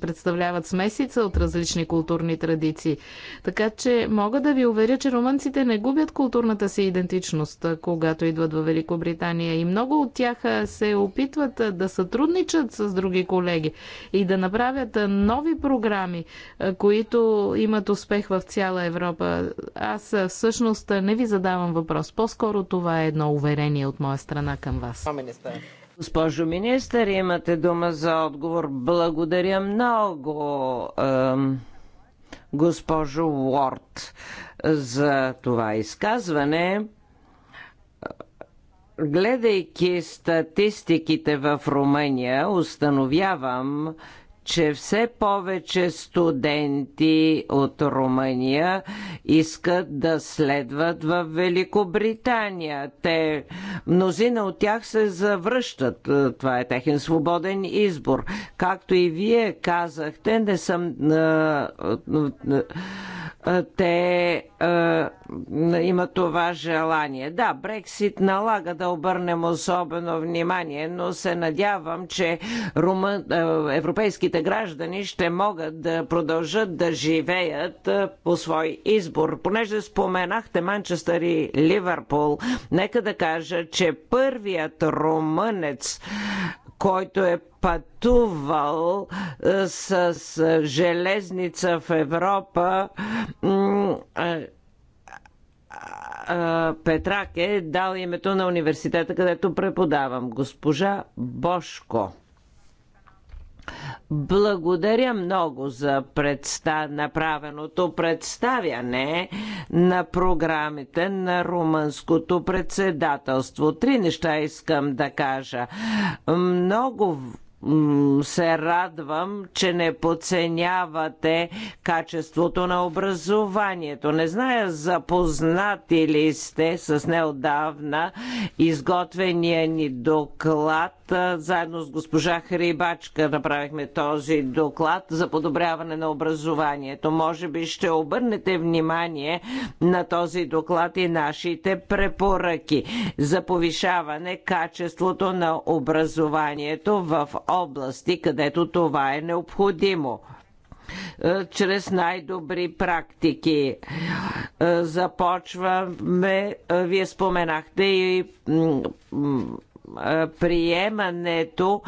представляват смесица от различни културни традиции. Така че мога да ви уверя, че румънците не губят културната си идентичност, когато идват в Великобритания. И много от тях се опитват да сътрудничат с други колеги и да направят нови програми, които имат успех в цяла Европа. Аз всъщност не ви задавам въпрос. По-скоро това е едно уверение от моя страна към вас. Госпожо министър, имате дума за отговор. Благодаря много, госпожо Уорд, за това изказване гледайки статистиките в Румъния, установявам, че все повече студенти от Румъния искат да следват в Великобритания. Те, мнозина от тях се завръщат. Това е техен свободен избор. Както и вие казахте, не съм е, те е, има това желание. Да, Брексит налага да обърнем особено внимание, но се надявам, че рума, е, европейските граждани ще могат да продължат да живеят е, по свой избор. Понеже споменахте Манчестър и Ливърпул, нека да кажа, че първият румънец който е пътувал е, с е, железница в Европа, е, Петрак е дал името на университета, където преподавам. Госпожа Бошко. Благодаря много за предста... направеното представяне на програмите на румънското председателство. Три неща искам да кажа. Много се радвам, че не подценявате качеството на образованието. Не зная, запознати ли сте с неодавна изготвения ни доклад. Заедно с госпожа Хрибачка направихме този доклад за подобряване на образованието. Може би ще обърнете внимание на този доклад и нашите препоръки за повишаване качеството на образованието в области, където това е необходимо е, чрез най-добри практики. Е, започваме, е, вие споменахте и приемането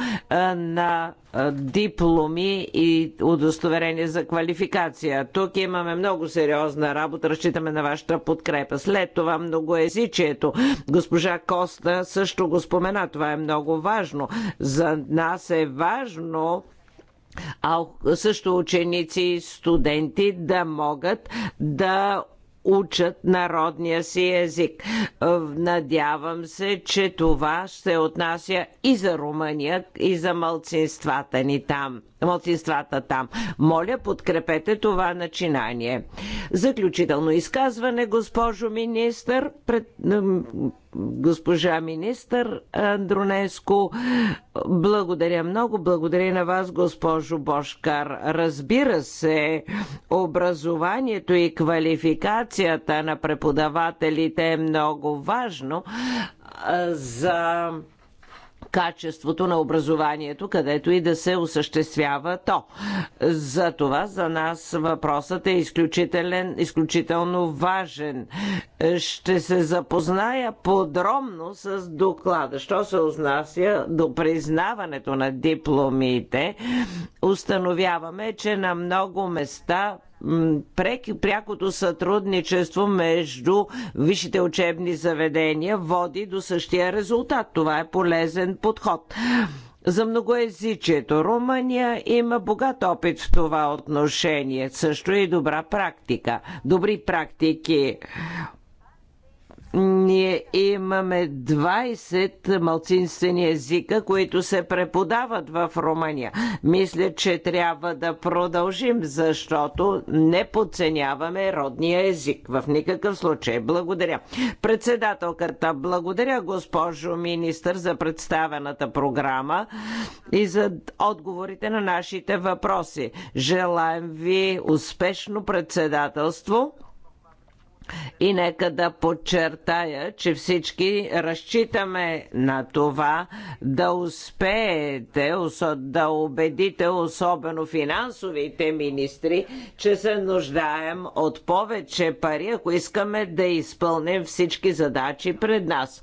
на дипломи и удостоверение за квалификация. Тук имаме много сериозна работа, разчитаме на вашата подкрепа. След това многоезичието. Госпожа Коста също го спомена, това е много важно. За нас е важно а също ученици и студенти да могат да учат народния си език. Е, надявам се, че това се отнася и за Румъния, и за мълцинствата ни там. Мълцинствата там. Моля, подкрепете това начинание. Заключително изказване, госпожо министър, пред, госпожа министър Андронеско. Благодаря много. Благодаря на вас, госпожо Бошкар. Разбира се, образованието и квалификацията на преподавателите е много важно за качеството на образованието, където и да се осъществява то. За това за нас въпросът е изключителен, изключително важен ще се запозная подробно с доклада. Що се отнася до признаването на дипломите, установяваме, че на много места прякото сътрудничество между висшите учебни заведения води до същия резултат. Това е полезен подход за многоязичието. Румъния има богат опит в това отношение, също и добра практика, добри практики ние имаме 20 малцинствени езика, които се преподават в Румъния. Мисля, че трябва да продължим, защото не подценяваме родния език. В никакъв случай. Благодаря. Председателката, благодаря госпожо министър за представената програма и за отговорите на нашите въпроси. Желаем ви успешно председателство и нека да подчертая, че всички разчитаме на това да успеете да убедите особено финансовите министри, че се нуждаем от повече пари, ако искаме да изпълним всички задачи пред нас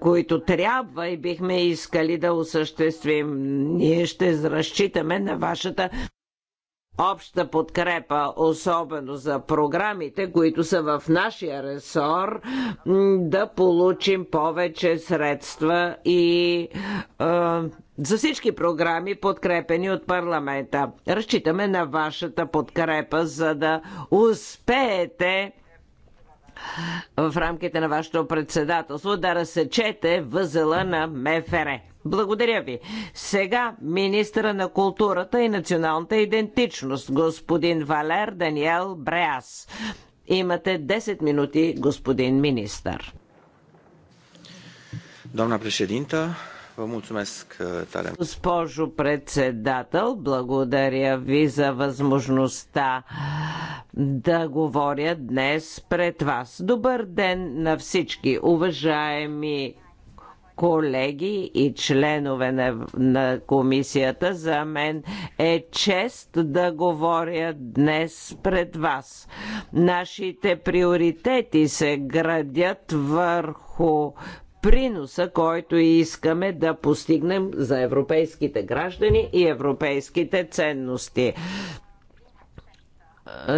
които трябва и бихме искали да осъществим. Ние ще разчитаме на вашата обща подкрепа, особено за програмите, които са в нашия ресор, да получим повече средства и е, за всички програми, подкрепени от парламента. Разчитаме на вашата подкрепа, за да успеете в рамките на вашето председателство да разсечете възела на МФР. Благодаря ви. Сега министра на културата и националната идентичност, господин Валер Даниел Бреас. Имате 10 минути, господин министър. Домна președintă, vă mulțumesc uh, Госпожо председател, благодаря ви за възможността да говоря днес пред вас. Добър ден на всички, уважаеми колеги и членове на, на комисията. За мен е чест да говоря днес пред вас. Нашите приоритети се градят върху приноса, който искаме да постигнем за европейските граждани и европейските ценности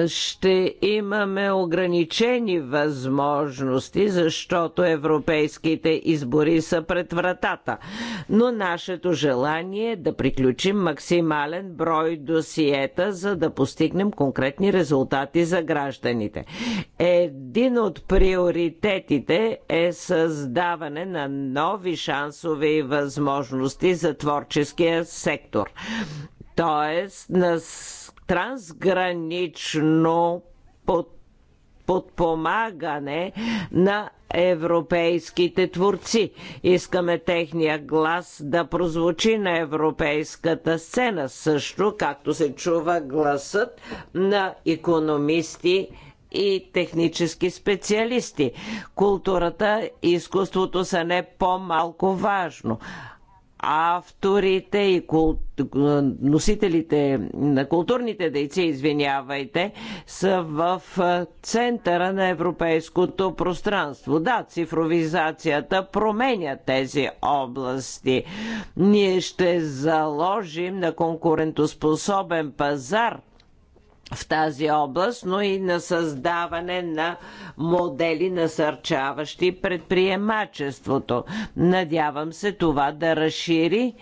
ще имаме ограничени възможности, защото европейските избори са пред вратата. Но нашето желание е да приключим максимален брой досиета, за да постигнем конкретни резултати за гражданите. Един от приоритетите е създаване на нови шансове и възможности за творческия сектор. Тоест, на трансгранично под подпомагане на европейските творци. Искаме техния глас да прозвучи на европейската сцена също, както се чува гласът на економисти и технически специалисти. Културата и изкуството са не по-малко важно авторите и кул... носителите на културните дейци, извинявайте, са в центъра на европейското пространство. Да, цифровизацията променя тези области. Ние ще заложим на конкурентоспособен пазар в тази област, но и на създаване на модели, насърчаващи предприемачеството. Надявам се това да разшири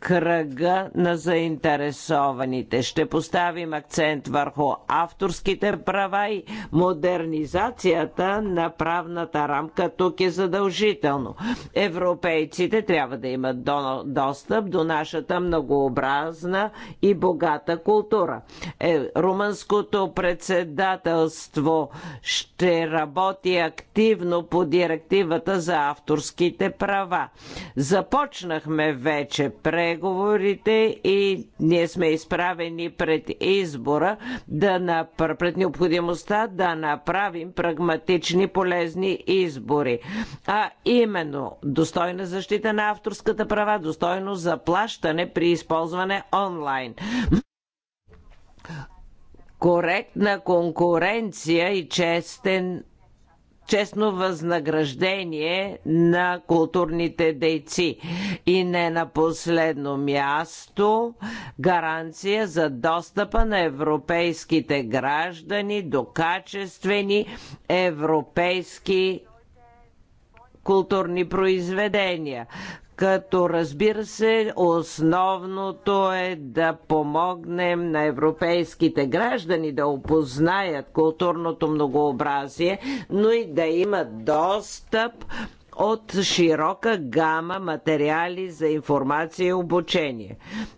кръга на заинтересованите. Ще поставим акцент върху авторските права и модернизацията на правната рамка тук е задължително. Европейците трябва да имат достъп до нашата многообразна и богата култура. Е, румънското председателство ще работи активно по директивата за авторските права. Започнахме вече пре преговорите и ние сме изправени пред избора да напр... пред необходимостта да направим прагматични полезни избори. А именно достойна защита на авторската права, достойно заплащане при използване онлайн коректна конкуренция и честен честно възнаграждение на културните дейци. И не на последно място гаранция за достъпа на европейските граждани до качествени европейски културни произведения, като разбира се, основното е да помогнем на европейските граждани да опознаят културното многообразие, но и да имат достъп от широка гама материали за информация и обучение.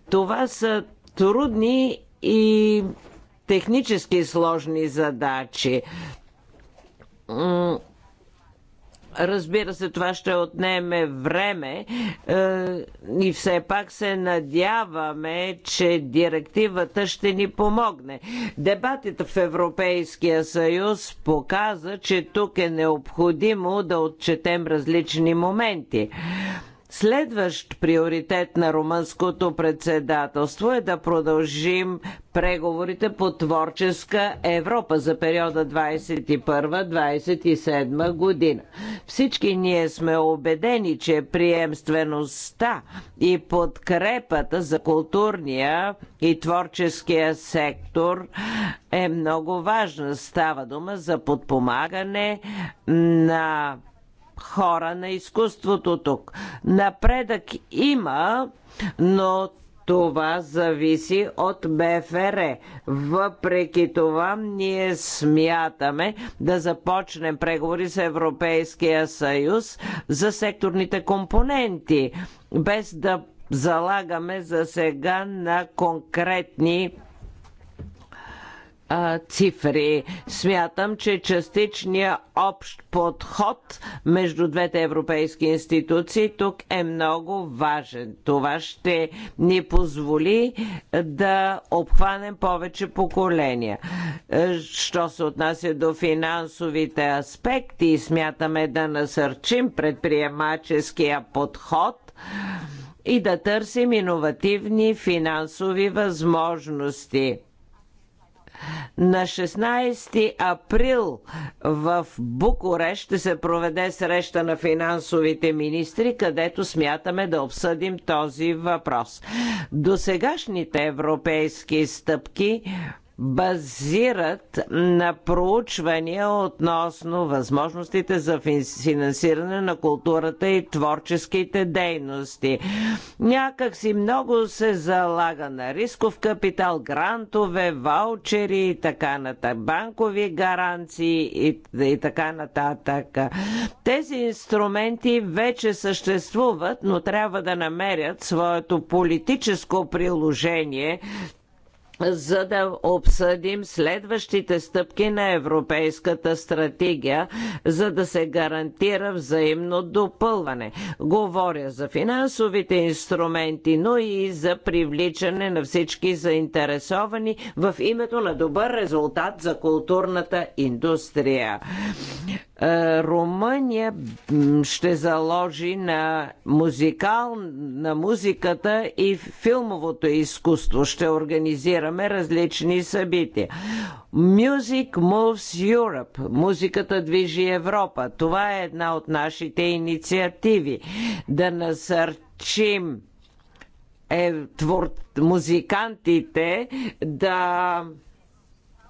Това са трудни и технически сложни задачи Разбира се, това ще отнеме време е, и все пак се надяваме, че директивата ще ни помогне. Дебатите в Европейския съюз показа, че тук е необходимо да отчетем различни моменти. Следващ приоритет на румънското председателство е да продължим преговорите по творческа Европа за периода 21-27 година. Всички ние сме убедени, че приемствеността и подкрепата за културния и творческия сектор е много важна. Става дума за подпомагане на хора на изкуството тук. Напредък има, но това зависи от БФР. Въпреки това, ние смятаме да започнем преговори с Европейския съюз за секторните компоненти, без да залагаме за сега на конкретни а, цифри. Смятам, че частичният общ подход между двете европейски институции тук е много важен. Това ще ни позволи да обхванем повече поколения. Що се отнася до финансовите аспекти, смятаме да насърчим предприемаческия подход и да търсим иновативни финансови възможности. На 16 април в Букурещ ще се проведе среща на финансовите министри, където смятаме да обсъдим този въпрос. До сегашните европейски стъпки базират на проучвания относно възможностите за финансиране на културата и творческите дейности. Някак си много се залага на рисков капитал, грантове, ваучери и така нататък, банкови гаранции и, и така нататък. Тези инструменти вече съществуват, но трябва да намерят своето политическо приложение за да обсъдим следващите стъпки на Европейската стратегия, за да се гарантира взаимно допълване. Говоря за финансовите инструменти, но и за привличане на всички заинтересовани в името на добър резултат за културната индустрия. Е, Румъния ще заложи на, музикал, на музиката и филмовото изкуство. Ще организираме различни събития. Music Moves Europe. Музиката движи Европа. Това е една от нашите инициативи. Да насърчим е, твор... музикантите да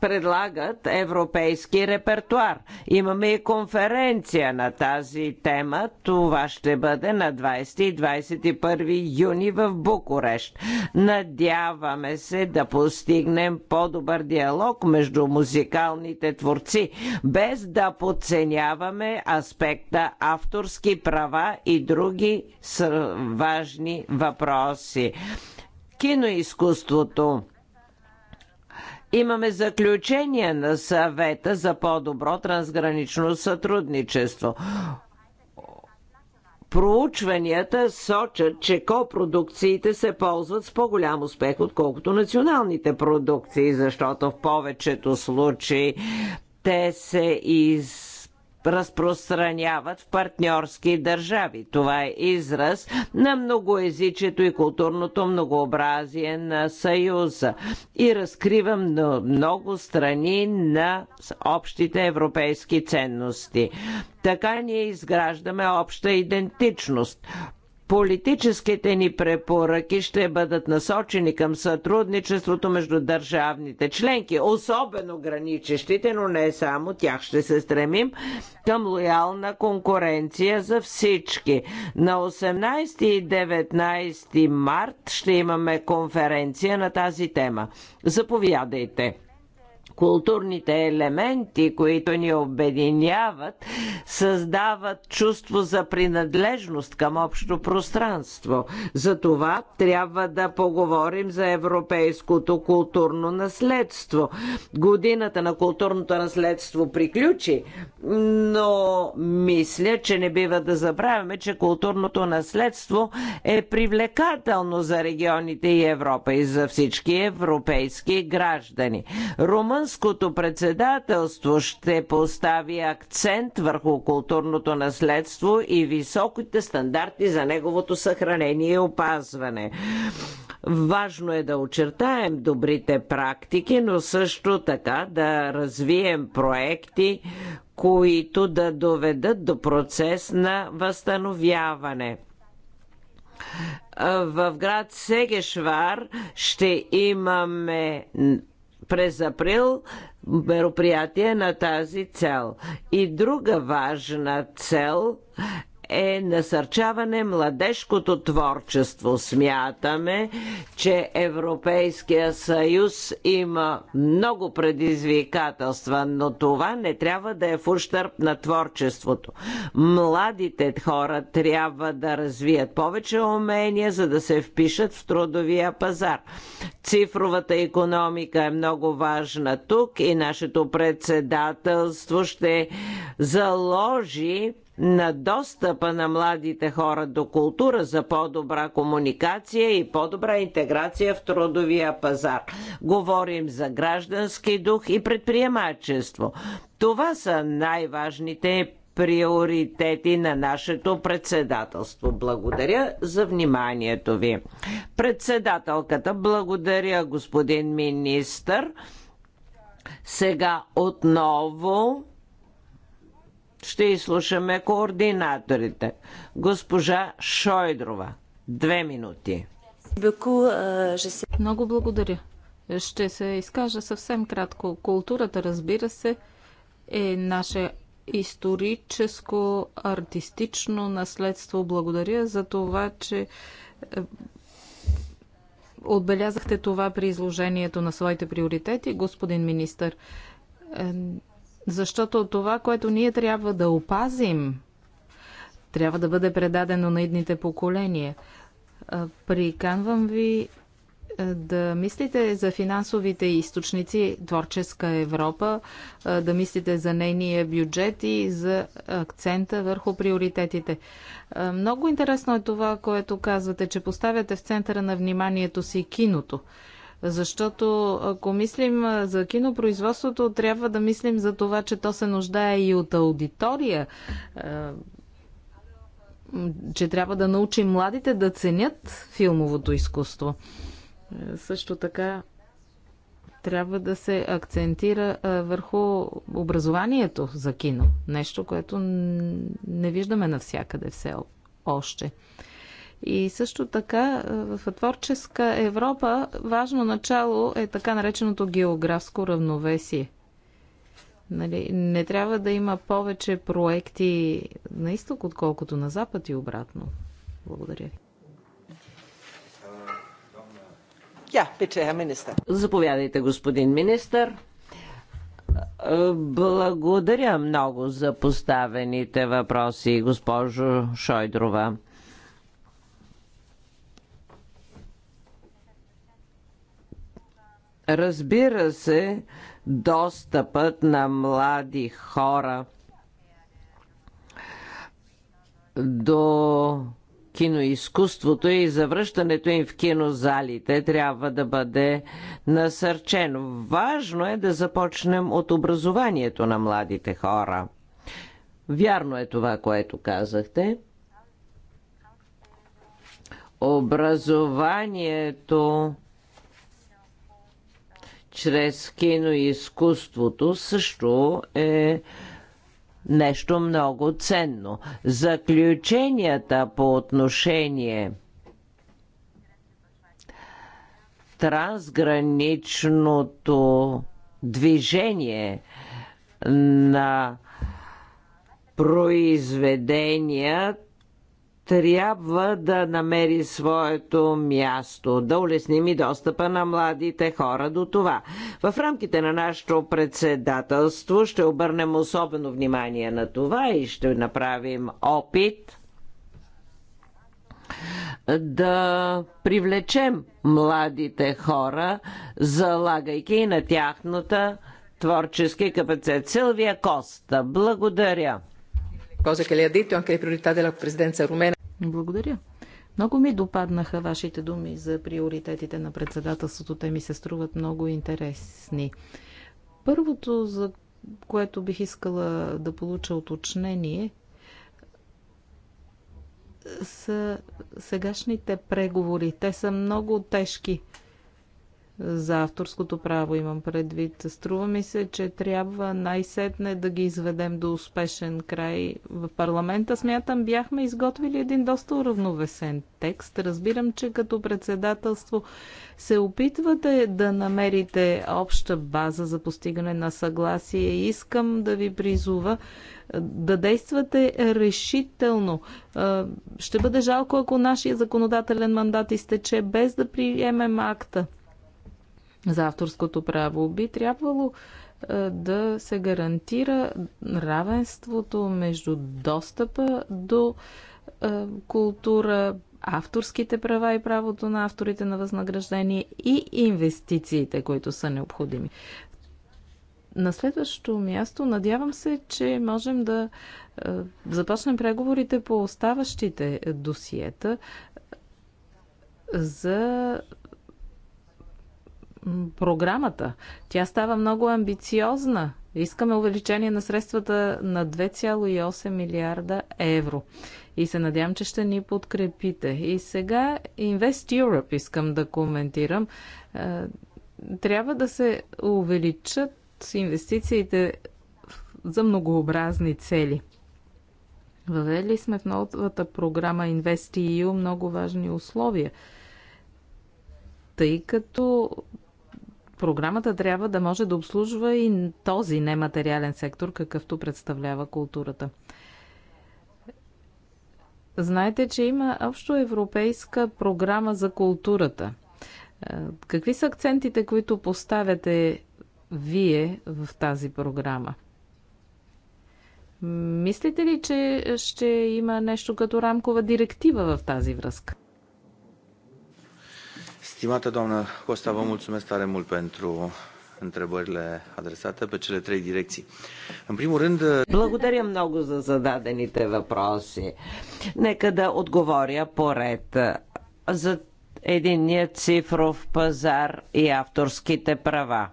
предлагат европейски репертуар. Имаме и конференция на тази тема. Това ще бъде на 20 и 21 юни в Букурещ. Надяваме се да постигнем по-добър диалог между музикалните творци, без да подценяваме аспекта авторски права и други важни въпроси. Киноизкуството Имаме заключение на съвета за по-добро трансгранично сътрудничество. Проучванията сочат, че копродукциите се ползват с по-голям успех, отколкото националните продукции, защото в повечето случаи те се из разпространяват в партньорски държави. Това е израз на многоезичието и културното многообразие на Съюза и разкрива много страни на общите европейски ценности. Така ние изграждаме обща идентичност. Политическите ни препоръки ще бъдат насочени към сътрудничеството между държавните членки, особено граничещите, но не само тях. Ще се стремим към лоялна конкуренция за всички. На 18 и 19 март ще имаме конференция на тази тема. Заповядайте! културните елементи, които ни обединяват, създават чувство за принадлежност към общо пространство. Затова трябва да поговорим за европейското културно наследство. Годината на културното наследство приключи, но мисля, че не бива да забравяме, че културното наследство е привлекателно за регионите и Европа и за всички европейски граждани. Румън Румънското председателство ще постави акцент върху културното наследство и високите стандарти за неговото съхранение и опазване. Важно е да очертаем добрите практики, но също така да развием проекти, които да доведат до процес на възстановяване. В град Сегешвар ще имаме през април мероприятие на тази цел. И друга важна цел е насърчаване младежкото творчество. Смятаме, че Европейския съюз има много предизвикателства, но това не трябва да е в ущърп на творчеството. Младите хора трябва да развият повече умения, за да се впишат в трудовия пазар. Цифровата економика е много важна тук и нашето председателство ще заложи на достъпа на младите хора до култура за по-добра комуникация и по-добра интеграция в трудовия пазар. Говорим за граждански дух и предприемачество. Това са най-важните приоритети на нашето председателство. Благодаря за вниманието ви. Председателката, благодаря господин министър. Сега отново ще изслушаме координаторите. Госпожа Шойдрова, две минути. Е, Много благодаря. Ще се изкажа съвсем кратко. Културата, разбира се, е наше историческо, артистично наследство. Благодаря за това, че е, отбелязахте това при изложението на своите приоритети, господин министър. Е, защото това, което ние трябва да опазим, трябва да бъде предадено на идните поколения. Приканвам ви да мислите за финансовите източници Творческа Европа, да мислите за нейния бюджет и за акцента върху приоритетите. Много интересно е това, което казвате, че поставяте в центъра на вниманието си киното. Защото ако мислим за кинопроизводството, трябва да мислим за това, че то се нуждае и от аудитория, че трябва да научим младите да ценят филмовото изкуство. Е, също така трябва да се акцентира върху образованието за кино. Нещо, което не виждаме навсякъде все още. И също така е, в творческа Европа важно начало е така нареченото географско равновесие. Нали, не трябва да има повече проекти на изток, отколкото на запад и обратно. Благодаря ви. Заповядайте, господин министър. Е, благодаря много за поставените въпроси, госпожо Шойдрова. Разбира се, достъпът на млади хора до киноизкуството и завръщането им в кинозалите трябва да бъде насърчено. Важно е да започнем от образованието на младите хора. Вярно е това, което казахте. Образованието чрез кино и изкуството също е нещо много ценно. Заключенията по отношение трансграничното движение на произведения трябва да намери своето място, да улесним и достъпа на младите хора до това. В рамките на нашето председателство ще обърнем особено внимание на това и ще направим опит да привлечем младите хора, залагайки на тяхната творчески капацитет. Силвия Коста, благодаря. Благодаря. Много ми допаднаха вашите думи за приоритетите на председателството. Те ми се струват много интересни. Първото, за което бих искала да получа уточнение, са сегашните преговори. Те са много тежки за авторското право имам предвид. Струва ми се, че трябва най-сетне да ги изведем до успешен край. В парламента, смятам, бяхме изготвили един доста уравновесен текст. Разбирам, че като председателство се опитвате да намерите обща база за постигане на съгласие. Искам да ви призова е, да действате решително. Е, ще бъде жалко, ако нашия законодателен мандат изтече без да приемем акта за авторското право. Би трябвало е, да се гарантира равенството между достъпа до е, култура, авторските права и правото на авторите на възнаграждение и инвестициите, които са необходими. На следващото място надявам се, че можем да е, започнем преговорите по оставащите досиета за програмата. Тя става много амбициозна. Искаме увеличение на средствата на 2,8 милиарда евро. И се надявам, че ще ни подкрепите. И сега Invest Europe искам да коментирам. Е, трябва да се увеличат инвестициите за многообразни цели. Въвели сме в новата програма InvestEU много важни условия, тъй като Програмата трябва да може да обслужва и този нематериален сектор, какъвто представлява културата. Знаете, че има общо европейска програма за културата. Е, какви са акцентите, които поставяте вие в тази програма? Мислите ли, че ще има нещо като рамкова директива в тази връзка? Stimată doamnă Costa, vă mulțumesc tare mult pentru întrebările adresate pe cele trei direcții. În primul rând... Благодаря много за зададените въпроси. Нека да отговоря поред. За единният цифров пазар и авторските права.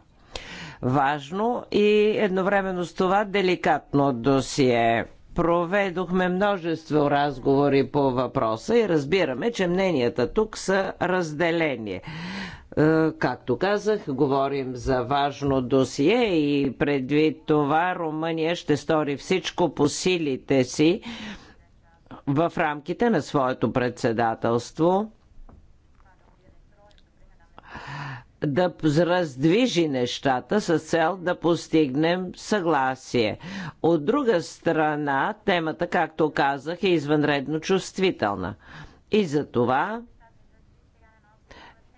Важно и едновременно с това деликатно досие Проведохме множество разговори по въпроса и разбираме, че мненията тук са разделени. Е, както казах, говорим за важно досие и предвид това Румъния ще стори всичко по силите си в рамките на своето председателство да раздвижи нещата с цел да постигнем съгласие. От друга страна, темата, както казах, е извънредно чувствителна. И за това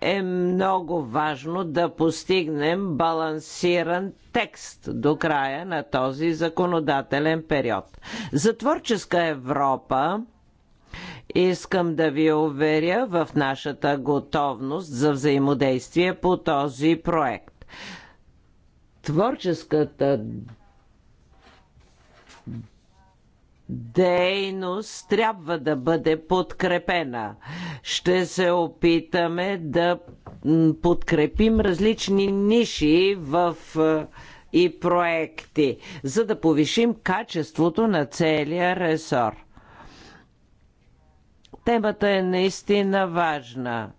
е много важно да постигнем балансиран текст до края на този законодателен период. За творческа Европа Искам да ви уверя в нашата готовност за взаимодействие по този проект. Творческата дейност трябва да бъде подкрепена. Ще се опитаме да подкрепим различни ниши в е, и проекти, за да повишим качеството на целия ресор. Темата е наистина важна.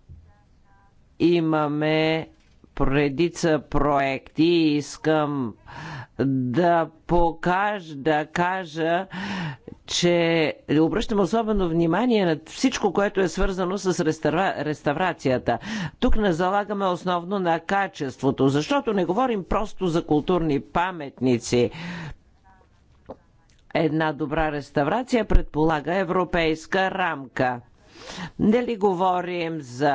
Имаме предица проекти и искам да покажа, да кажа, че обръщам особено внимание на всичко, което е свързано с реставра... реставрацията. Тук не залагаме основно на качеството, защото не говорим просто за културни паметници. Една добра реставрация предполага европейска рамка. Дали говорим за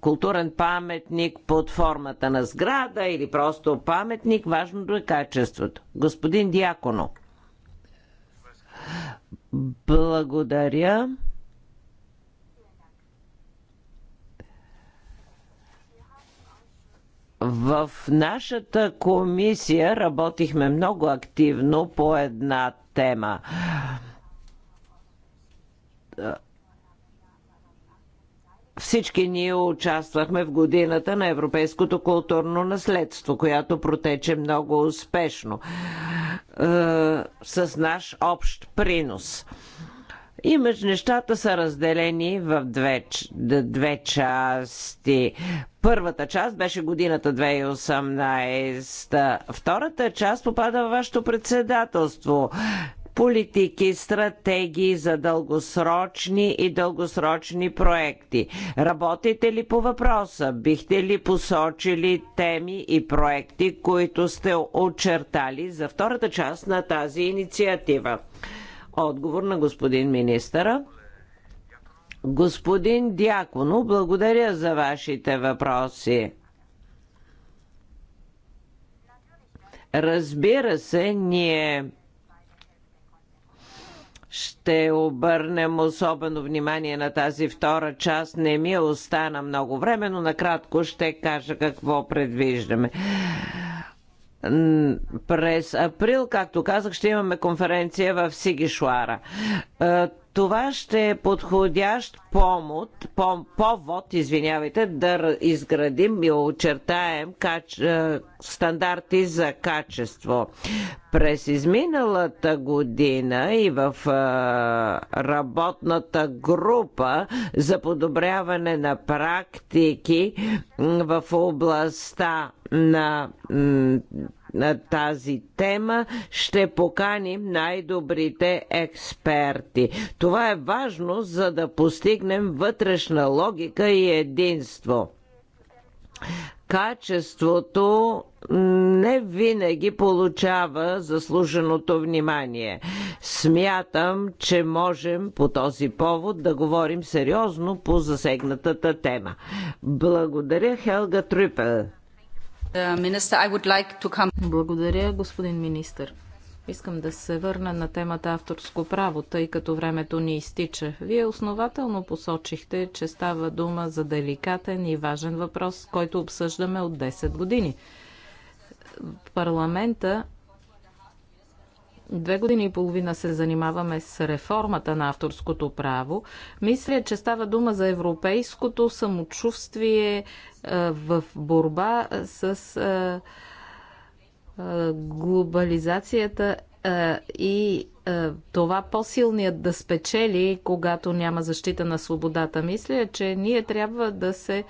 културен паметник под формата на сграда или просто паметник, важното е качеството. Господин Дяконо. Благодаря. В нашата комисия работихме много активно по една система всички ние участвахме в годината на европейското културно наследство, която протече много успешно е, с наш общ принос. Имаш нещата са разделени в две, две части. Първата част беше годината 2018. Втората част попада във вашето председателство политики, стратегии за дългосрочни и дългосрочни проекти. Работите ли по въпроса? Бихте ли посочили теми и проекти, които сте очертали за втората част на тази инициатива? Отговор на господин министъра. Господин Дяконо, благодаря за вашите въпроси. Разбира се, ние ще обърнем особено внимание на тази втора част. Не ми остана много време, но накратко ще кажа какво предвиждаме. През април, както казах, ще имаме конференция в Сигишуара. Е, това ще е подходящ помод, пом, повод, извинявайте, да изградим и очертаем кач, е, стандарти за качество. През изминалата година и в е, работната група за подобряване на практики в областта на, на тази тема ще поканим най-добрите експерти. Това е важно, за да постигнем вътрешна логика и единство качеството не винаги получава заслуженото внимание. Смятам, че можем по този повод да говорим сериозно по засегнатата тема. Благодаря, Хелга Трюпел. Uh, Благодаря, господин министър. Искам да се върна на темата авторско право, тъй като времето ни изтича. Вие основателно посочихте, че става дума за деликатен и важен въпрос, който обсъждаме от 10 години. Парламента две години и половина се занимаваме с реформата на авторското право, мисля, че става дума за европейското самочувствие е, в борба с е, е, глобализацията и това по-силният да спечели, когато няма защита на свободата. Мисля, че ние трябва да се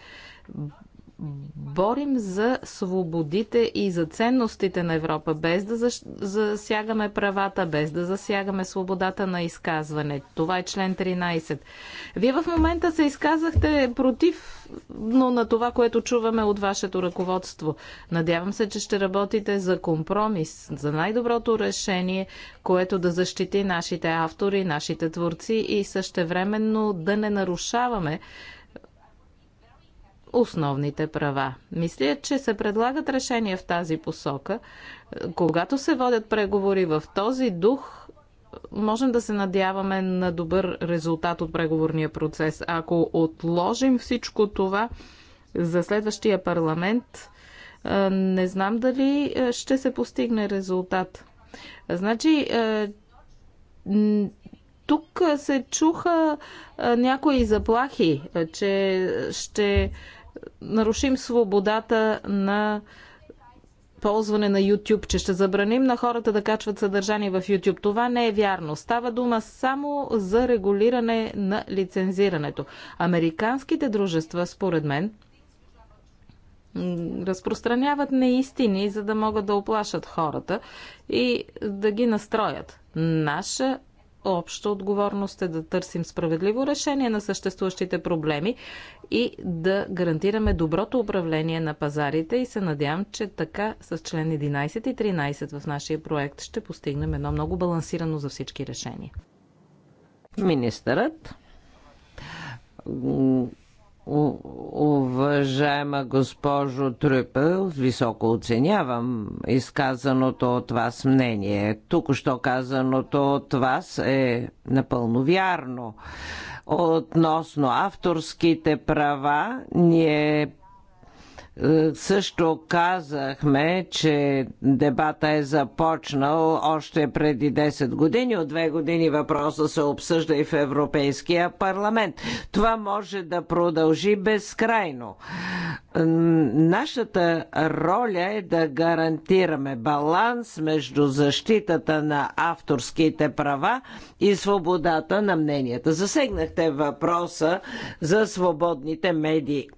борим за свободите и за ценностите на Европа, без да засягаме правата, без да засягаме свободата на изказване. Това е член 13. Вие в момента се изказахте против но на това, което чуваме от вашето ръководство. Надявам се, че ще работите за компромис, за най-доброто решение, което да защити нашите автори, нашите творци и същевременно да не нарушаваме основните права. Мисля, че се предлагат решения в тази посока. Когато се водят преговори в този дух, можем да се надяваме на добър резултат от преговорния процес. Ако отложим всичко това за следващия парламент, не знам дали ще се постигне резултат. Значи, тук се чуха някои заплахи, че ще нарушим свободата на ползване на YouTube, че ще забраним на хората да качват съдържание в YouTube. Това не е вярно. Става дума само за регулиране на лицензирането. Американските дружества, според мен, разпространяват неистини, за да могат да оплашат хората и да ги настроят. Наша обща отговорност е да търсим справедливо решение на съществуващите проблеми и да гарантираме доброто управление на пазарите и се надявам, че така с член 11 и 13 в нашия проект ще постигнем едно много балансирано за всички решение. Министърът у, уважаема госпожо Трюпел, високо оценявам изказаното от вас мнение. Тук що казаното от вас е напълно вярно. Относно авторските права, ние е, също казахме, че дебата е започнал още преди 10 години. От две години въпроса се обсъжда и в Европейския парламент. Това може да продължи безкрайно. Нашата роля е да гарантираме баланс между защитата на авторските права и свободата на мненията. Засегнахте въпроса за свободните медии.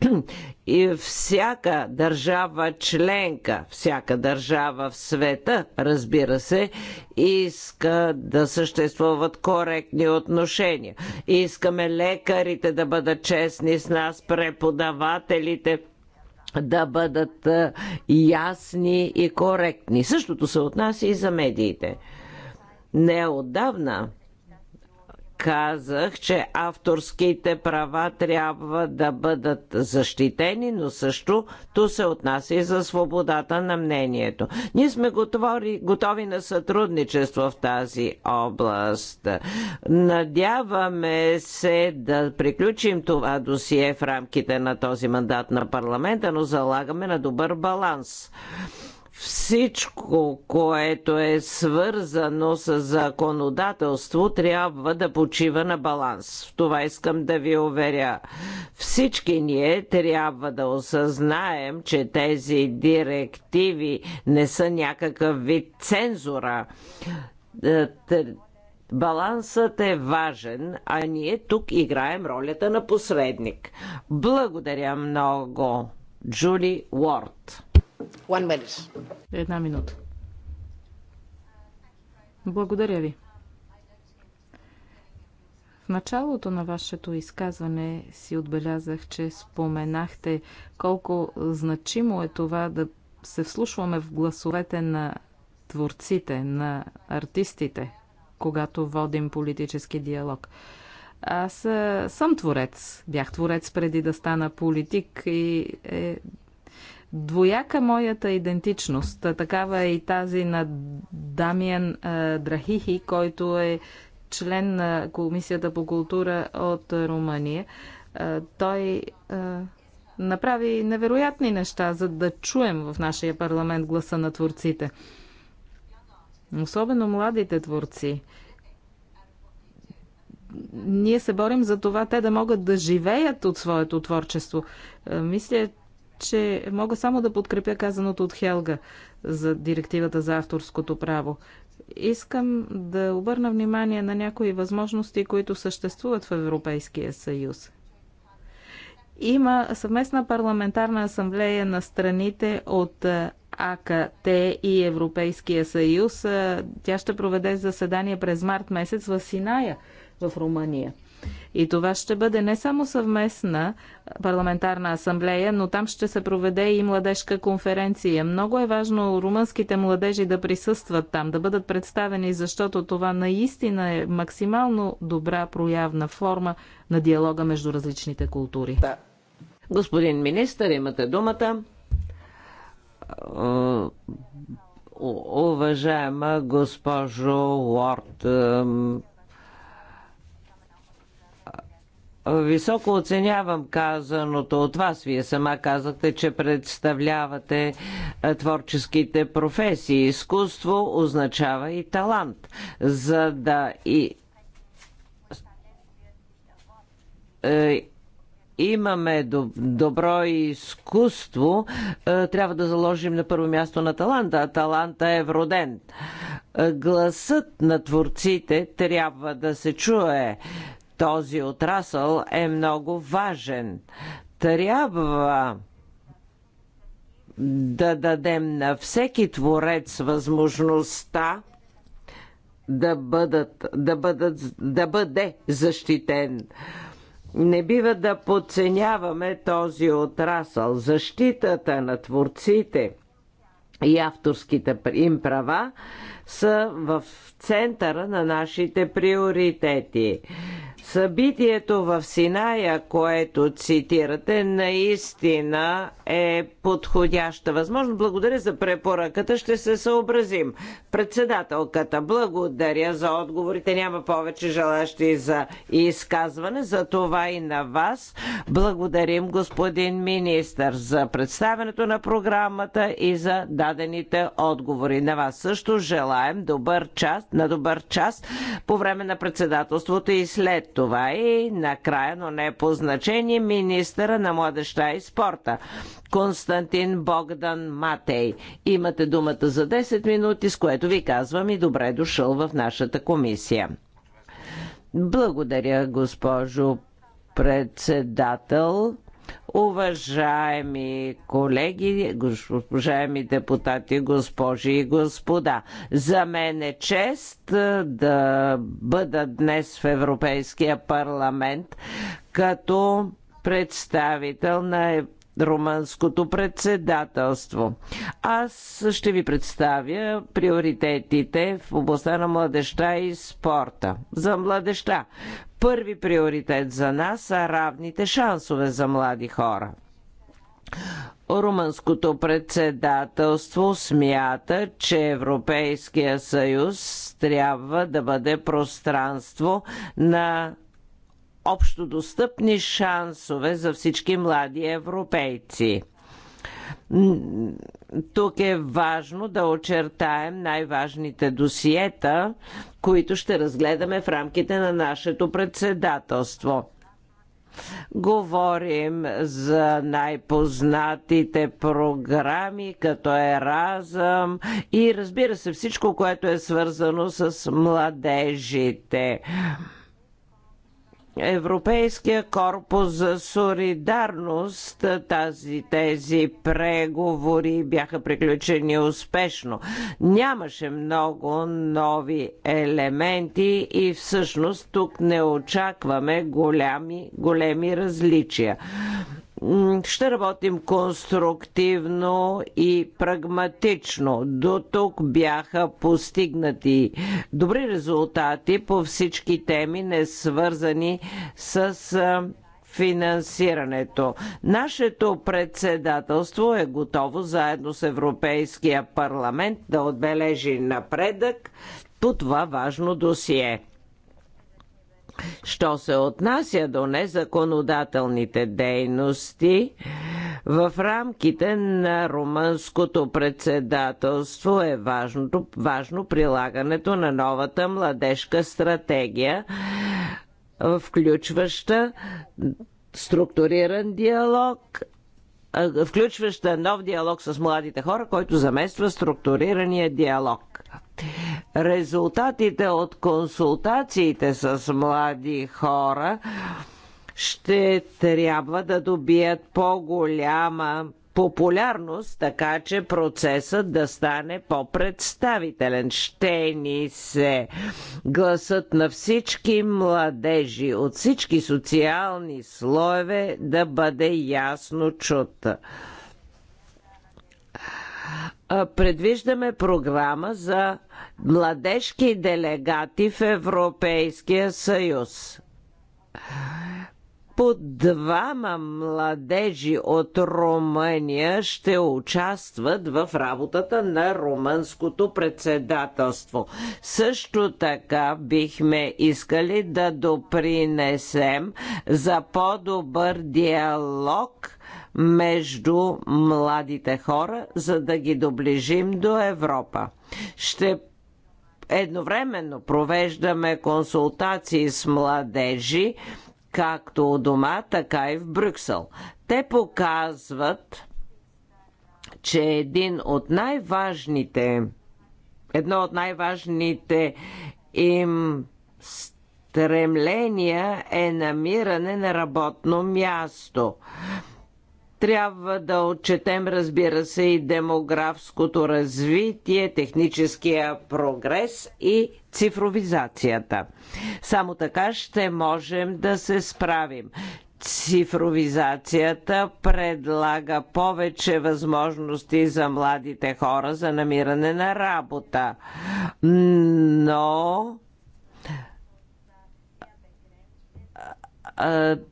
И всяка всяка държава членка, всяка държава в света, разбира се, иска да съществуват коректни отношения. Искаме лекарите да бъдат честни с нас, преподавателите, да бъдат е, ясни и коректни. Същото се отнася и за медиите. Неодавна казах, че авторските права трябва да бъдат защитени, но също то се отнася и за свободата на мнението. Ние сме готови, готови на сътрудничество в тази област. Надяваме се да приключим това досие в рамките на този мандат на парламента, но залагаме на добър баланс. Всичко, което е свързано с законодателство, трябва да почива на баланс. В това искам да ви уверя. Всички ние трябва да осъзнаем, че тези директиви не са някакъв вид цензура. Е, балансът е важен, а ние тук играем ролята на посредник. Благодаря много, Джули Уорд. One minute. Една минута. Благодаря ви. В началото на вашето изказване си отбелязах, че споменахте колко значимо е това да се вслушваме в гласовете на творците, на артистите, когато водим политически диалог. Аз съм творец. Бях творец преди да стана политик и е Двояка моята идентичност, такава е и тази на Дамиан Драхихи, който е член на Комисията по култура от Румъния. Той направи невероятни неща, за да чуем в нашия парламент гласа на творците. Особено младите творци. Ние се борим за това те да могат да живеят от своето творчество. Мисля, че мога само да подкрепя казаното от Хелга за директивата за авторското право. Искам да обърна внимание на някои възможности, които съществуват в Европейския съюз. Има съвместна парламентарна асамблея на страните от АКТ и Европейския съюз. Тя ще проведе заседание през март месец в Синая в Румъния. И това ще бъде не само съвместна парламентарна асамблея, но там ще се проведе и младежка конференция. Много е важно румънските младежи да присъстват там, да бъдат представени, защото това наистина е максимално добра проявна форма на диалога между различните култури. Да. Господин министър, имате думата. Уважаема госпожо Уорд, Високо оценявам казаното от вас. Вие сама казахте, че представлявате е, творческите професии. Изкуство означава и талант. За да и е, имаме добро изкуство, е, трябва да заложим на първо място на таланта, таланта е вроден. Гласът на творците трябва да се чуе този отрасъл е много важен. Трябва да дадем на всеки творец възможността да, бъдат, да, бъдат, да бъде защитен. Не бива да подценяваме този отрасъл. Защитата на творците и авторските им права са в центъра на нашите приоритети. Събитието в Синая, което цитирате, наистина е подходяща възможност. Благодаря за препоръката. Ще се съобразим. Председателката, благодаря за отговорите. Няма повече желащи за изказване. За това и на вас. Благодарим, господин министър, за представенето на програмата и за дадените отговори. На вас също желаем добър час, на добър час по време на председателството и след това и е накрая, но не по значение, министъра на младеща и спорта Константин Богдан Матей. Имате думата за 10 минути, с което ви казвам и добре дошъл в нашата комисия. Благодаря, госпожо председател. Уважаеми колеги, уважаеми депутати, госпожи и господа, за мен е чест да бъда днес в Европейския парламент като представител на румънското председателство. Аз ще ви представя приоритетите в областта на младеща и спорта. За младеща. Първи приоритет за нас са равните шансове за млади хора. Румънското председателство смята, че Европейския съюз трябва да бъде пространство на общо достъпни шансове за всички млади европейци. Тук е важно да очертаем най-важните досиета, които ще разгледаме в рамките на нашето председателство. Говорим за най-познатите програми, като е разъм и разбира се всичко, което е свързано с младежите. Европейския корпус за солидарност тази, тези преговори бяха приключени успешно. Нямаше много нови елементи и всъщност тук не очакваме голями, големи различия ще работим конструктивно и прагматично. До тук бяха постигнати добри резултати по всички теми, не свързани с финансирането. Нашето председателство е готово заедно с Европейския парламент да отбележи напредък по това важно досие. Що се отнася до незаконодателните дейности, в рамките на румънското председателство е важното, важно прилагането на новата младежка стратегия, включваща структуриран диалог включваща нов диалог с младите хора, който замества структурирания диалог. Резултатите от консултациите с млади хора ще трябва да добият по-голяма популярност, така че процесът да стане по-представителен. Ще ни се гласът на всички младежи от всички социални слоеве да бъде ясно чут. Предвиждаме програма за младежки делегати в Европейския съюз по двама младежи от Румъния ще участват в работата на румънското председателство. Също така бихме искали да допринесем за по-добър диалог между младите хора, за да ги доближим до Европа. Ще едновременно провеждаме консултации с младежи, както у дома, така и в Брюксел. Те показват, че един от най-важните, едно от най-важните им стремления е намиране на работно място. Трябва да отчетем, разбира се, и демографското развитие, техническия прогрес и цифровизацията. Само така ще можем да се справим. Цифровизацията предлага повече възможности за младите хора за намиране на работа. Но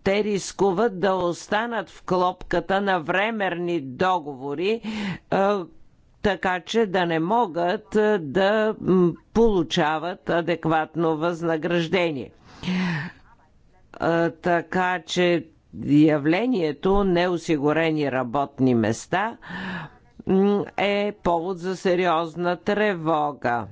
те рискуват да останат в клопката на времерни договори, така че да не могат да получават адекватно възнаграждение. Така че явлението неосигурени работни места е повод за сериозна тревога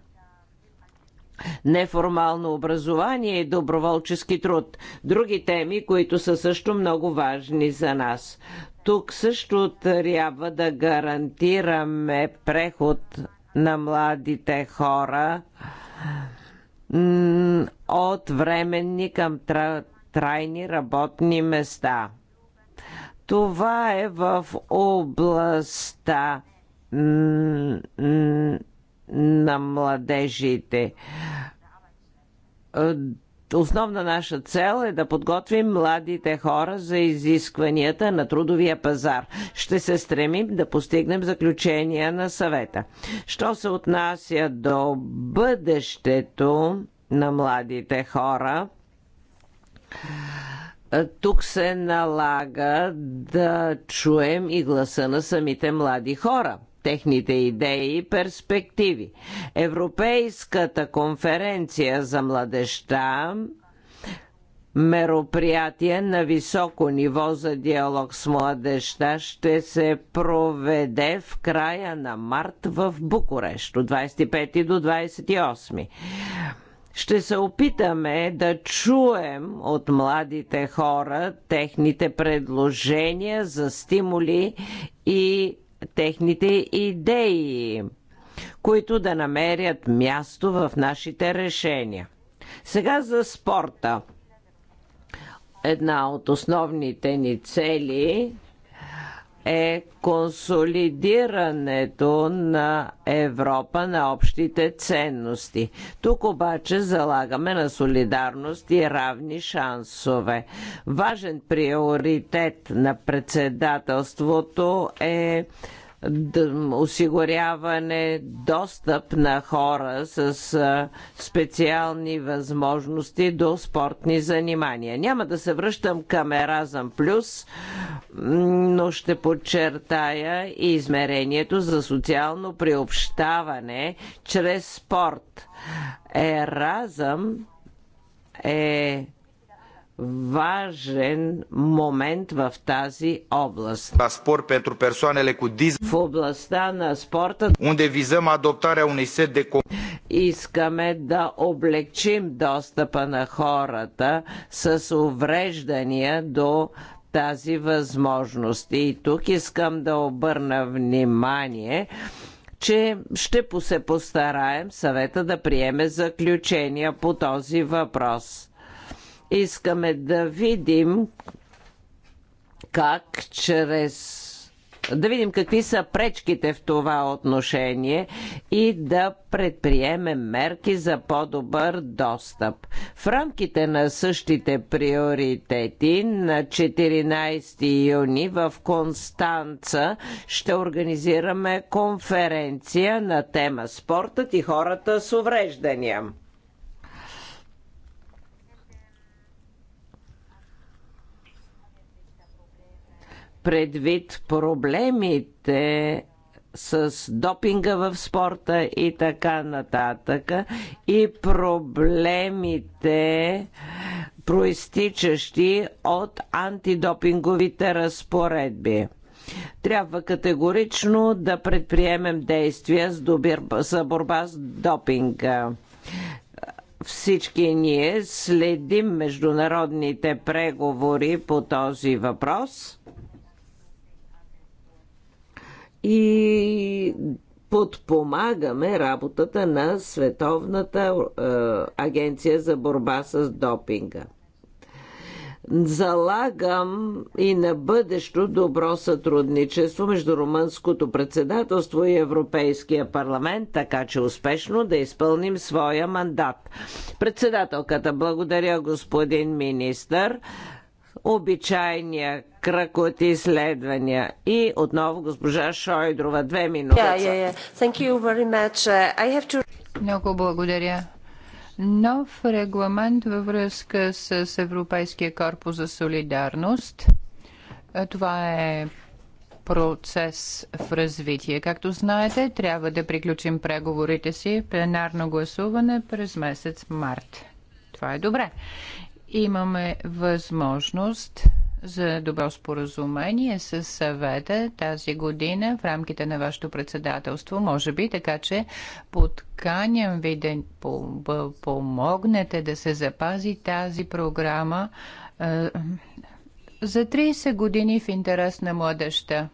неформално образование и доброволчески труд. Други теми, които са също много важни за нас. Тук също трябва да гарантираме преход на младите хора от временни към трайни работни места. Това е в областта на младежите Основна наша цел е да подготвим младите хора за изискванията на трудовия пазар. Ще се стремим да постигнем заключения на съвета. Що се отнася до бъдещето на младите хора, тук се налага да чуем и гласа на самите млади хора – техните идеи и перспективи. Европейската конференция за младеща мероприятие на високо ниво за диалог с младеща ще се проведе в края на март в Букурещ от 25 до 28. Ще се опитаме да чуем от младите хора техните предложения за стимули и техните идеи, които да намерят място в нашите решения. Сега за спорта. Една от основните ни цели е консолидирането на Европа на общите ценности. Тук обаче залагаме на солидарност и равни шансове. Важен приоритет на председателството е осигуряване достъп на хора с специални възможности до спортни занимания. Няма да се връщам към Еразъм Плюс, но ще подчертая и измерението за социално приобщаване чрез спорт. Еразъм е важен момент в тази област. Спорт pentru persoanele cu diz... В областта на спорта unde vizăm adoptarea unui set de искаме да облегчим достъпа на хората с увреждания до тази възможност. И тук искам да обърна внимание, че ще се постараем съвета да приеме заключения по този въпрос Искаме да видим как чрез да видим какви са пречките в това отношение и да предприемем мерки за по-добър достъп. В рамките на същите приоритети на 14 юни в Констанца ще организираме конференция на тема спортът и хората с увреждания. предвид проблемите с допинга в спорта и така нататък и проблемите проистичащи от антидопинговите разпоредби. Трябва категорично да предприемем действия за борба с допинга всички ние следим международните преговори по този въпрос и подпомагаме работата на Световната е, агенция за борба с допинга. Залагам и на бъдещо добро сътрудничество между Румънското председателство и Европейския парламент, така че успешно да изпълним своя мандат. Председателката, благодаря господин министър обичайния кръг от изследвания. И отново госпожа Шойдрова, две минути. Yeah, yeah, yeah. Uh, to... Много благодаря. Нов регламент във връзка с Европейския корпус за солидарност. Това е процес в развитие. Както знаете, трябва да приключим преговорите си в пленарно гласуване през месец март. Това е добре. Имаме възможност за добро споразумение с съвета тази година в рамките на вашето председателство, може би, така че подканям ви да помогнете да се запази тази програма е, за 30 години в интерес на младеща,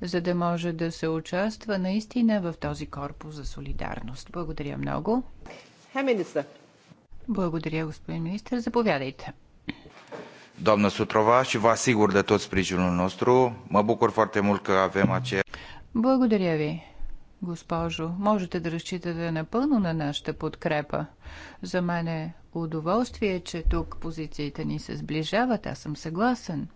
за да може да се участва наистина в този корпус за солидарност. Благодаря много. Благодаря, господин министр. Заповядайте. Doamnă Sutrova, și vă asigur de tot sprijinul nostru. Mă bucur foarte mult că avem aceea... Благодаря ви, госпожо. Можете да разчитате напълно на нашата подкрепа. За мен е удоволствие, че тук позициите ни се сближават. Аз съм съгласен.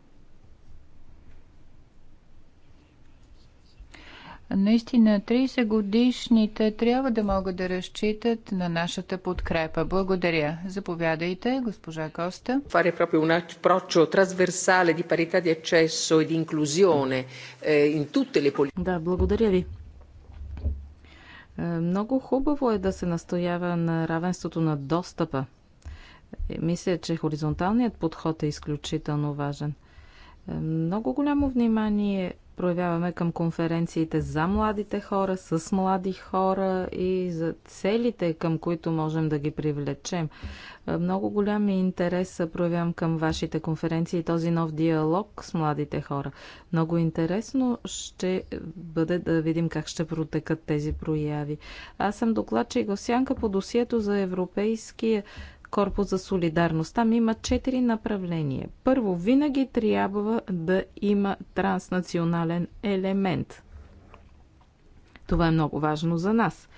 наистина 30 годишните трябва да могат да разчитат на нашата подкрепа. Благодаря. Заповядайте, госпожа Коста. Fare proprio un approccio trasversale di parità di accesso e di inclusione eh, in tutte le Да, благодаря ви. Е, много хубаво е да се настоява на равенството на достъпа. Е, мисля, че хоризонталният подход е изключително важен – много голямо внимание проявяваме към конференциите за младите хора, с млади хора и за целите, към които можем да ги привлечем. Е, много голям интерес проявявам към вашите конференции и този нов диалог с младите хора. Много интересно ще бъде да видим как ще протекат тези прояви. Аз съм докладчик в сянка по досието за Европейския Корпус за солидарност. Там има четири направления. Първо, винаги трябва да има транснационален елемент. Това е много важно за нас.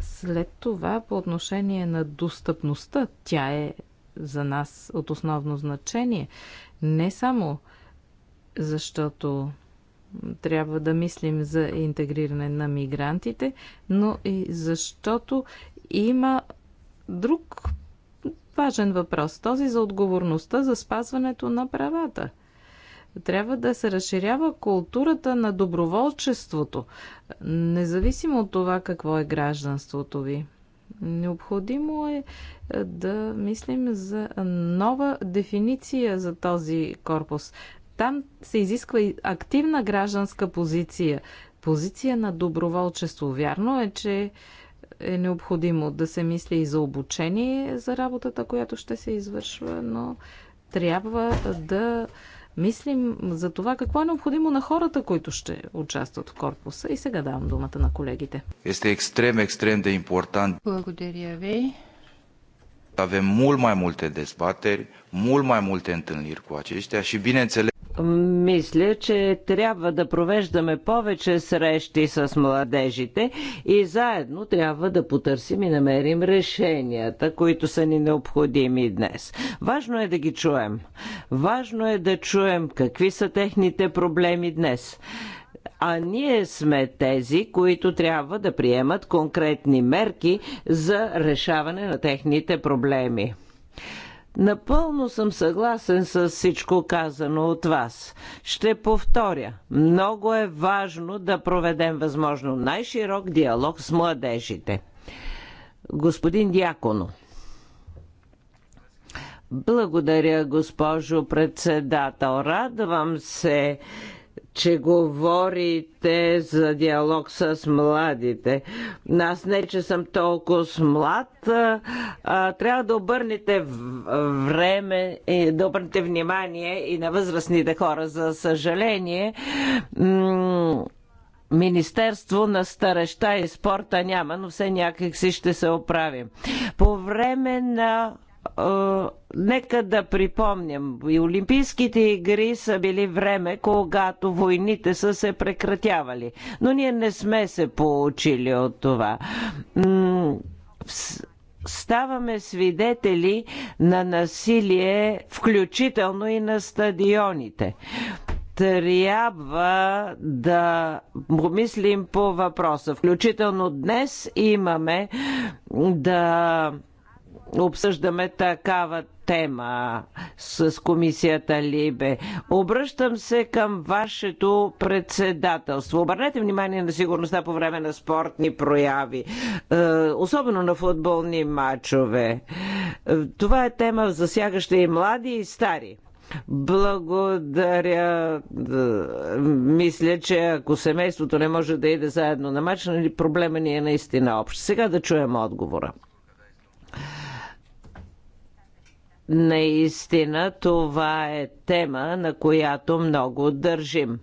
След това, по отношение на достъпността, тя е за нас от основно значение. Не само защото трябва да мислим за интегриране на мигрантите, но и защото има Друг важен въпрос, този за отговорността за спазването на правата. Трябва да се разширява културата на доброволчеството, независимо от това какво е гражданството ви. Необходимо е, е да мислим за нова дефиниция за този корпус. Там се изисква и активна гражданска позиция, позиция на доброволчество. Вярно е, че е необходимо да се мисли и за обучение за работата, която ще се извършва, но трябва да мислим за това какво е необходимо на хората, които ще участват в корпуса. И сега давам думата на колегите. Este extrem, extrem de important. Благодаря ви. Avem mult mai multe dezbateri, mult mai multe întâlniri cu aceștia și, bineînțeles, мисля, че трябва да провеждаме повече срещи с младежите и заедно трябва да потърсим и намерим решенията, които са ни необходими днес. Важно е да ги чуем. Важно е да чуем какви са техните проблеми днес а ние сме тези, които трябва да приемат конкретни мерки за решаване на техните проблеми. Напълно съм съгласен с всичко казано от вас. Ще повторя. Много е важно да проведем възможно най-широк диалог с младежите. Господин Дяконо. Благодаря, госпожо председател. Радвам се, че говорите за диалог с младите. Аз не, че съм толкова млад. А, а, трябва да обърнете време, и да обърнете внимание и на възрастните хора. За съжаление, Министерство на стареща и спорта няма, но все някакси ще се оправим. По време на нека да припомням, и Олимпийските игри са били време, когато войните са се прекратявали. Но ние не сме се получили от това. Ставаме свидетели на насилие, включително и на стадионите трябва да помислим по въпроса. Включително днес имаме да обсъждаме такава тема с комисията Либе. Обръщам се към вашето председателство. Обърнете внимание на сигурността по време на спортни прояви, е, особено на футболни матчове. Това е тема засягаща и млади, и стари. Благодаря. Мисля, че ако семейството не може да иде заедно на матч, нали, проблема ни е наистина общ. Сега да чуем отговора. Наистина това е тема, на която много държим.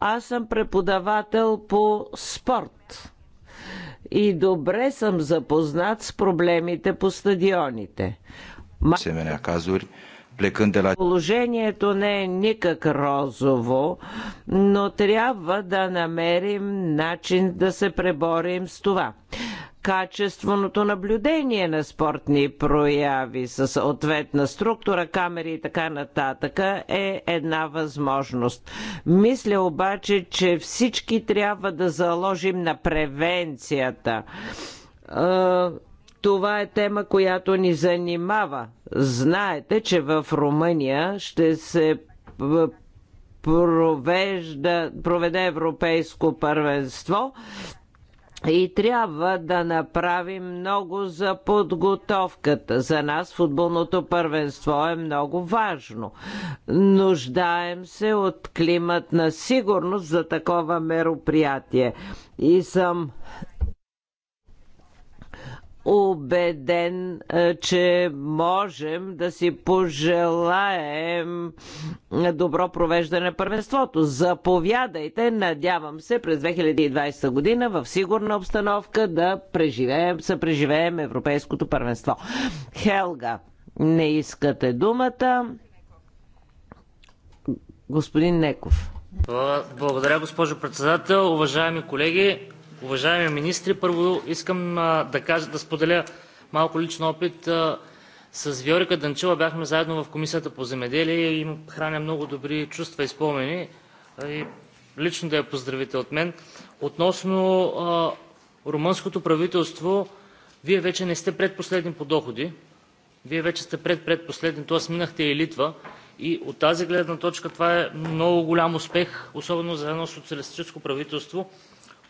Аз съм преподавател по спорт и добре съм запознат с проблемите по стадионите. Положението не е никак розово, но трябва да намерим начин да се преборим с това качественото наблюдение на спортни прояви с съответна структура, камери и така нататък е една възможност. Мисля обаче, че всички трябва да заложим на превенцията. Това е тема, която ни занимава. Знаете, че в Румъния ще се провежда, проведе европейско първенство и трябва да направим много за подготовката. За нас футболното първенство е много важно. Нуждаем се от климат на сигурност за такова мероприятие. И съм убеден, е, че можем да си пожелаем добро провеждане на първенството. Заповядайте, надявам се, през 2020 година в сигурна обстановка да преживеем, съпреживеем Европейското първенство. Хелга, не искате думата. Господин Неков. Благодаря, госпожо председател. Уважаеми колеги, уважаеми министри! Първо искам да кажа, да споделя малко личен опит. С Виорика Данчева бяхме заедно в Комисията по земеделие и храня много добри чувства и спомени. И лично да я поздравите от мен. Относно румънското правителство, вие вече не сте предпоследни по доходи. Вие вече сте предпредпоследни, т.е. минахте и Литва. И от тази гледна точка това е много голям успех, особено за едно социалистическо правителство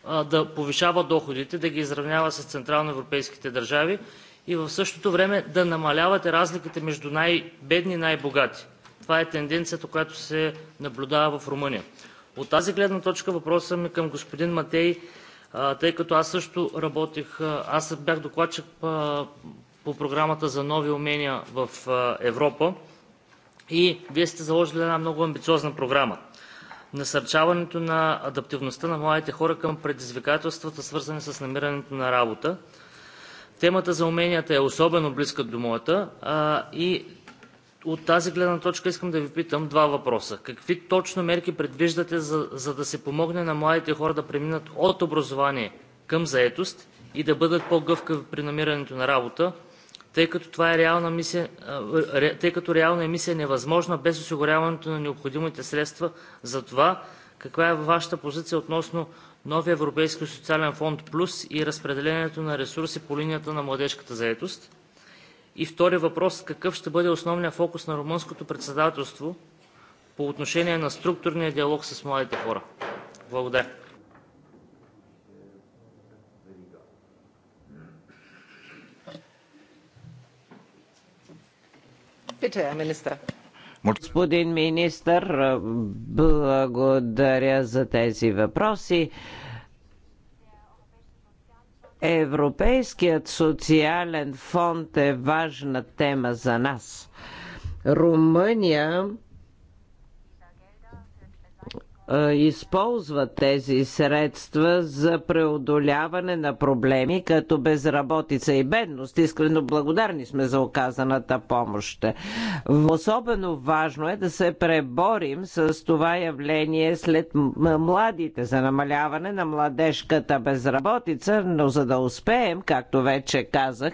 да повишава доходите, да ги изравнява с централноевропейските държави и в същото време да намалявате разликите между най-бедни и най-богати. Това е тенденцията, която се наблюдава в Румъния. От тази гледна точка въпросът ми към господин Матей, тъй като аз също работих, аз бях докладчик по програмата за нови умения в Европа и вие сте заложили една много амбициозна програма насърчаването на адаптивността на младите хора към предизвикателствата, свързани с намирането на работа. Темата за уменията е особено близка до моята и от тази гледна точка искам да ви питам два въпроса. Какви точно мерки предвиждате, за, за да се помогне на младите хора да преминат от образование към заетост и да бъдат по-гъвкави при намирането на работа, тъй като, това е реална мисия, тъй като реална емисия е невъзможна без осигуряването на необходимите средства за това, каква е Вашата позиция относно новия Европейски социален фонд Плюс и разпределението на ресурси по линията на младежката заетост? И втори въпрос, какъв ще бъде основният фокус на румънското председателство по отношение на структурния диалог с младите хора? Благодаря. Господин министър, благодаря за тези въпроси. Европейският социален фонд е важна тема за нас. Румъния използват тези средства за преодоляване на проблеми като безработица и бедност. Искрено благодарни сме за оказаната помощ. Особено важно е да се преборим с това явление след младите за намаляване на младежката безработица, но за да успеем, както вече казах,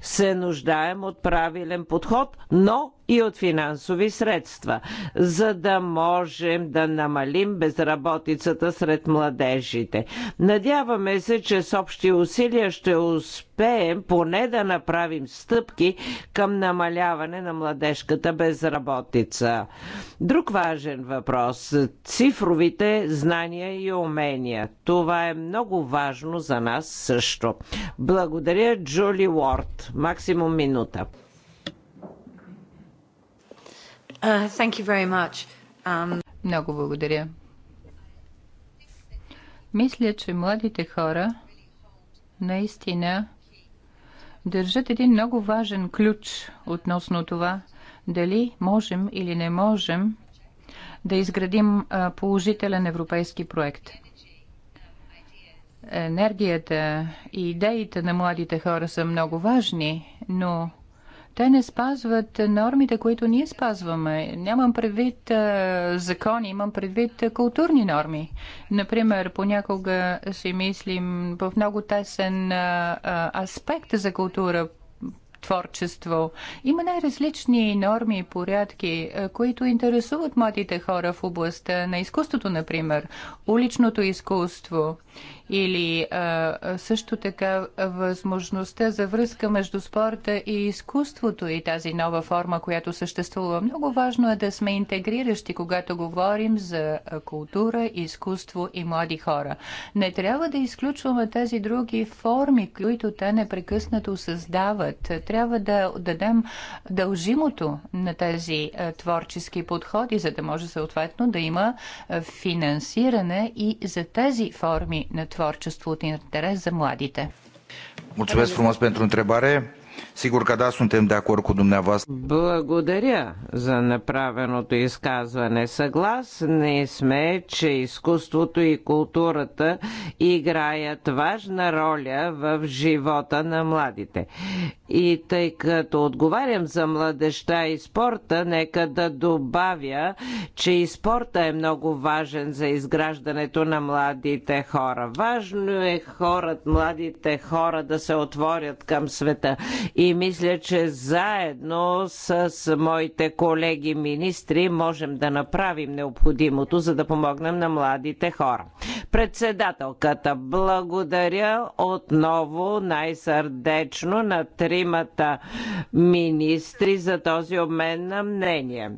се нуждаем от правилен подход, но и от финансови средства, за да можем да намалим безработицата сред младежите. Надяваме се, че с общи усилия ще успеем поне да направим стъпки към намаляване на младежката безработица. Друг важен въпрос – цифровите знания и умения. Това е много важно за нас също. Благодаря, Джули Уорд. Максимум минута. Uh, um, много благодаря. Мисля, че младите хора наистина държат един много важен ключ относно това дали можем или не можем да изградим положителен европейски проект. Енергията и идеите на младите хора са много важни, но те не спазват нормите, които ние спазваме. Нямам предвид а, закони, имам предвид а, културни норми. Например, понякога си мислим в много тесен а, аспект за култура, творчество. Има най-различни норми и порядки, които интересуват младите хора в областта на изкуството, например, уличното изкуство или а, също така възможността за връзка между спорта и изкуството и тази нова форма, която съществува. Много важно е да сме интегриращи, когато говорим за култура, изкуство и млади хора. Не трябва да изключваме тези други форми, които те непрекъснато създават. Трябва да дадем дължимото на тези творчески подходи, за да може съответно да има финансиране и за тези форми на творчество творчество от интерес за младите. Mulțumesc frumos pentru întrebare. Sigur că da, suntem de acord cu dumneavoastră. Благодаря за направеното изказване. Съгласни сме, че изкуството и културата играят важна роля в живота на младите. И тъй като отговарям за младеща и спорта, нека да добавя, че и спорта е много важен за изграждането на младите хора. Важно е хората, младите хора да се отворят към света и мисля, че заедно с моите колеги министри можем да направим необходимото, за да помогнем на младите хора. Председателката, благодаря отново най-сърдечно на тримата министри за този обмен на мнение.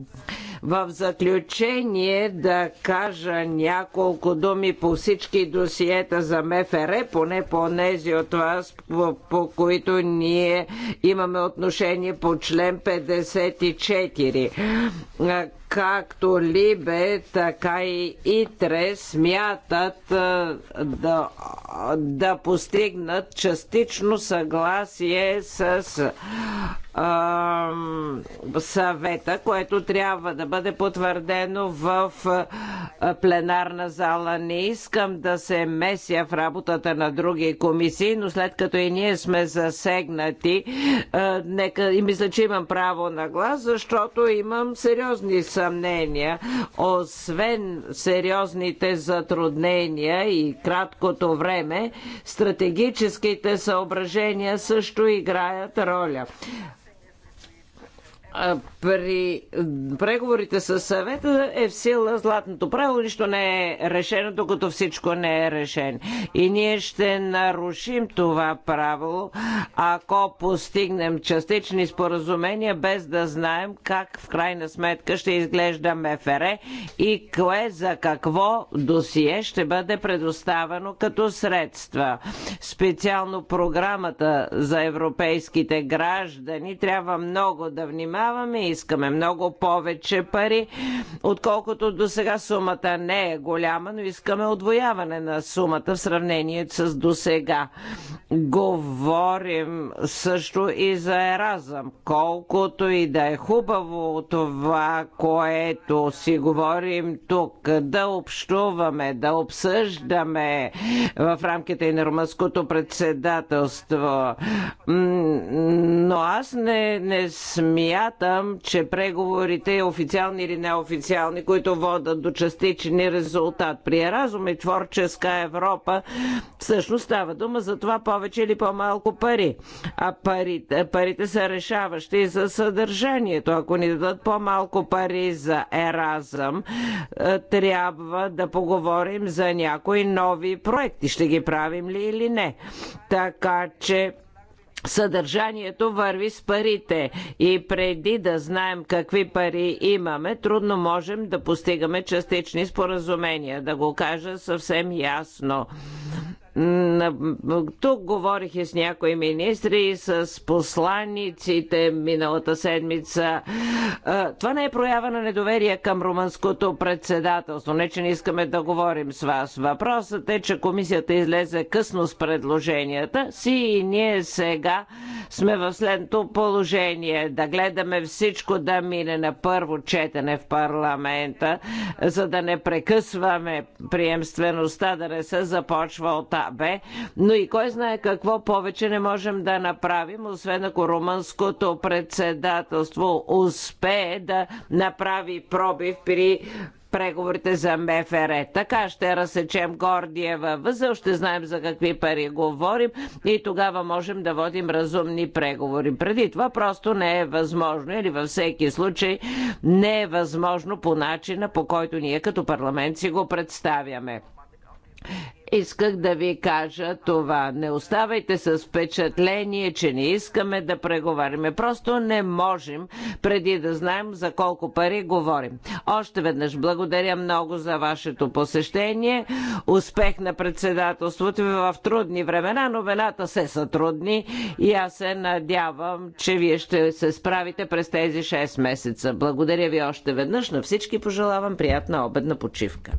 В заключение да кажа няколко думи по всички досиета за МФР, поне по нези от вас, по, по които ние имаме отношение по член 54 както Либе, така и Итре смятат да, да постигнат частично съгласие с а, съвета, което трябва да бъде потвърдено в пленарна зала. Не искам да се меся в работата на други комисии, но след като и ние сме засегнати, а, нека, и мисля, че имам право на глас, защото имам сериозни съмнения съмнения. Освен сериозните затруднения и краткото време, стратегическите съображения също играят роля при преговорите с съвета е в сила златното правило, нищо не е решено, докато всичко не е решено. И ние ще нарушим това правило, ако постигнем частични споразумения, без да знаем как в крайна сметка ще изглежда МФР и кое за какво досие ще бъде предоставено като средства. Специално програмата за европейските граждани трябва много да внимаваме занимаваме, искаме много повече пари, отколкото до сега сумата не е голяма, но искаме отвояване на сумата в сравнение с до сега. Говорим също и за еразъм. Колкото и да е хубаво това, което си говорим тук, да общуваме, да обсъждаме в рамките и на румънското председателство. Но аз не, не смятам, Смятам, че преговорите, официални или неофициални, които водат до частични резултат при Еразум и творческа Европа, всъщност става дума за това повече или по-малко пари. А парите, парите са решаващи за съдържанието. Ако ни дадат по-малко пари за Еразъм, е, трябва да поговорим за някои нови проекти. Ще ги правим ли или не? Така че съдържанието върви с парите и преди да знаем какви пари имаме, трудно можем да постигаме частични споразумения, да го кажа съвсем ясно. Тук говорих и с някои министри, и с посланиците миналата седмица. Това не е проява на недоверие към румънското председателство. Не, че не искаме да говорим с вас. Въпросът е, че комисията излезе късно с предложенията си и ние сега сме в следното положение. Да гледаме всичко да мине на първо четене в парламента, за да не прекъсваме приемствеността, да не се започва от това бе, но и кой знае какво повече не можем да направим, освен ако румънското председателство успее да направи пробив при преговорите за МФР. Така ще разсечем гордия във възел, ще знаем за какви пари говорим и тогава можем да водим разумни преговори. Преди това просто не е възможно или във всеки случай не е възможно по начина, по който ние като парламент си го представяме. Исках да ви кажа това. Не оставайте с впечатление, че не искаме да преговаряме. Просто не можем преди да знаем за колко пари говорим. Още веднъж благодаря много за вашето посещение. Успех на председателството ви в трудни времена. Новената се са трудни и аз се надявам, че вие ще се справите през тези 6 месеца. Благодаря ви още веднъж. На всички пожелавам приятна обедна почивка.